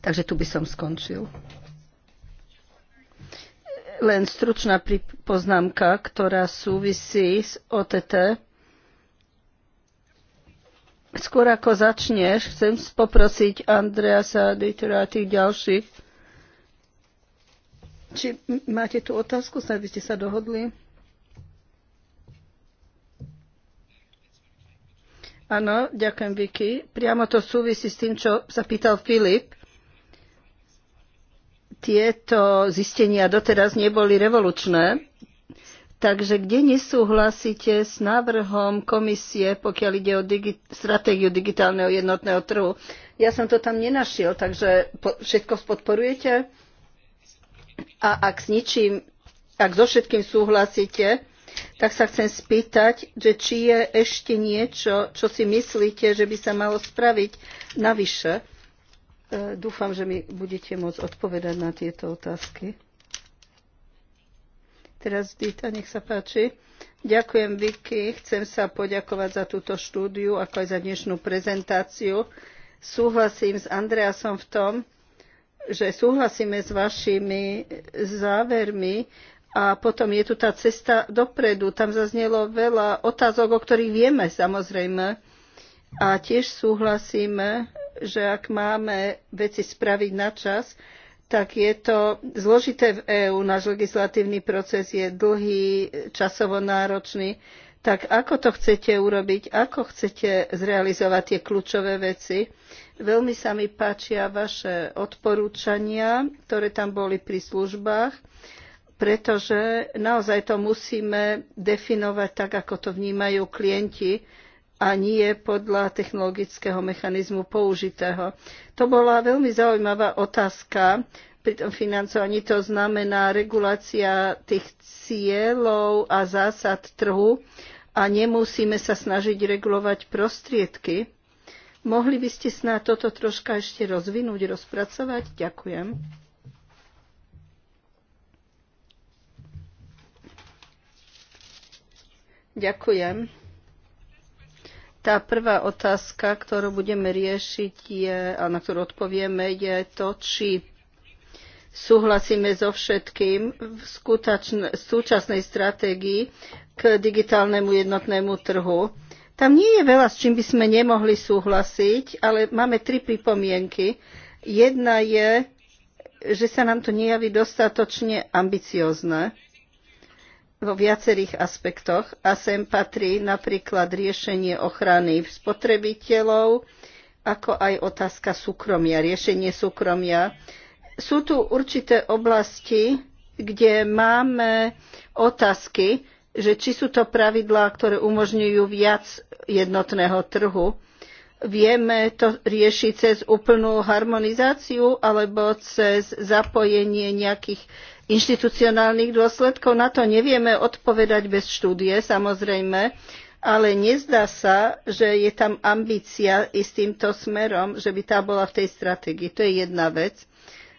Takže tu by som skončil. Len stručná poznámka, ktorá súvisí s OTT. Skôr ako začneš, chcem poprosiť Andreasa, Dietra a tých ďalších, či máte tú otázku, sa by ste sa dohodli? Áno, ďakujem, Vicky. Priamo to súvisí s tým, čo sa pýtal Filip. Tieto zistenia doteraz neboli revolučné, takže kde nesúhlasíte s návrhom komisie, pokiaľ ide o digi- stratégiu digitálneho jednotného trhu? Ja som to tam nenašiel, takže po- všetko podporujete? A ak s ničím, ak so všetkým súhlasíte, tak sa chcem spýtať, že či je ešte niečo, čo si myslíte, že by sa malo spraviť navyše. E, dúfam, že mi budete môcť odpovedať na tieto otázky. Teraz Dita, nech sa páči. Ďakujem, Vicky. Chcem sa poďakovať za túto štúdiu, ako aj za dnešnú prezentáciu. Súhlasím s Andreasom v tom, že súhlasíme s vašimi závermi a potom je tu tá cesta dopredu. Tam zaznelo veľa otázok, o ktorých vieme samozrejme. A tiež súhlasíme, že ak máme veci spraviť na čas, tak je to zložité v EÚ. Náš legislatívny proces je dlhý, časovo náročný. Tak ako to chcete urobiť? Ako chcete zrealizovať tie kľúčové veci? Veľmi sa mi páčia vaše odporúčania, ktoré tam boli pri službách, pretože naozaj to musíme definovať tak, ako to vnímajú klienti a nie podľa technologického mechanizmu použitého. To bola veľmi zaujímavá otázka pri tom financovaní. To znamená regulácia tých cieľov a zásad trhu a nemusíme sa snažiť regulovať prostriedky, Mohli by ste snáď toto troška ešte rozvinúť, rozpracovať? Ďakujem. Ďakujem. Tá prvá otázka, ktorú budeme riešiť je, a na ktorú odpovieme, je to, či súhlasíme so všetkým v skutačne, súčasnej stratégii k digitálnemu jednotnému trhu tam nie je veľa, s čím by sme nemohli súhlasiť, ale máme tri pripomienky. Jedna je, že sa nám to nejaví dostatočne ambiciozne vo viacerých aspektoch a sem patrí napríklad riešenie ochrany spotrebiteľov, ako aj otázka súkromia, riešenie súkromia. Sú tu určité oblasti, kde máme otázky, že či sú to pravidlá, ktoré umožňujú viac jednotného trhu. Vieme to riešiť cez úplnú harmonizáciu alebo cez zapojenie nejakých inštitucionálnych dôsledkov. Na to nevieme odpovedať bez štúdie, samozrejme, ale nezdá sa, že je tam ambícia i s týmto smerom, že by tá bola v tej stratégii. To je jedna vec.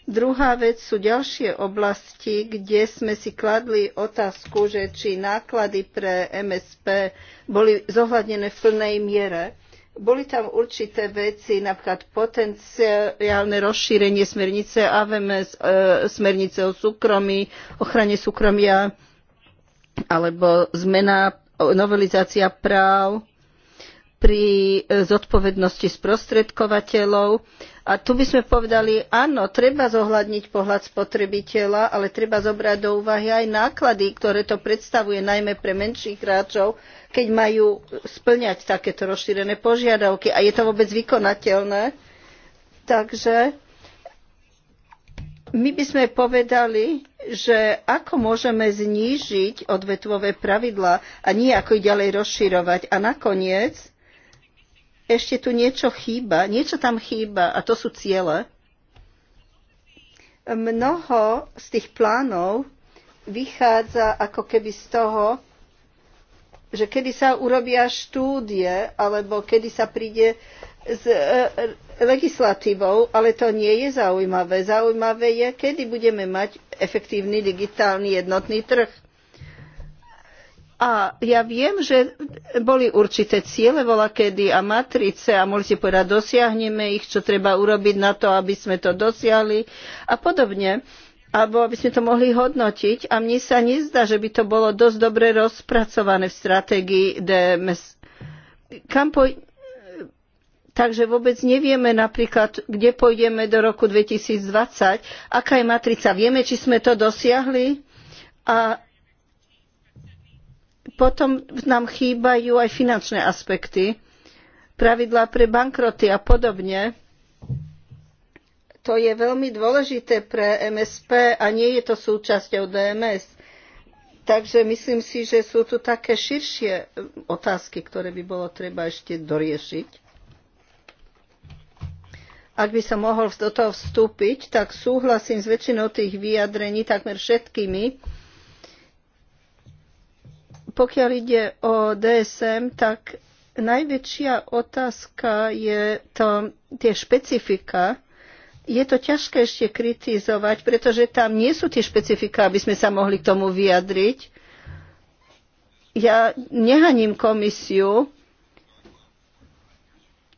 Druhá vec sú ďalšie oblasti, kde sme si kladli otázku, že či náklady pre MSP boli zohľadnené v plnej miere. Boli tam určité veci, napríklad potenciálne rozšírenie smernice AVMS, e, smernice o súkromí, ochrane súkromia, alebo zmena, novelizácia práv pri e, zodpovednosti sprostredkovateľov. A tu by sme povedali, áno, treba zohľadniť pohľad spotrebiteľa, ale treba zobrať do úvahy aj náklady, ktoré to predstavuje najmä pre menších hráčov, keď majú splňať takéto rozšírené požiadavky. A je to vôbec vykonateľné? Takže my by sme povedali, že ako môžeme znížiť odvetvové pravidlá a nie ako ich ďalej rozširovať. A nakoniec ešte tu niečo chýba, niečo tam chýba a to sú ciele. Mnoho z tých plánov vychádza ako keby z toho, že kedy sa urobia štúdie alebo kedy sa príde s e, legislatívou, ale to nie je zaujímavé. Zaujímavé je, kedy budeme mať efektívny digitálny jednotný trh a ja viem, že boli určité ciele volakedy a matrice a môžete povedať, dosiahneme ich, čo treba urobiť na to, aby sme to dosiahli a podobne. Alebo aby sme to mohli hodnotiť. A mne sa nezdá, že by to bolo dosť dobre rozpracované v stratégii DMS. Kam poj- Takže vôbec nevieme napríklad, kde pôjdeme do roku 2020, aká je matrica. Vieme, či sme to dosiahli a potom nám chýbajú aj finančné aspekty, pravidlá pre bankroty a podobne. To je veľmi dôležité pre MSP a nie je to súčasťou DMS. Takže myslím si, že sú tu také širšie um, otázky, ktoré by bolo treba ešte doriešiť ak by som mohol do toho vstúpiť, tak súhlasím s väčšinou tých vyjadrení, takmer všetkými, pokiaľ ide o DSM, tak najväčšia otázka je to, tie špecifika. Je to ťažké ešte kritizovať, pretože tam nie sú tie špecifika, aby sme sa mohli k tomu vyjadriť. Ja nehaním komisiu.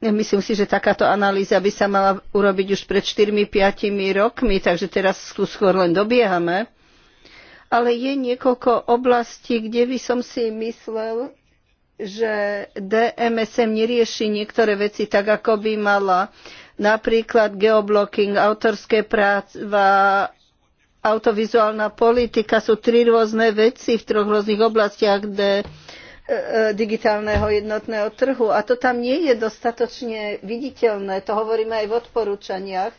Myslím si, že takáto analýza by sa mala urobiť už pred 4-5 rokmi, takže teraz skôr len dobiehame ale je niekoľko oblastí, kde by som si myslel, že DMSM nerieši niektoré veci tak, ako by mala. Napríklad geoblocking, autorské práva, autovizuálna politika sú tri rôzne veci v troch rôznych oblastiach kde, digitálneho jednotného trhu. A to tam nie je dostatočne viditeľné. To hovoríme aj v odporúčaniach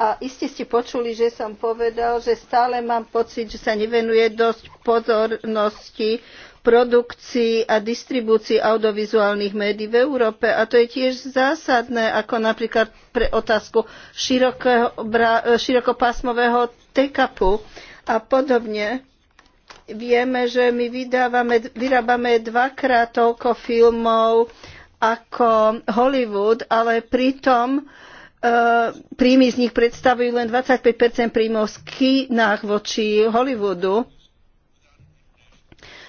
a iste ste počuli, že som povedal, že stále mám pocit, že sa nevenuje dosť pozornosti produkcii a distribúcii audiovizuálnych médií v Európe. A to je tiež zásadné, ako napríklad pre otázku širokopásmového take-upu a podobne. Vieme, že my vydávame, vyrábame dvakrát toľko filmov ako Hollywood, ale pritom uh, Ehm, príjmy z nich predstavujú len 25 príjmov z kinách voči Hollywoodu.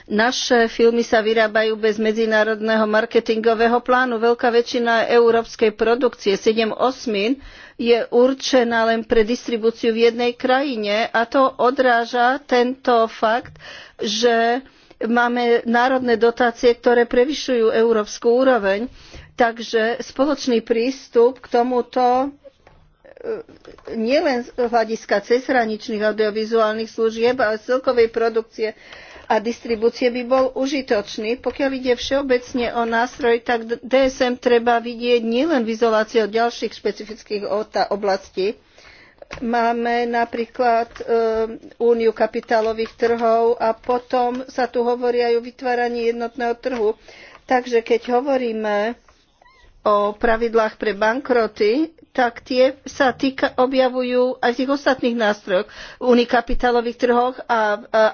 Naše filmy sa vyrábajú bez medzinárodného marketingového plánu. Veľká väčšina európskej produkcie, 7 osmin, je určená len pre distribúciu v jednej krajine a to odráža tento fakt, že máme národné dotácie, ktoré prevyšujú európsku úroveň. Takže spoločný prístup k tomuto e, nielen z hľadiska cezhraničných audiovizuálnych služieb, ale celkovej produkcie a distribúcie by bol užitočný. Pokiaľ ide všeobecne o nástroj, tak DSM treba vidieť nielen v izolácii od ďalších špecifických oblastí. Máme napríklad e, úniu kapitálových trhov a potom sa tu hovorí aj o vytváraní jednotného trhu. Takže keď hovoríme o pravidlách pre bankroty, tak tie sa týka, objavujú aj v tých ostatných nástrojoch, unii kapitálových trhoch a, a,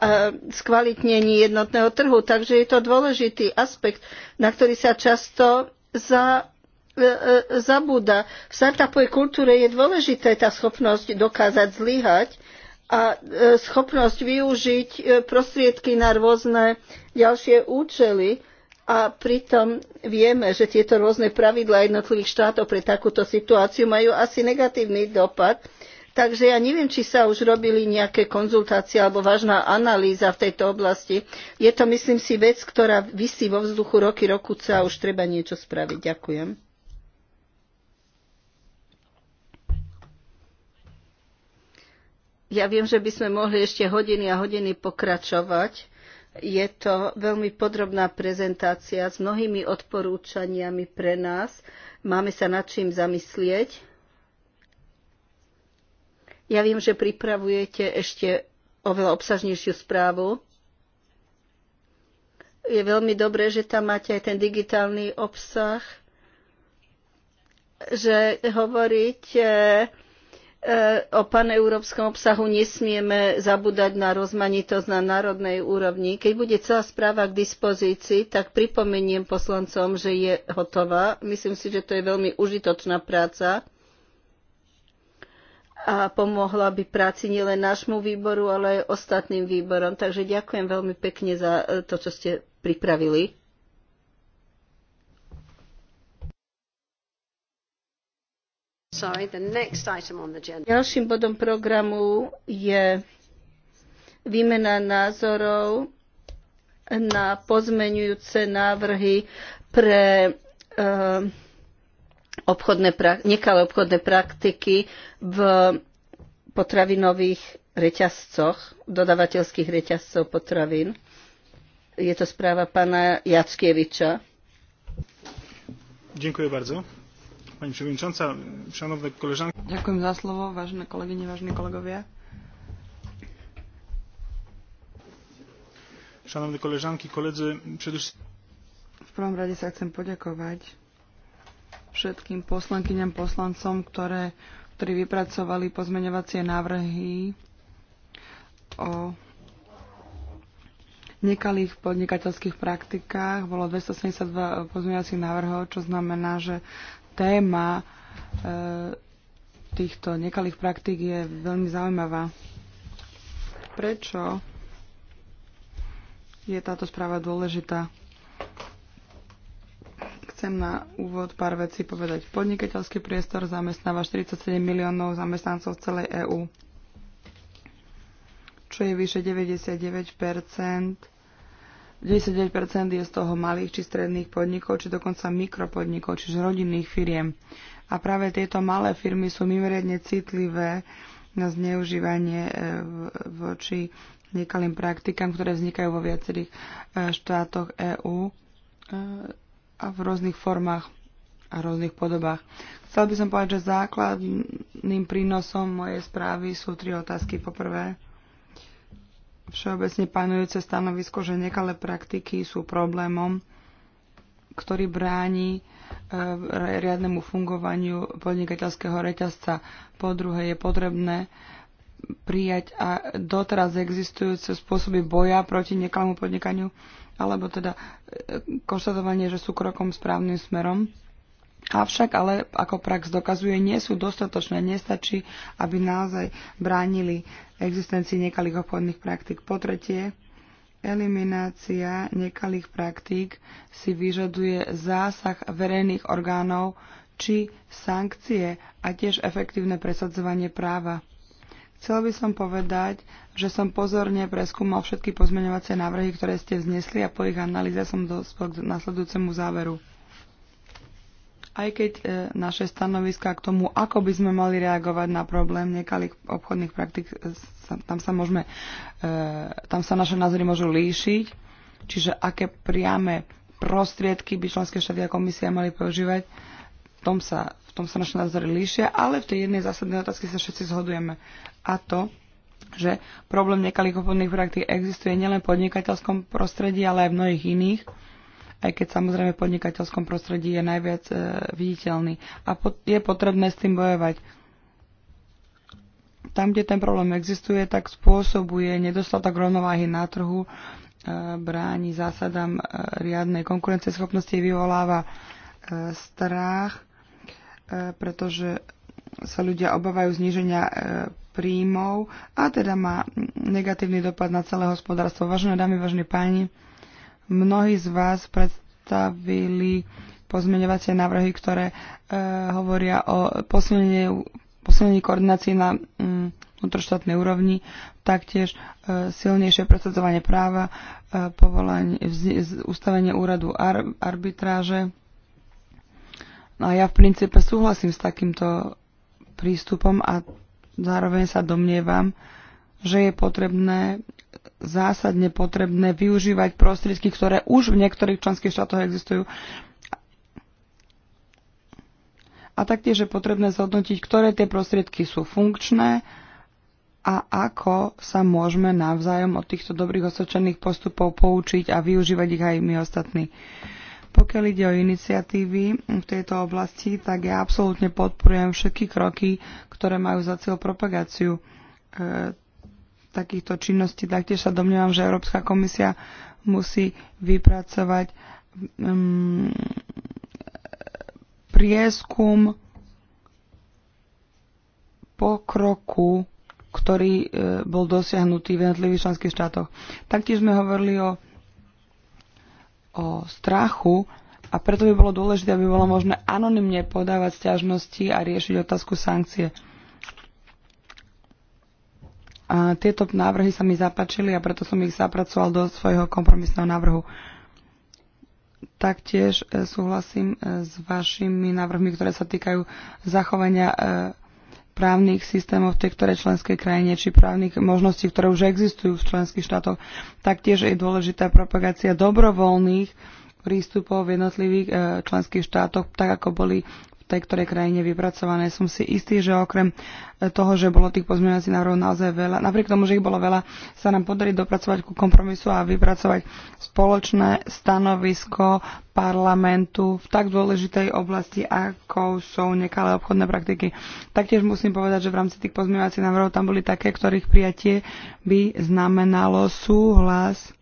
a skvalitnení jednotného trhu. Takže je to dôležitý aspekt, na ktorý sa často za, e, e, zabúda. V startupovej kultúre je dôležité tá schopnosť dokázať zlyhať a e, schopnosť využiť e, prostriedky na rôzne ďalšie účely a pritom vieme, že tieto rôzne pravidlá jednotlivých štátov pre takúto situáciu majú asi negatívny dopad. Takže ja neviem, či sa už robili nejaké konzultácie alebo vážna analýza v tejto oblasti. Je to, myslím si, vec, ktorá vysí vo vzduchu roky, rokuca a už treba niečo spraviť. Ďakujem. Ja viem, že by sme mohli ešte hodiny a hodiny pokračovať je to veľmi podrobná prezentácia s mnohými odporúčaniami pre nás. Máme sa nad čím zamyslieť. Ja viem, že pripravujete ešte oveľa obsažnejšiu správu. Je veľmi dobré, že tam máte aj ten digitálny obsah, že hovoríte E, o paneurópskom obsahu nesmieme zabúdať na rozmanitosť na národnej úrovni. Keď bude celá správa k dispozícii, tak pripomeniem poslancom, že je hotová. Myslím si, že to je veľmi užitočná práca a pomohla by práci nielen nášmu výboru, ale aj ostatným výborom. Takže ďakujem veľmi pekne za e, to, čo ste pripravili. Sorry, the next item on the agenda. Ďalším bodom programu je výmena názorov na pozmenujúce návrhy pre e, obchodné nekalé obchodné praktiky v potravinových reťazcoch, dodavateľských reťazcov potravín. Je to správa pána Jackieviča. Dziękuję bardzo. Pani przewodnicząca, szanowne koleżanki. Ďakujem za slovo, vážené kolegyne, vážení kolegovia. Szanowne koleżanki, koledzy, przede wszystkim... V prvom rade sa chcem poďakovať všetkým poslankyňam, poslancom, ktoré, ktorí vypracovali pozmeňovacie návrhy o nekalých podnikateľských praktikách. Bolo 272 pozmeňovacích návrhov, čo znamená, že téma e, týchto nekalých praktík je veľmi zaujímavá. Prečo je táto správa dôležitá? chcem na úvod pár vecí povedať. Podnikateľský priestor zamestnáva 47 miliónov zamestnancov v celej EÚ, čo je vyše 99 99% je z toho malých či stredných podnikov, či dokonca mikropodnikov, čiže rodinných firiem. A práve tieto malé firmy sú mimoriadne citlivé na zneužívanie e, voči nekalým praktikám, ktoré vznikajú vo viacerých e, štátoch EÚ e, a v rôznych formách a rôznych podobách. Chcel by som povedať, že základným prínosom mojej správy sú tri otázky. Poprvé, všeobecne panujúce stanovisko, že nekalé praktiky sú problémom, ktorý bráni e, riadnemu fungovaniu podnikateľského reťazca. Po druhé, je potrebné prijať a doteraz existujúce spôsoby boja proti nekalému podnikaniu, alebo teda e, konštatovanie, že sú krokom správnym smerom. Avšak ale, ako prax dokazuje, nie sú dostatočné, nestačí, aby naozaj bránili existencii nekalých obchodných praktík. Po tretie, eliminácia nekalých praktík si vyžaduje zásah verejných orgánov či sankcie a tiež efektívne presadzovanie práva. Chcel by som povedať, že som pozorne preskúmal všetky pozmeňovacie návrhy, ktoré ste vznesli a po ich analýze som dospel k nasledujúcemu záveru aj keď e, naše stanoviská k tomu, ako by sme mali reagovať na problém nekalých obchodných praktik, e, tam sa, môžeme, e, tam sa naše názory môžu líšiť, čiže aké priame prostriedky by členské štáty a komisia mali používať, v tom sa, v tom sa naše názory líšia, ale v tej jednej zásadnej otázke sa všetci zhodujeme. A to, že problém nekalých obchodných praktik existuje nielen v podnikateľskom prostredí, ale aj v mnohých iných aj keď samozrejme v podnikateľskom prostredí je najviac e, viditeľný. A po, je potrebné s tým bojovať. Tam, kde ten problém existuje, tak spôsobuje nedostatok rovnováhy na trhu, e, bráni zásadám e, riadnej konkurencieschopnosti, vyvoláva e, strach, e, pretože sa ľudia obávajú zníženia e, príjmov a teda má negatívny dopad na celé hospodárstvo. Vážené dámy, vážení páni, Mnohí z vás predstavili pozmeňovacie návrhy, ktoré e, hovoria o posilnení, posilnení koordinácii na mm, vnútroštátnej úrovni, taktiež e, silnejšie presadzovanie práva, e, povolanie, vz, ustavenie úradu ar, arbitráže. No a ja v princípe súhlasím s takýmto prístupom a zároveň sa domnievam, že je potrebné zásadne potrebné využívať prostriedky, ktoré už v niektorých členských štátoch existujú. A taktiež je potrebné zhodnotiť, ktoré tie prostriedky sú funkčné a ako sa môžeme navzájom od týchto dobrých osvedčených postupov poučiť a využívať ich aj my ostatní. Pokiaľ ide o iniciatívy v tejto oblasti, tak ja absolútne podporujem všetky kroky, ktoré majú za cieľ propagáciu e, takýchto činností. Taktiež sa domnievam, že Európska komisia musí vypracovať um, prieskum pokroku, ktorý e, bol dosiahnutý v jednotlivých členských štátoch. Taktiež sme hovorili o, o strachu a preto by bolo dôležité, aby bolo možné anonymne podávať stiažnosti a riešiť otázku sankcie. A tieto návrhy sa mi zapáčili a preto som ich zapracoval do svojho kompromisného návrhu. Taktiež e, súhlasím e, s vašimi návrhmi, ktoré sa týkajú zachovania e, právnych systémov v tej ktorej členskej krajine či právnych možností, ktoré už existujú v členských štátoch. Taktiež je dôležitá propagácia dobrovoľných prístupov v jednotlivých členských štátoch, tak ako boli tej ktorej krajine vypracované. Som si istý, že okrem e, toho, že bolo tých pozmeňovacích návrhov naozaj veľa, napriek tomu, že ich bolo veľa, sa nám podarí dopracovať ku kompromisu a vypracovať spoločné stanovisko parlamentu v tak dôležitej oblasti, ako sú nekalé obchodné praktiky. Taktiež musím povedať, že v rámci tých pozmeňovacích návrhov tam boli také, ktorých prijatie by znamenalo súhlas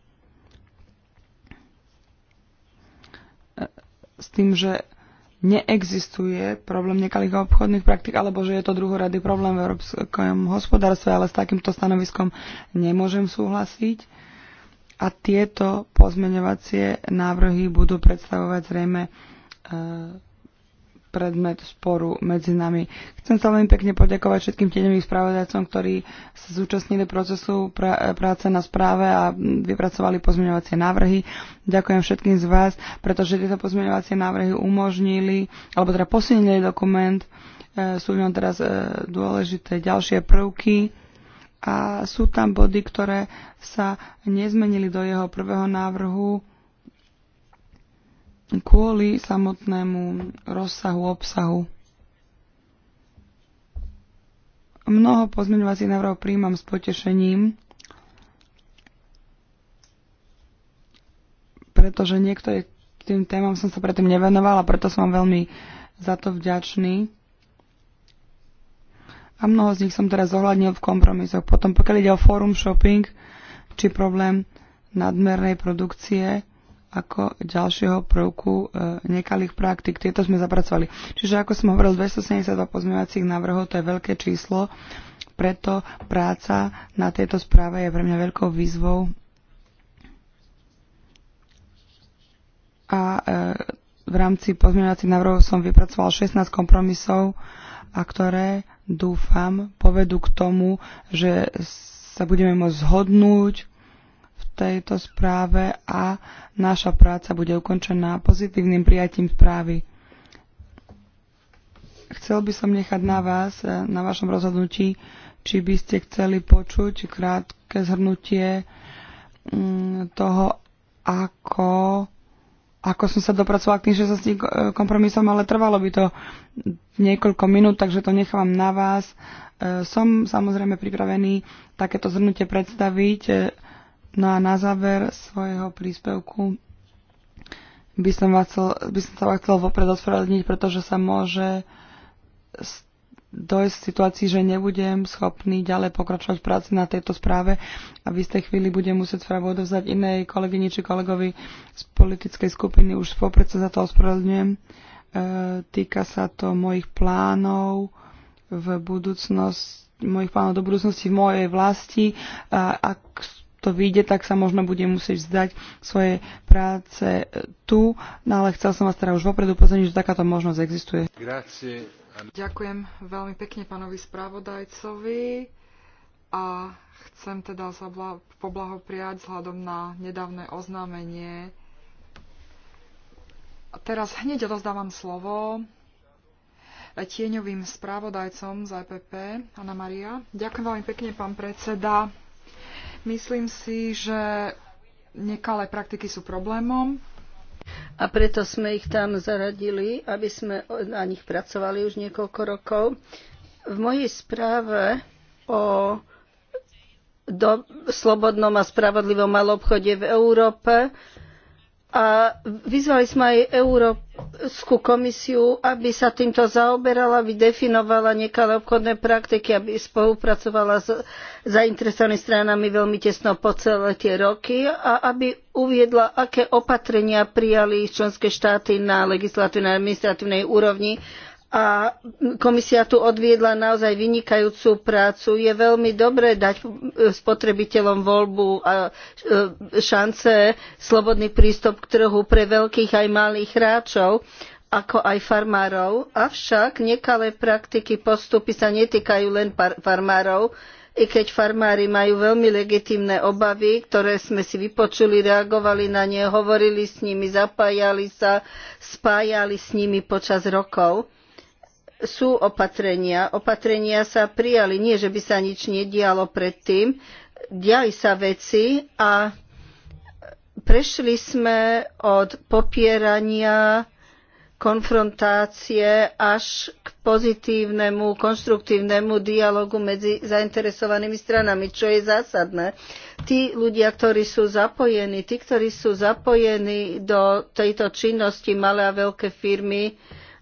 e, s tým, že neexistuje problém nekalých obchodných praktik, alebo že je to druhorady problém v európskom hospodárstve, ale s takýmto stanoviskom nemôžem súhlasiť. A tieto pozmeňovacie návrhy budú predstavovať zrejme e, predmet sporu medzi nami. Chcem sa veľmi pekne poďakovať všetkým tieňovým spravodajcom, ktorí sa zúčastnili procesu pra- práce na správe a vypracovali pozmeňovacie návrhy. Ďakujem všetkým z vás, pretože tieto pozmeňovacie návrhy umožnili, alebo teda posilnili dokument. E, sú v ňom teraz e, dôležité ďalšie prvky a sú tam body, ktoré sa nezmenili do jeho prvého návrhu kvôli samotnému rozsahu obsahu. Mnoho pozmeňovacích návrhov príjmam s potešením, pretože niektoré tým témam som sa predtým a preto som vám veľmi za to vďačný. A mnoho z nich som teraz zohľadnil v kompromisoch. Potom, pokiaľ ide o forum shopping, či problém nadmernej produkcie, ako ďalšieho prvku e, nekalých praktik. Tieto sme zapracovali. Čiže ako som hovoril, 272 pozmeňovacích návrhov, to je veľké číslo, preto práca na tejto správe je pre mňa veľkou výzvou a e, v rámci pozmeňovacích návrhov som vypracoval 16 kompromisov, a ktoré, dúfam, povedú k tomu, že sa budeme môcť zhodnúť tejto správe a naša práca bude ukončená pozitívnym prijatím správy. Chcel by som nechať na vás, eh, na vašom rozhodnutí, či by ste chceli počuť krátke zhrnutie mm, toho, ako, ako som sa dopracoval k tým 16 eh, kompromisom, ale trvalo by to niekoľko minút, takže to nechávam na vás. Eh, som samozrejme pripravený takéto zhrnutie predstaviť No a na záver svojho príspevku by som, vás chcel, by som sa vás chcel vopred ospravedlniť, pretože sa môže dojsť v situácii, že nebudem schopný ďalej pokračovať v práci na tejto správe a v istej chvíli budem musieť správu odovzdať inej kolegyni či kolegovi z politickej skupiny. Už vopred sa za to ospravedlňujem. E, týka sa to mojich plánov v budúcnosti mojich plánov do budúcnosti v mojej vlasti a ak to vyjde, tak sa možno bude musieť vzdať svoje práce e, tu, no ale chcel som vás teda už vopred upozorniť, že takáto možnosť existuje. Grazie. Ďakujem veľmi pekne pánovi spravodajcovi a chcem teda sa poblahopriať vzhľadom na nedávne oznámenie. A teraz hneď odozdávam slovo tieňovým správodajcom z EPP, Anna Maria. Ďakujem veľmi pekne, pán predseda. Myslím si, že nekalé praktiky sú problémom. A preto sme ich tam zaradili, aby sme na nich pracovali už niekoľko rokov. V mojej správe o do, slobodnom a spravodlivom malobchode v Európe a vyzvali sme aj Európsku komisiu, aby sa týmto zaoberala, aby definovala nekalé obchodné praktiky, aby spolupracovala s zainteresovanými stranami veľmi tesno po celé tie roky a aby uviedla, aké opatrenia prijali členské štáty na legislatívnej a administratívnej úrovni, a komisia tu odviedla naozaj vynikajúcu prácu. Je veľmi dobré dať spotrebiteľom voľbu a e, šance, slobodný prístup k trhu pre veľkých aj malých hráčov ako aj farmárov, avšak nekalé praktiky postupy sa netýkajú len farmárov, i keď farmári majú veľmi legitímne obavy, ktoré sme si vypočuli, reagovali na ne, hovorili s nimi, zapájali sa, spájali s nimi počas rokov sú opatrenia. Opatrenia sa prijali, nie že by sa nič nedialo predtým. Diali sa veci a prešli sme od popierania konfrontácie až k pozitívnemu, konstruktívnemu dialogu medzi zainteresovanými stranami, čo je zásadné. Tí ľudia, ktorí sú zapojení, tí, ktorí sú zapojení do tejto činnosti malé a veľké firmy,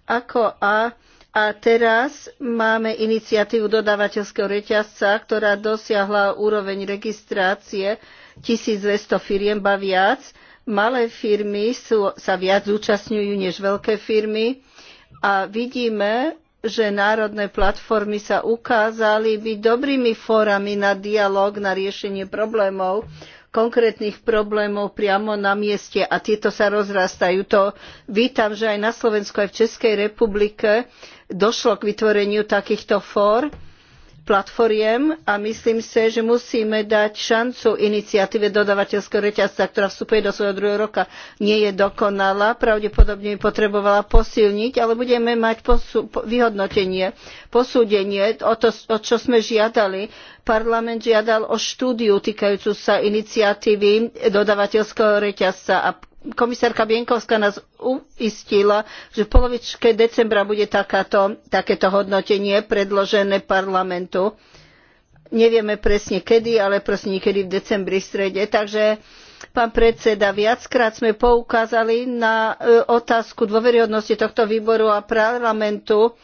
ako a a teraz máme iniciatívu dodávateľského reťazca, ktorá dosiahla úroveň registrácie 1200 firiem, ba viac. Malé firmy sú, sa viac zúčastňujú než veľké firmy a vidíme, že národné platformy sa ukázali byť dobrými fórami na dialog, na riešenie problémov, konkrétnych problémov priamo na mieste a tieto sa rozrastajú. To vítam, že aj na Slovensku, aj v Českej republike došlo k vytvoreniu takýchto fór, platformiem a myslím si, že musíme dať šancu iniciatíve dodavateľského reťazca, ktorá vstupuje do svojho druhého roka. Nie je dokonalá, pravdepodobne by potrebovala posilniť, ale budeme mať vyhodnotenie, posúdenie, o, to, o čo sme žiadali. Parlament žiadal o štúdiu týkajúcu sa iniciatívy dodavateľského reťazca a komisárka Bienkovská nás uistila, že v polovičke decembra bude takéto hodnotenie predložené parlamentu. Nevieme presne kedy, ale proste niekedy v decembri v strede. Takže pán predseda, viackrát sme poukázali na e, otázku dôveryhodnosti tohto výboru a parlamentu.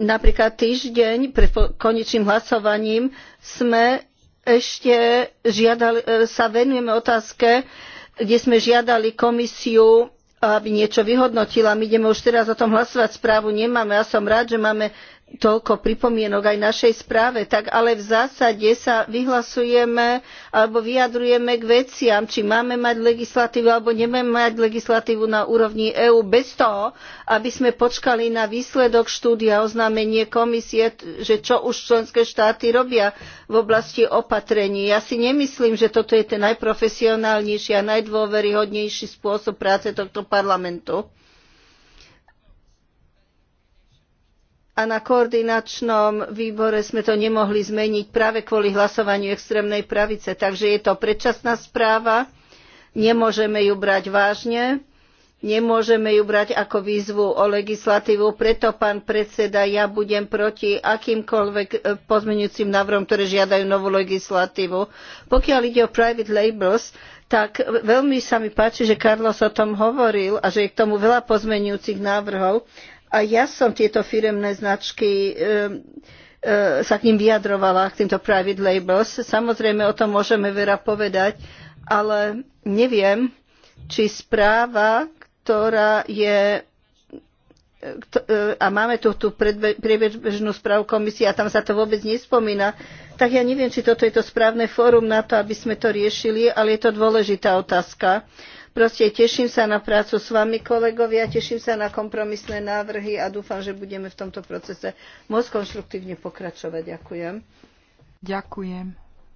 Napríklad týždeň pred konečným hlasovaním sme ešte žiadali, e, sa venujeme otázke kde sme žiadali komisiu aby niečo vyhodnotila. My ideme už teraz o tom hlasovať správu nemáme a som rád, že máme toľko pripomienok aj našej správe, tak ale v zásade sa vyhlasujeme alebo vyjadrujeme k veciam, či máme mať legislatívu alebo nemáme mať legislatívu na úrovni EÚ bez toho, aby sme počkali na výsledok štúdia oznámenie komisie, že čo už členské štáty robia v oblasti opatrení. Ja si nemyslím, že toto je ten najprofesionálnejší a najdôveryhodnejší spôsob práce tohto parlamentu. a na koordinačnom výbore sme to nemohli zmeniť práve kvôli hlasovaniu extrémnej pravice. Takže je to predčasná správa, nemôžeme ju brať vážne, nemôžeme ju brať ako výzvu o legislatívu, preto pán predseda, ja budem proti akýmkoľvek e, pozmeňujúcim návrhom, ktoré žiadajú novú legislatívu. Pokiaľ ide o private labels, tak veľmi sa mi páči, že Carlos o tom hovoril a že je k tomu veľa pozmenujúcich návrhov, a ja som tieto firemné značky e, sa k ním vyjadrovala, k týmto private labels. Samozrejme, o tom môžeme veľa povedať, ale neviem, či správa, ktorá je e, a máme tu tú priebežnú správu komisie a tam sa to vôbec nespomína, tak ja neviem, či toto je to správne fórum na to, aby sme to riešili, ale je to dôležitá otázka. Uh, Proste teším sa na prácu s vami, kolegovia, teším sa na kompromisné návrhy a dúfam, že budeme v tomto procese môcť konštruktívne pokračovať. Ďakujem. Ďakujem.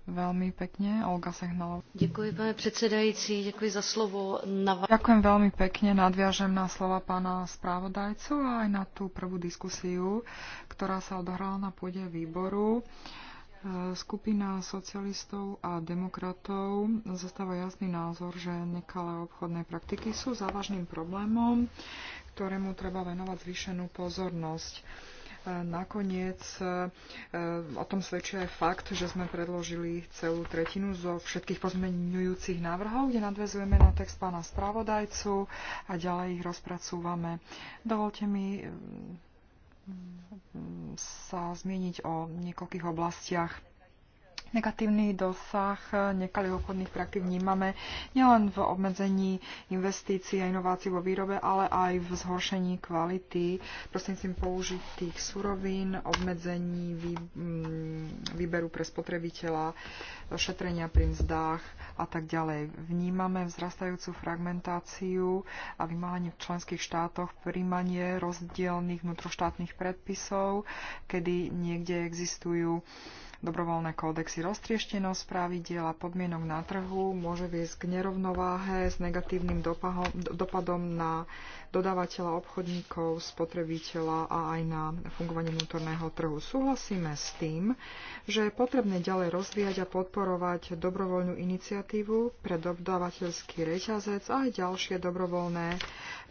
Veľmi pekne, Olga Sehnalová. Ďakujem, pane predsedajúci, ďakujem za slovo. Na... Ďakujem veľmi pekne, nadviažem na slova pána správodajcu a aj na tú prvú diskusiu, ktorá sa odohrala na pôde výboru. Uh, Skupina socialistov a demokratov zastáva jasný názor, že nekalé obchodné praktiky sú závažným problémom, ktorému treba venovať zvýšenú pozornosť. Nakoniec e, o tom svedčí aj fakt, že sme predložili celú tretinu zo všetkých pozmeňujúcich návrhov, kde nadvezujeme na text pána spravodajcu a ďalej ich rozpracúvame. Dovolte mi sa zmieniť o niekoľkých oblastiach Negatívny dosah nekalých obchodných praktík vnímame nielen v obmedzení investícií a inovácií vo výrobe, ale aj v zhoršení kvality prostredníctvom použitých surovín, obmedzení mm, výberu pre spotrebiteľa, šetrenia pri mzdách a tak ďalej. Vnímame vzrastajúcu fragmentáciu a vymáhanie v členských štátoch príjmanie rozdielných vnútroštátnych predpisov, kedy niekde existujú Dobrovoľné kódexy roztrieštenosť pravidiel a podmienok na trhu môže viesť k nerovnováhe s negatívnym dopahom, dopadom na dodávateľa obchodníkov, spotrebiteľa a aj na fungovanie vnútorného trhu. Súhlasíme s tým, že je potrebné ďalej rozvíjať a podporovať dobrovoľnú iniciatívu pre dodávateľský reťazec a aj ďalšie dobrovoľné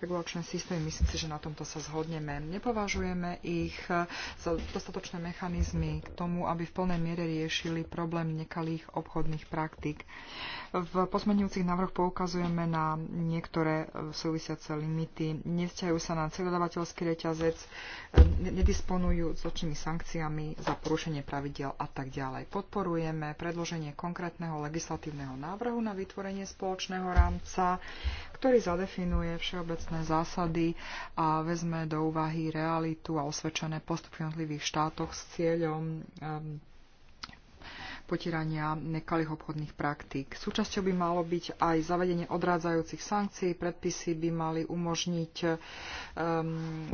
regulačné systémy. Myslím si, že na tomto sa zhodneme. Nepovažujeme ich za dostatočné mechanizmy k tomu, aby v plnej miere riešili problém nekalých obchodných praktík. V pozmenujúcich návrhoch poukazujeme na niektoré e, súvisiace limity, nevzťahujú sa na celodavateľský reťazec, e, nedisponujú očnými sankciami za porušenie pravidel a tak ďalej. Podporujeme predloženie konkrétneho legislatívneho návrhu na vytvorenie spoločného rámca, ktorý zadefinuje všeobecné zásady a vezme do úvahy realitu a osvedčené postupy v jednotlivých štátoch s cieľom um, potierania nekalých obchodných praktík. Súčasťou by malo byť aj zavedenie odrádzajúcich sankcií. Predpisy by mali umožniť um,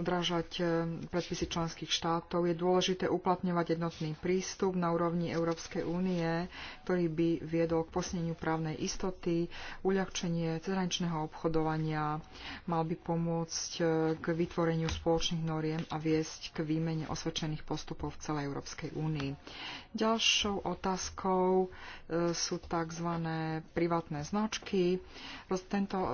odrážať e, predpisy členských štátov. Je dôležité uplatňovať jednotný prístup na úrovni Európskej únie, ktorý by viedol k posneniu právnej istoty, uľahčenie cezhraničného obchodovania, mal by pomôcť e, k vytvoreniu spoločných noriem a viesť k výmene osvedčených postupov v celej Európskej únii. Ďalšou otázkou e, sú tzv. privátne značky. Tento e,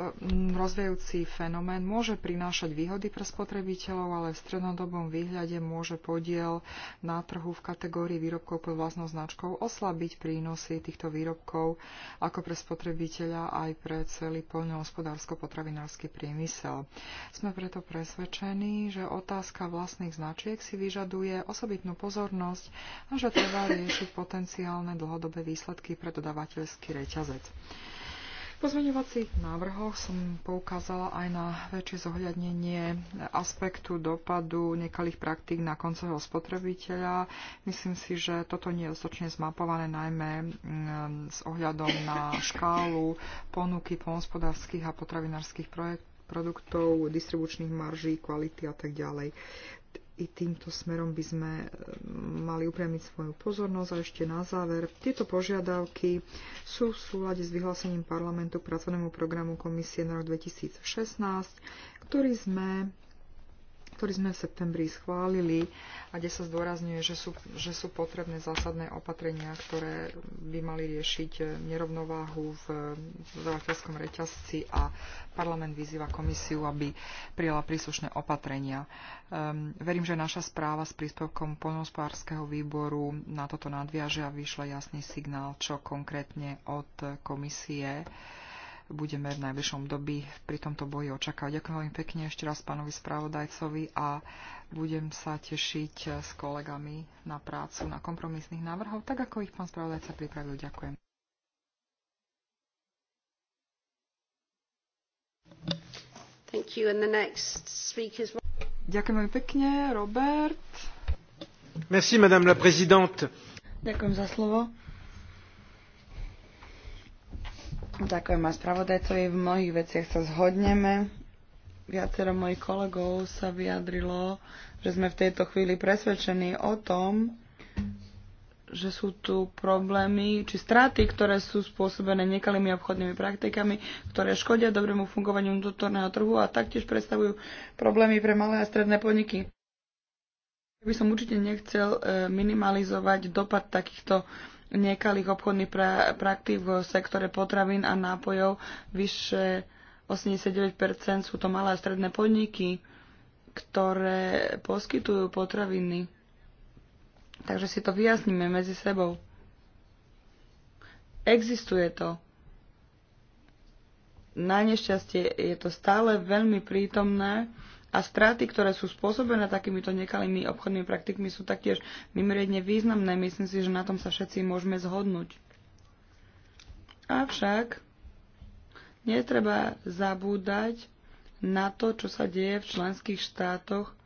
rozvejúci fenomén môže prinášať výhody pre spotrebiteľov, ale v strednodobom výhľade môže podiel na trhu v kategórii výrobkov pod vlastnou značkou oslabiť prínosy týchto výrobkov ako pre spotrebiteľa aj pre celý poľnohospodársko-potravinársky priemysel. Sme preto presvedčení, že otázka vlastných značiek si vyžaduje osobitnú pozornosť a že treba a riešiť potenciálne dlhodobé výsledky pre dodávateľský reťazec. V pozmeňovacích návrhoch som poukázala aj na väčšie zohľadnenie aspektu dopadu nekalých praktík na koncového spotrebiteľa. Myslím si, že toto nie je dostatočne zmapované najmä mm, s ohľadom na škálu ponuky polnospodárských a potravinárskych projektov produktov, distribučných marží, kvality a tak ďalej i týmto smerom by sme e, mali upriamiť svoju pozornosť. A ešte na záver, tieto požiadavky sú v súlade s vyhlásením parlamentu k pracovnému programu komisie na rok 2016, ktorý sme ktorý sme v septembri schválili a kde sa zdôrazňuje, že sú, že sú potrebné zásadné opatrenia, ktoré by mali riešiť e, nerovnováhu v dodávateľskom reťazci a parlament vyzýva komisiu, aby prijala príslušné opatrenia. Um, verím, že naša správa s príspevkom poľnohospodárskeho výboru na toto nadviaže a vyšle jasný signál, čo konkrétne od komisie uh, budeme v najbližšom dobi pri tomto boji očakávať. Ďakujem veľmi pekne ešte raz pánovi spravodajcovi a budem sa tešiť s kolegami na prácu na kompromisných návrhov, tak ako ich pán spravodajca pripravil. Ďakujem. Thank you. And the next speaker is... Ďakujem veľmi pekne, Robert. Merci, madame la présidente. Ďakujem za slovo Ďakujem aj spravodajcovi. V mnohých veciach sa zhodneme. Viacero mojich kolegov sa vyjadrilo, že sme v tejto chvíli presvedčení o tom, že sú tu problémy či straty, ktoré sú spôsobené nekalými obchodnými praktikami, ktoré škodia dobrému fungovaniu vnútorného trhu a taktiež predstavujú problémy pre malé a stredné podniky. Ja by som určite nechcel e, minimalizovať dopad takýchto nekalých obchodných pra- praktík v sektore potravín a nápojov. Vyše 89% sú to malé a stredné podniky, ktoré poskytujú potraviny. Takže si to vyjasníme medzi sebou. Existuje to. Na nešťastie je to stále veľmi prítomné a straty, ktoré sú spôsobené takýmito nekalými obchodnými praktikmi, sú taktiež mimoriadne významné. Myslím si, že na tom sa všetci môžeme zhodnúť. Avšak netreba zabúdať na to, čo sa deje v členských štátoch,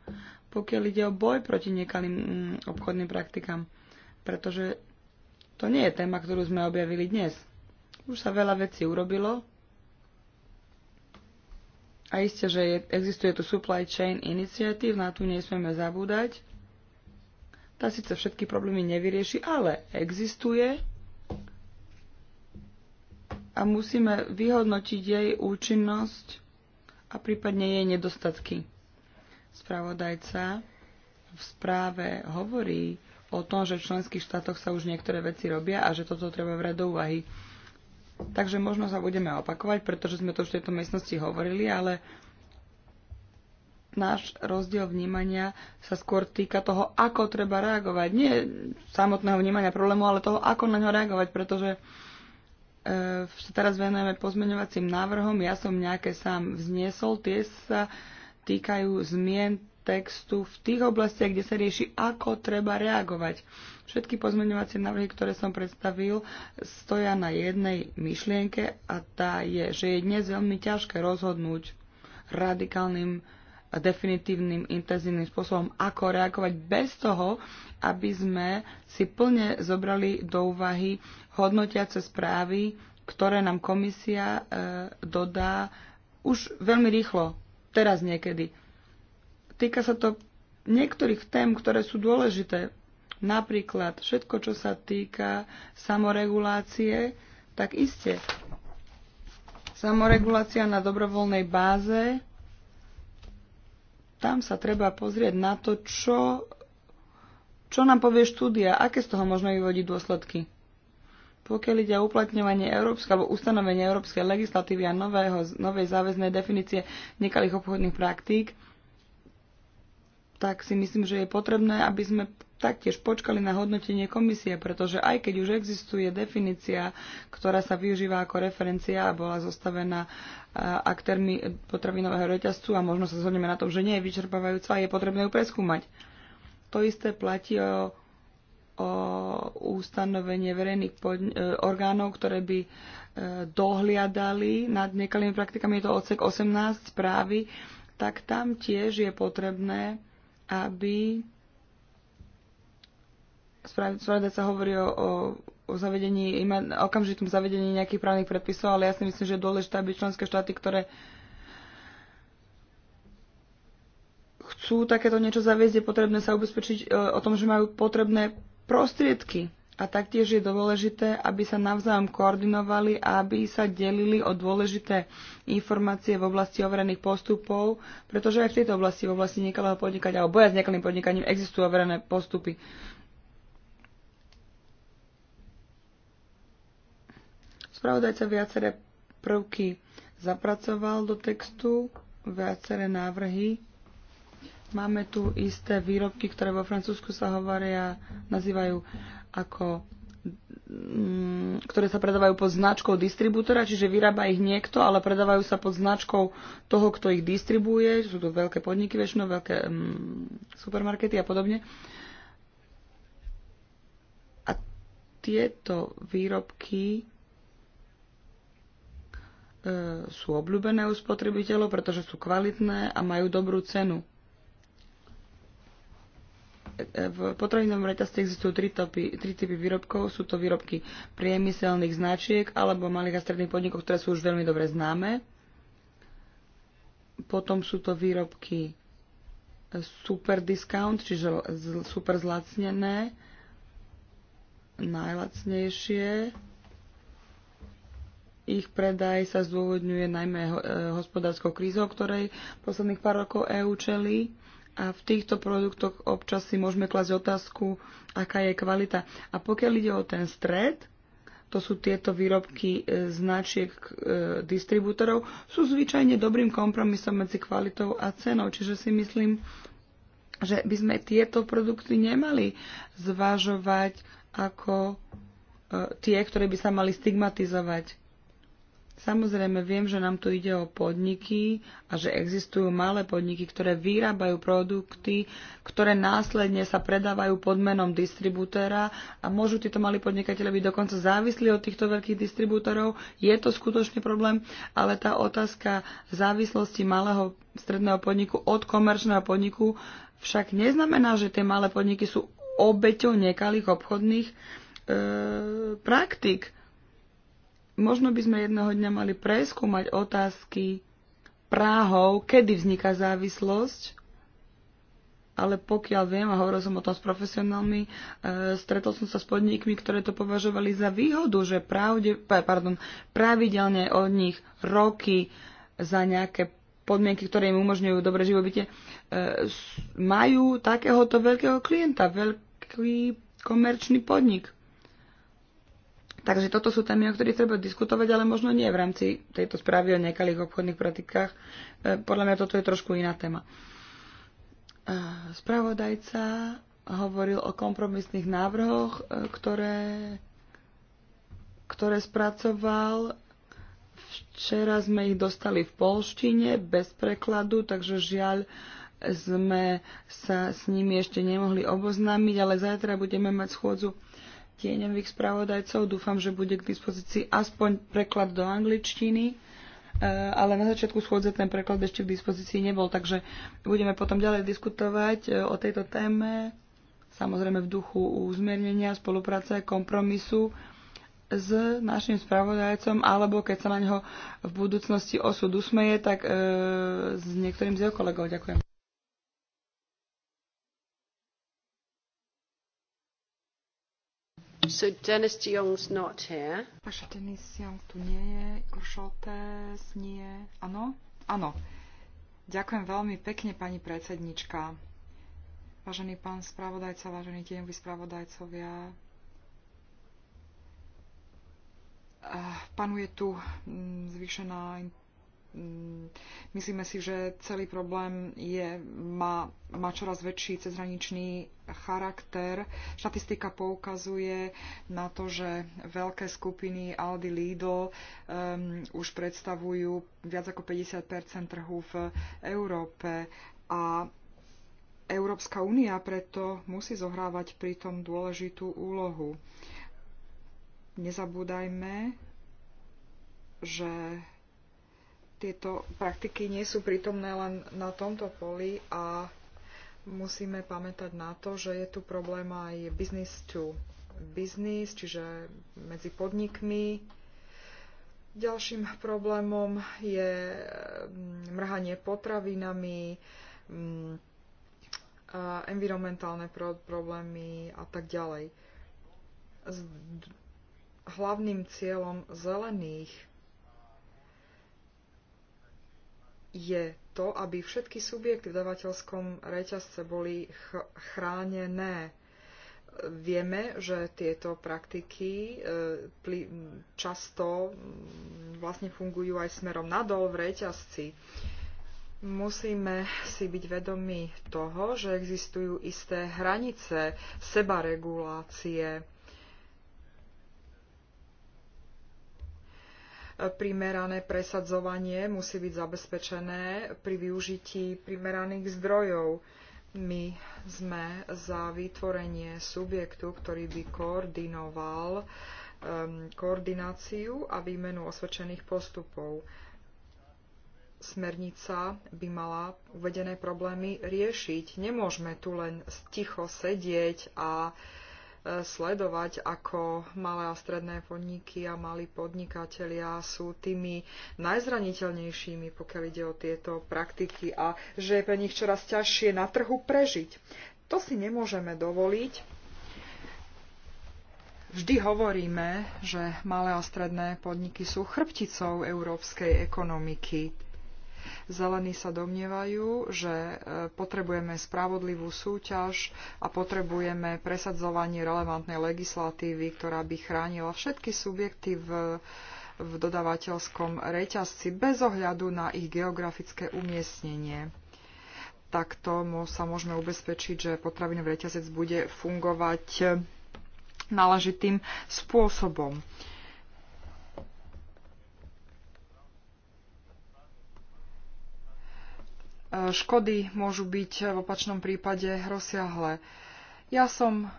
pokiaľ ide o boj proti nekalým mm, obchodným praktikám. Pretože to nie je téma, ktorú sme objavili dnes. Už sa veľa vecí urobilo, a isté, že je, existuje tu supply chain iniciatív, na tu nesmieme zabúdať. Tá síce všetky problémy nevyrieši, ale existuje a musíme vyhodnotiť jej účinnosť a prípadne jej nedostatky. Spravodajca v správe hovorí o tom, že v členských štátoch sa už niektoré veci robia a že toto treba vrať do úvahy. Takže možno sa budeme opakovať, pretože sme to už v tejto miestnosti hovorili, ale náš rozdiel vnímania sa skôr týka toho, ako treba reagovať. Nie samotného vnímania problému, ale toho, ako na ňo reagovať, pretože e, teraz venujeme pozmeňovacím návrhom. Ja som nejaké sám vzniesol, tie sa týkajú zmien textu v tých oblastiach, kde sa rieši, ako treba reagovať. Všetky pozmeňovacie návrhy, ktoré som predstavil, stoja na jednej myšlienke a tá je, že je dnes veľmi ťažké rozhodnúť radikálnym a definitívnym, intenzívnym spôsobom, ako reagovať bez toho, aby sme si plne zobrali do úvahy hodnotiace správy, ktoré nám komisia e, dodá už veľmi rýchlo, teraz niekedy. Týka sa to niektorých tém, ktoré sú dôležité. Napríklad všetko, čo sa týka samoregulácie, tak iste. Samoregulácia na dobrovoľnej báze, tam sa treba pozrieť na to, čo, čo nám povie štúdia, aké z toho možno vyvodiť dôsledky. Pokiaľ ide o uplatňovanie európskej alebo ustanovenie európskej legislatívy a nového, novej záväznej definície nekalých obchodných praktík, tak si myslím, že je potrebné, aby sme taktiež počkali na hodnotenie komisie, pretože aj keď už existuje definícia, ktorá sa využíva ako referencia a bola zostavená e, aktérmi potravinového reťazcu a možno sa zhodneme na tom, že nie je vyčerpávajúca a je potrebné ju preskúmať. To isté platí o, o ustanovenie verejných pod, e, orgánov, ktoré by e, dohliadali nad nekalými praktikami, je to odsek 18 správy, tak tam tiež je potrebné aby sa hovorí o, o, o zavedení, okamžitom zavedení nejakých právnych predpisov, ale ja si myslím, že je dôležité, aby členské štáty, ktoré chcú takéto niečo zaviesť, je potrebné sa ubezpečiť e, o tom, že majú potrebné prostriedky a taktiež je dôležité, aby sa navzájom koordinovali a aby sa delili o dôležité informácie v oblasti overených postupov, pretože aj v tejto oblasti, v oblasti nekalého podnikania alebo boja s nekalým podnikaním existujú overené postupy. Spravodajca viaceré prvky zapracoval do textu, viaceré návrhy. Máme tu isté výrobky, ktoré vo Francúzsku sa hovoria, nazývajú ako mm, ktoré sa predávajú pod značkou distribútora, čiže vyrába ich niekto, ale predávajú sa pod značkou toho, kto ich distribuje. Sú to veľké podniky, väčšinou veľké um, supermarkety a podobne. A tieto výrobky e, sú obľúbené u spotrebiteľov, pretože sú kvalitné a majú dobrú cenu v potravinovom reťazci existujú tri, topy, tri typy výrobkov. Sú to výrobky priemyselných značiek alebo malých a stredných podnikov, ktoré sú už veľmi dobre známe. Potom sú to výrobky e, super discount, čiže super zlacnené, najlacnejšie. Ich predaj sa zdôvodňuje najmä e, hospodárskou krízou, ktorej posledných pár rokov EU čelí a v týchto produktoch občas si môžeme klasť otázku, aká je kvalita. A pokiaľ ide o ten stred, to sú tieto výrobky e, značiek e, distribútorov, sú zvyčajne dobrým kompromisom medzi kvalitou a cenou. Čiže si myslím, že by sme tieto produkty nemali zvažovať ako e, tie, ktoré by sa mali stigmatizovať. Samozrejme, viem, že nám tu ide o podniky a že existujú malé podniky, ktoré vyrábajú produkty, ktoré následne sa predávajú pod menom distribútora a môžu títo malí podnikateľe byť dokonca závislí od týchto veľkých distribútorov. Je to skutočný problém, ale tá otázka závislosti malého stredného podniku od komerčného podniku však neznamená, že tie malé podniky sú obeťou nekalých obchodných e, praktik možno by sme jednoho dňa mali preskúmať otázky práhov, kedy vzniká závislosť, ale pokiaľ viem, a hovoril som o tom s profesionálmi, e, stretol som sa s podnikmi, ktoré to považovali za výhodu, že pravde, pardon, pravidelne od nich roky za nejaké podmienky, ktoré im umožňujú dobre živobytie, e, majú takéhoto veľkého klienta, veľký komerčný podnik. Takže toto sú témy, o ktorých treba diskutovať, ale možno nie v rámci tejto správy o nekalých obchodných praktikách. E, podľa mňa toto je trošku iná téma. E, spravodajca hovoril o kompromisných návrhoch, e, ktoré, ktoré spracoval. Včera sme ich dostali v polštine bez prekladu, takže žiaľ, sme sa s nimi ešte nemohli oboznámiť, ale zajtra budeme mať schôdzu tieňových spravodajcov. Dúfam, že bude k dispozícii aspoň preklad do angličtiny, e, ale na začiatku schôdze ten preklad ešte k dispozícii nebol, takže budeme potom ďalej diskutovať e, o tejto téme, samozrejme v duchu uzmiernenia, spolupráce, kompromisu s našim spravodajcom, alebo keď sa na neho v budúcnosti osud usmeje, tak e, s niektorým z jeho kolegov. Ďakujem. So Dennis de Jong's not here. Takže Dennis Jong tu nie je, Koršoltes nie. Áno? Áno. Ďakujem veľmi pekne, pani predsednička. Vážený pán spravodajca, vážený vážení vy spravodajcovia, eh, panuje tu mm, zvýšená Mm, myslíme si, že celý problém je, má, má čoraz väčší cezhraničný charakter. Štatistika poukazuje na to, že veľké skupiny Aldi Lidl um, už predstavujú viac ako 50 trhu v Európe a Európska únia preto musí zohrávať pritom dôležitú úlohu. Nezabúdajme, že tieto praktiky nie sú prítomné len na tomto poli a musíme pamätať na to, že je tu problém aj business to business, čiže medzi podnikmi. Ďalším problémom je mm, mrhanie potravinami, mm, environmentálne problémy a tak ďalej. Hlavným cieľom zelených je to, aby všetky subjekty v dodavateľskom reťazce boli ch- chránené. Vieme, že tieto praktiky e, často mm, vlastne fungujú aj smerom nadol v reťazci. Musíme si byť vedomi toho, že existujú isté hranice sebaregulácie primerané presadzovanie musí byť zabezpečené pri využití primeraných zdrojov. My sme za vytvorenie subjektu, ktorý by koordinoval um, koordináciu a výmenu osvedčených postupov. Smernica by mala uvedené problémy riešiť. Nemôžeme tu len ticho sedieť a uh, sledovať, ako malé a stredné podniky a malí podnikatelia sú tými najzraniteľnejšími, pokiaľ ide o tieto praktiky a že je pre nich čoraz ťažšie na trhu prežiť. To si nemôžeme dovoliť. Vždy hovoríme, že malé a stredné podniky sú chrbticou európskej ekonomiky Zelení sa domnievajú, že e, potrebujeme spravodlivú súťaž a potrebujeme presadzovanie relevantnej legislatívy, ktorá by chránila všetky subjekty v v dodávateľskom reťazci bez ohľadu na ich geografické umiestnenie takto sa môžeme ubezpečiť, že potravinový reťazec bude fungovať e, náležitým spôsobom. škody môžu byť v opačnom prípade rozsiahle. Ja som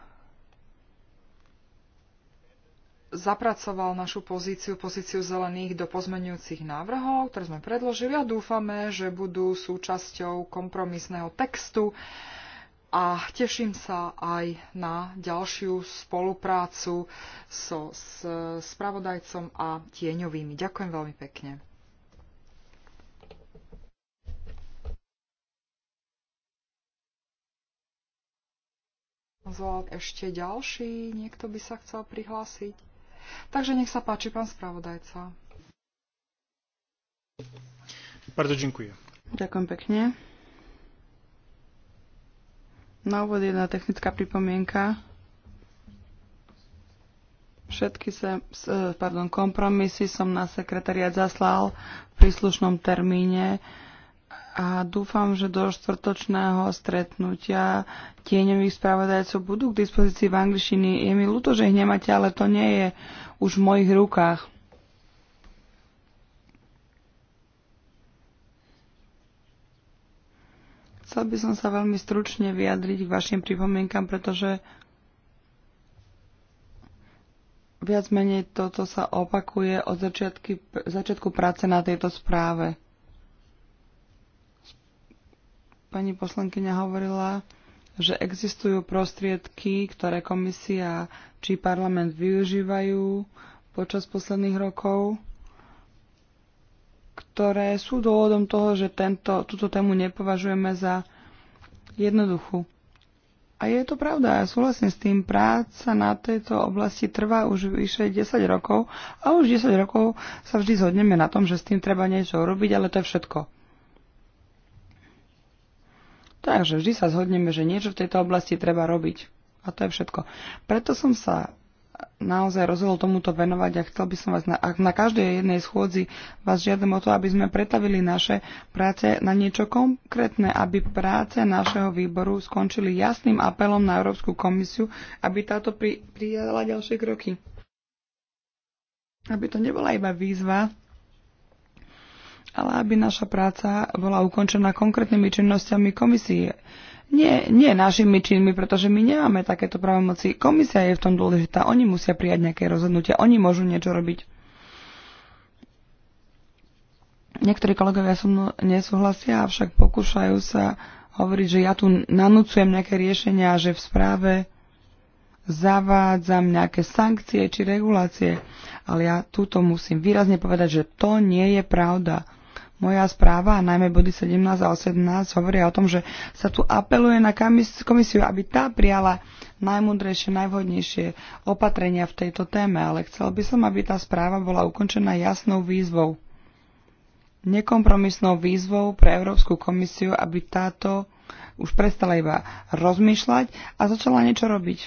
zapracoval našu pozíciu, pozíciu zelených do pozmenujúcich návrhov, ktoré sme predložili a dúfame, že budú súčasťou kompromisného textu a teším sa aj na ďalšiu spoluprácu so, s spravodajcom a tieňovými. Ďakujem veľmi pekne. Zvolal ešte ďalší, niekto by sa chcel prihlásiť. Takže nech sa páči, pán spravodajca. Bardzo ďakujem. Ďakujem pekne. Na úvod jedna technická pripomienka. Všetky sem, pardon, kompromisy som na sekretariat zaslal v príslušnom termíne a dúfam, že do štvrtočného stretnutia tieňových spravodajcov budú k dispozícii v angličtine. Je mi ľúto, že ich nemáte, ale to nie je už v mojich rukách. Chcel by som sa veľmi stručne vyjadriť k vašim pripomienkam, pretože viac menej toto sa opakuje od začiatky, začiatku práce na tejto správe. Pani poslankyňa hovorila, že existujú prostriedky, ktoré komisia či parlament využívajú počas posledných rokov, ktoré sú dôvodom toho, že tento, túto tému nepovažujeme za jednoduchú. A je to pravda, ja súhlasím s tým, práca na tejto oblasti trvá už vyše 10 rokov a už 10 rokov sa vždy zhodneme na tom, že s tým treba niečo urobiť, ale to je všetko. Takže vždy sa zhodneme, že niečo v tejto oblasti treba robiť. A to je všetko. Preto som sa naozaj rozhodol tomuto venovať a chcel by som vás na, na každej jednej schôdzi vás žiadam o to, aby sme pretavili naše práce na niečo konkrétne, aby práce našeho výboru skončili jasným apelom na Európsku komisiu, aby táto pri, prijala ďalšie kroky. Aby to nebola iba výzva ale aby naša práca bola ukončená konkrétnymi činnosťami komisie. Nie, nie našimi činmi, pretože my nemáme takéto právomoci. Komisia je v tom dôležitá. Oni musia prijať nejaké rozhodnutia. Oni môžu niečo robiť. Niektorí kolegovia som nesúhlasia, avšak pokúšajú sa hovoriť, že ja tu nanúcujem nejaké riešenia, že v správe zavádzam nejaké sankcie či regulácie. Ale ja túto musím výrazne povedať, že to nie je pravda. Moja správa, najmä body 17 a 18, hovoria o tom, že sa tu apeluje na komisiu, aby tá prijala najmudrejšie, najvhodnejšie opatrenia v tejto téme, ale chcel by som, aby tá správa bola ukončená jasnou výzvou. Nekompromisnou výzvou pre Európsku komisiu, aby táto už prestala iba rozmýšľať a začala niečo robiť.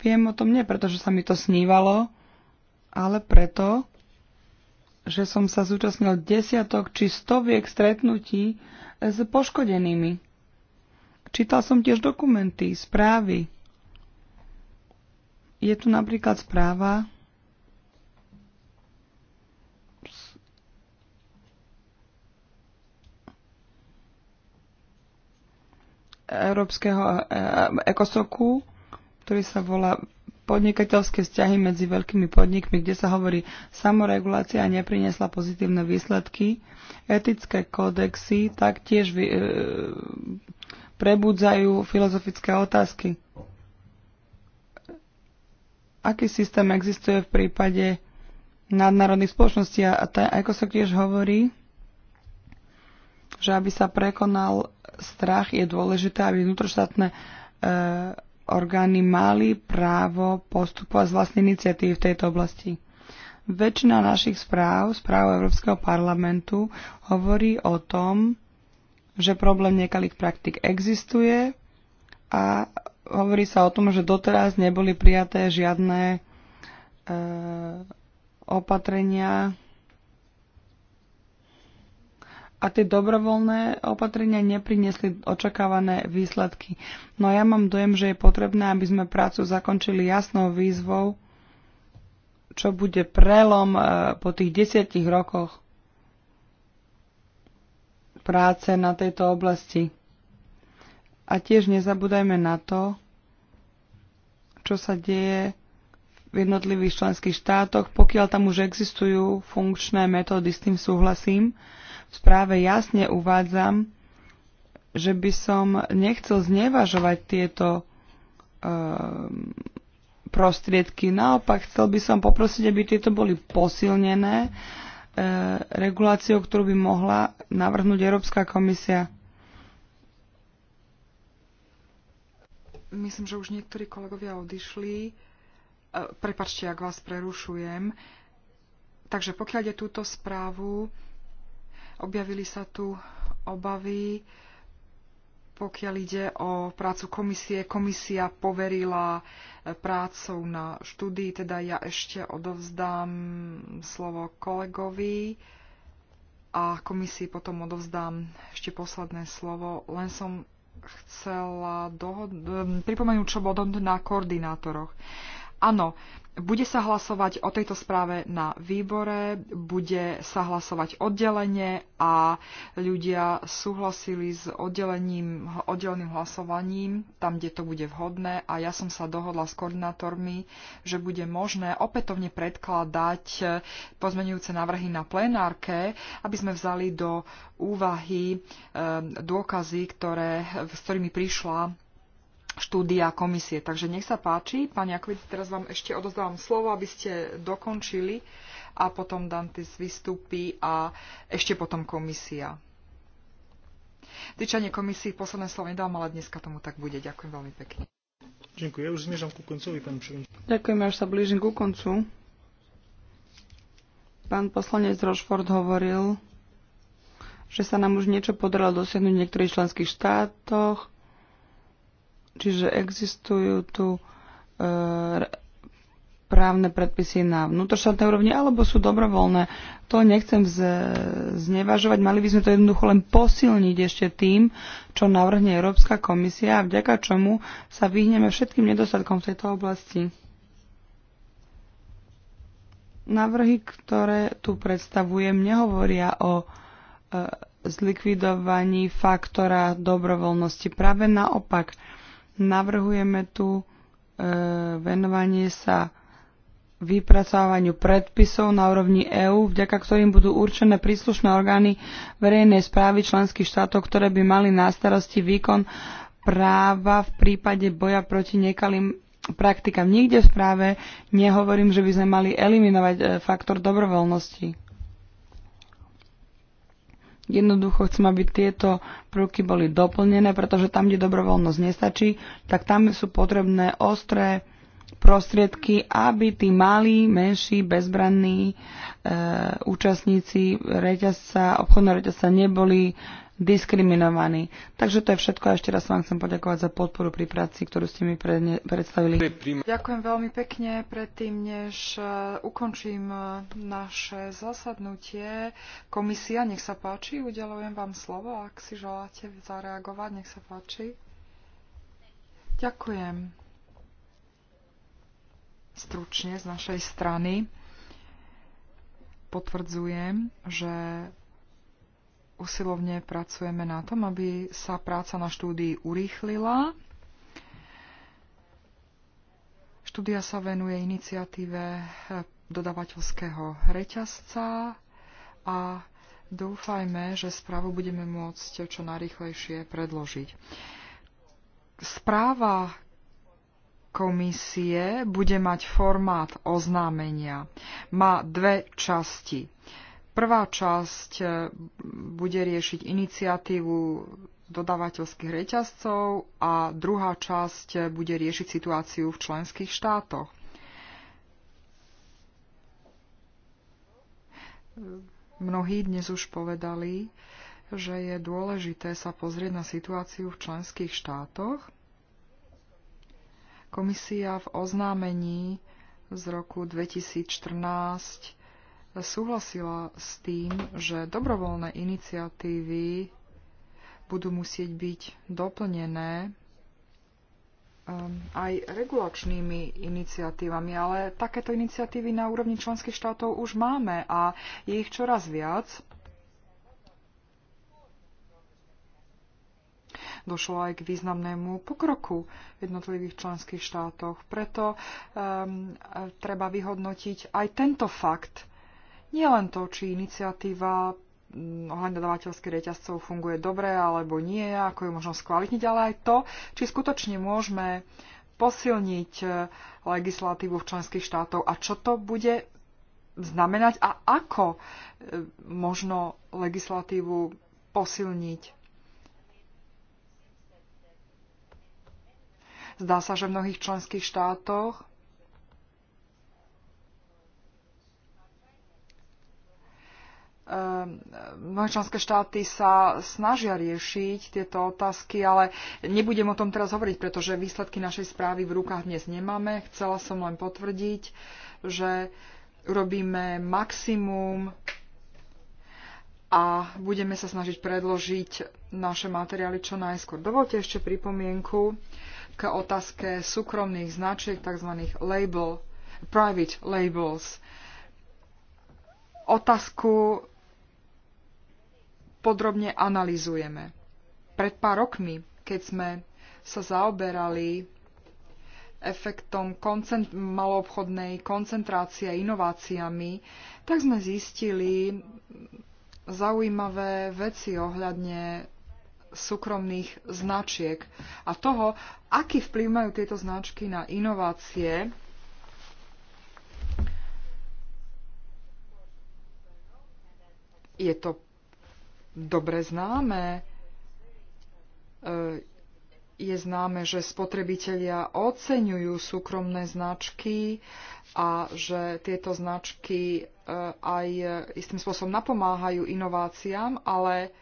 Viem o tom nie, pretože sa mi to snívalo, ale preto, že som sa zúčastnil desiatok či stoviek stretnutí s poškodenými. Čítal som tiež dokumenty, správy. Je tu napríklad správa Európskeho e, e, ekosoku, ktorý sa volá podnikateľské vzťahy medzi veľkými podnikmi, kde sa hovorí, samoregulácia neprinesla pozitívne výsledky. Etické kódexy taktiež vy, e, prebudzajú filozofické otázky. Aký systém existuje v prípade nadnárodných spoločností? A tá, ako sa tiež hovorí, že aby sa prekonal strach, je dôležité, aby vnútroštátne e, orgány mali právo postupovať z vlastnej iniciatívy v tejto oblasti. Väčšina našich správ, správ Európskeho parlamentu, hovorí o tom, že problém nekalých praktik existuje a hovorí sa o tom, že doteraz neboli prijaté žiadne e, opatrenia a tie dobrovoľné opatrenia nepriniesli očakávané výsledky. No ja mám dojem, že je potrebné, aby sme prácu zakončili jasnou výzvou, čo bude prelom e, po tých desiatich rokoch práce na tejto oblasti. A tiež nezabúdajme na to, čo sa deje v jednotlivých členských štátoch, pokiaľ tam už existujú funkčné metódy, s tým súhlasím, správe jasne uvádzam, že by som nechcel znevažovať tieto e, prostriedky. Naopak, chcel by som poprosiť, aby tieto boli posilnené e, reguláciou, ktorú by mohla navrhnúť Európska komisia. Myslím, že už niektorí kolegovia odišli. E, prepačte, ak vás prerušujem. Takže pokiaľ je túto správu, Objavili sa tu obavy, pokiaľ ide o prácu komisie. Komisia poverila e, prácou na štúdii, teda ja ešte odovzdám slovo kolegovi a komisii potom odovzdám ešte posledné slovo. Len som chcela dohod- pripomenúť, čo bol na koordinátoroch. Áno, bude sa hlasovať o tejto správe na výbore, bude sa hlasovať oddelenie a ľudia súhlasili s oddelením, oddeleným hlasovaním, tam, kde to bude vhodné a ja som sa dohodla s koordinátormi, že bude možné opätovne predkladať pozmenujúce návrhy na plenárke, aby sme vzali do úvahy ehm, dôkazy, ktoré, s ktorými prišla štúdia komisie. Takže nech sa páči. Pani Akvit, teraz vám ešte odozdávam slovo, aby ste dokončili a potom Dantis vystúpi a ešte potom komisia. Zvyčajne komisii posledné slovo nedám, ale dneska tomu tak bude. Ďakujem veľmi pekne. Ďakujem. Ja už zmiežam ku koncovi, pán Ďakujem, ja už sa blížim ku koncu. Pán poslanec Rošford hovoril, že sa nám už niečo podarilo dosiahnuť v niektorých členských štátoch, Čiže existujú tu e, právne predpisy na vnútroštátnej úrovni, alebo sú dobrovoľné. To nechcem z, znevažovať. Mali by sme to jednoducho len posilniť ešte tým, čo navrhne Európska komisia a vďaka čomu sa vyhneme všetkým nedostatkom v tejto oblasti. Návrhy, ktoré tu predstavujem, nehovoria o e, zlikvidovaní faktora dobrovoľnosti. Práve naopak, Navrhujeme tu e, venovanie sa vypracovávaniu predpisov na úrovni EÚ, vďaka ktorým budú určené príslušné orgány verejnej správy členských štátov, ktoré by mali na starosti výkon práva v prípade boja proti nekalým praktikám. Nikde v správe nehovorím, že by sme mali eliminovať e, faktor dobrovoľnosti. Jednoducho chcem, aby tieto prvky boli doplnené, pretože tam, kde dobrovoľnosť nestačí, tak tam sú potrebné ostré prostriedky, aby tí malí, menší, bezbranní E, účastníci reťazca, obchodného reťazca neboli diskriminovaní. Takže to je všetko a ešte raz vám chcem poďakovať za podporu pri práci, ktorú ste mi predne, predstavili. Ďakujem veľmi pekne. Predtým, než e, ukončím e, naše zasadnutie, komisia, nech sa páči, udelujem vám slovo, ak si želáte zareagovať, nech sa páči. Ďakujem. Stručne z našej strany potvrdzujem, že usilovne pracujeme na tom, aby sa práca na štúdii urýchlila. Štúdia sa venuje iniciatíve eh, dodavateľského reťazca a dúfajme, že správu budeme môcť čo najrychlejšie predložiť. Správa komisie bude mať formát oznámenia. Má dve časti. Prvá časť e, bude riešiť iniciatívu dodávateľských reťazcov a druhá časť e, bude riešiť situáciu v členských štátoch. Mnohí dnes už povedali, že je dôležité sa pozrieť na situáciu v členských štátoch Komisia v oznámení z roku 2014 súhlasila s tým, že dobrovoľné iniciatívy budú musieť byť doplnené ehm, aj regulačnými iniciatívami, ale takéto iniciatívy na úrovni členských štátov už máme a je ich čoraz viac. došlo aj k významnému pokroku v jednotlivých členských štátoch. Preto um, treba vyhodnotiť aj tento fakt. Nie len to, či iniciatíva mm, ohľadne dodávateľských reťazcov funguje dobre alebo nie, ako ju možno skvalitniť, ale aj to, či skutočne môžeme posilniť e, legislatívu v členských štátov a čo to bude znamenať a ako e, možno legislatívu posilniť Zdá sa, že v mnohých členských štátoch ehm, mnohé členské štáty sa snažia riešiť tieto otázky, ale nebudem o tom teraz hovoriť, pretože výsledky našej správy v rukách dnes nemáme. Chcela som len potvrdiť, že robíme maximum a budeme sa snažiť predložiť naše materiály čo najskôr. Dovolte ešte pripomienku k otázke súkromných značiek, tzv. label, private labels. Otázku podrobne analizujeme. Pred pár rokmi, keď sme sa zaoberali efektom koncent- maloobchodnej koncentrácie a inováciami, tak sme zistili zaujímavé veci ohľadne súkromných značiek a toho, aký vplyv majú tieto značky na inovácie. Je to dobre známe. E, je známe, že spotrebitelia oceňujú súkromné značky a že tieto značky e, aj istým spôsobom napomáhajú inováciám, ale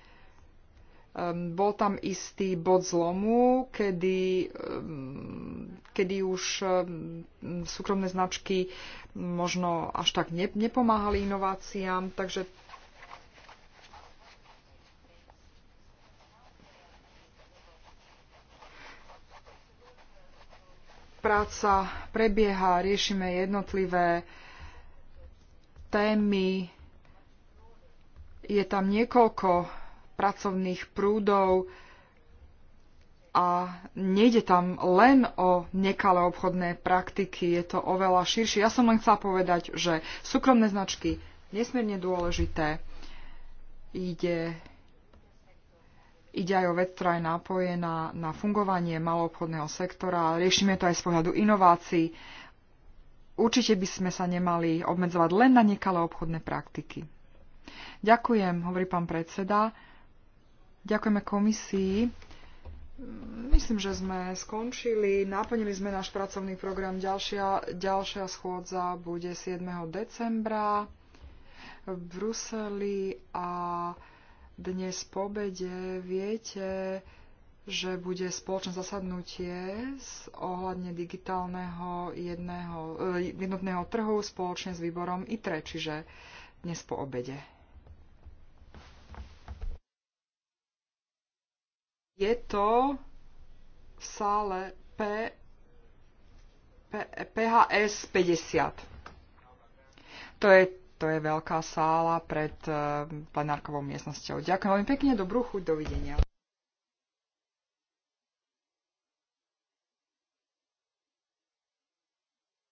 Ehm, bol tam istý bod zlomu, kedy, ehm, kedy už ehm, súkromné značky možno až tak nepomáhali inováciám, takže práca prebieha, riešime jednotlivé témy. Je tam niekoľko pracovných prúdov a nejde tam len o nekalé obchodné praktiky, je to oveľa širšie. Ja som len chcela povedať, že súkromné značky nesmierne dôležité. Ide, ide aj o vec, ktorá je nápojená na fungovanie maloobchodného sektora. Riešime to aj z pohľadu inovácií. Určite by sme sa nemali obmedzovať len na nekalé obchodné praktiky. Ďakujem, hovorí pán predseda. Ďakujeme komisii. Myslím, že sme skončili, naplnili sme náš pracovný program. Ďalšia, ďalšia schôdza bude 7. decembra v Bruseli a dnes po obede viete, že bude spoločné zasadnutie z ohľadne digitálneho jedného, eh, jednotného trhu spoločne s výborom ITRE, čiže dnes po obede. Je to v sále P, P, PHS 50. To je, to je veľká sála pred eh, plenárkovou miestnosťou. Ďakujem veľmi pekne, dobrú chuť, dovidenia.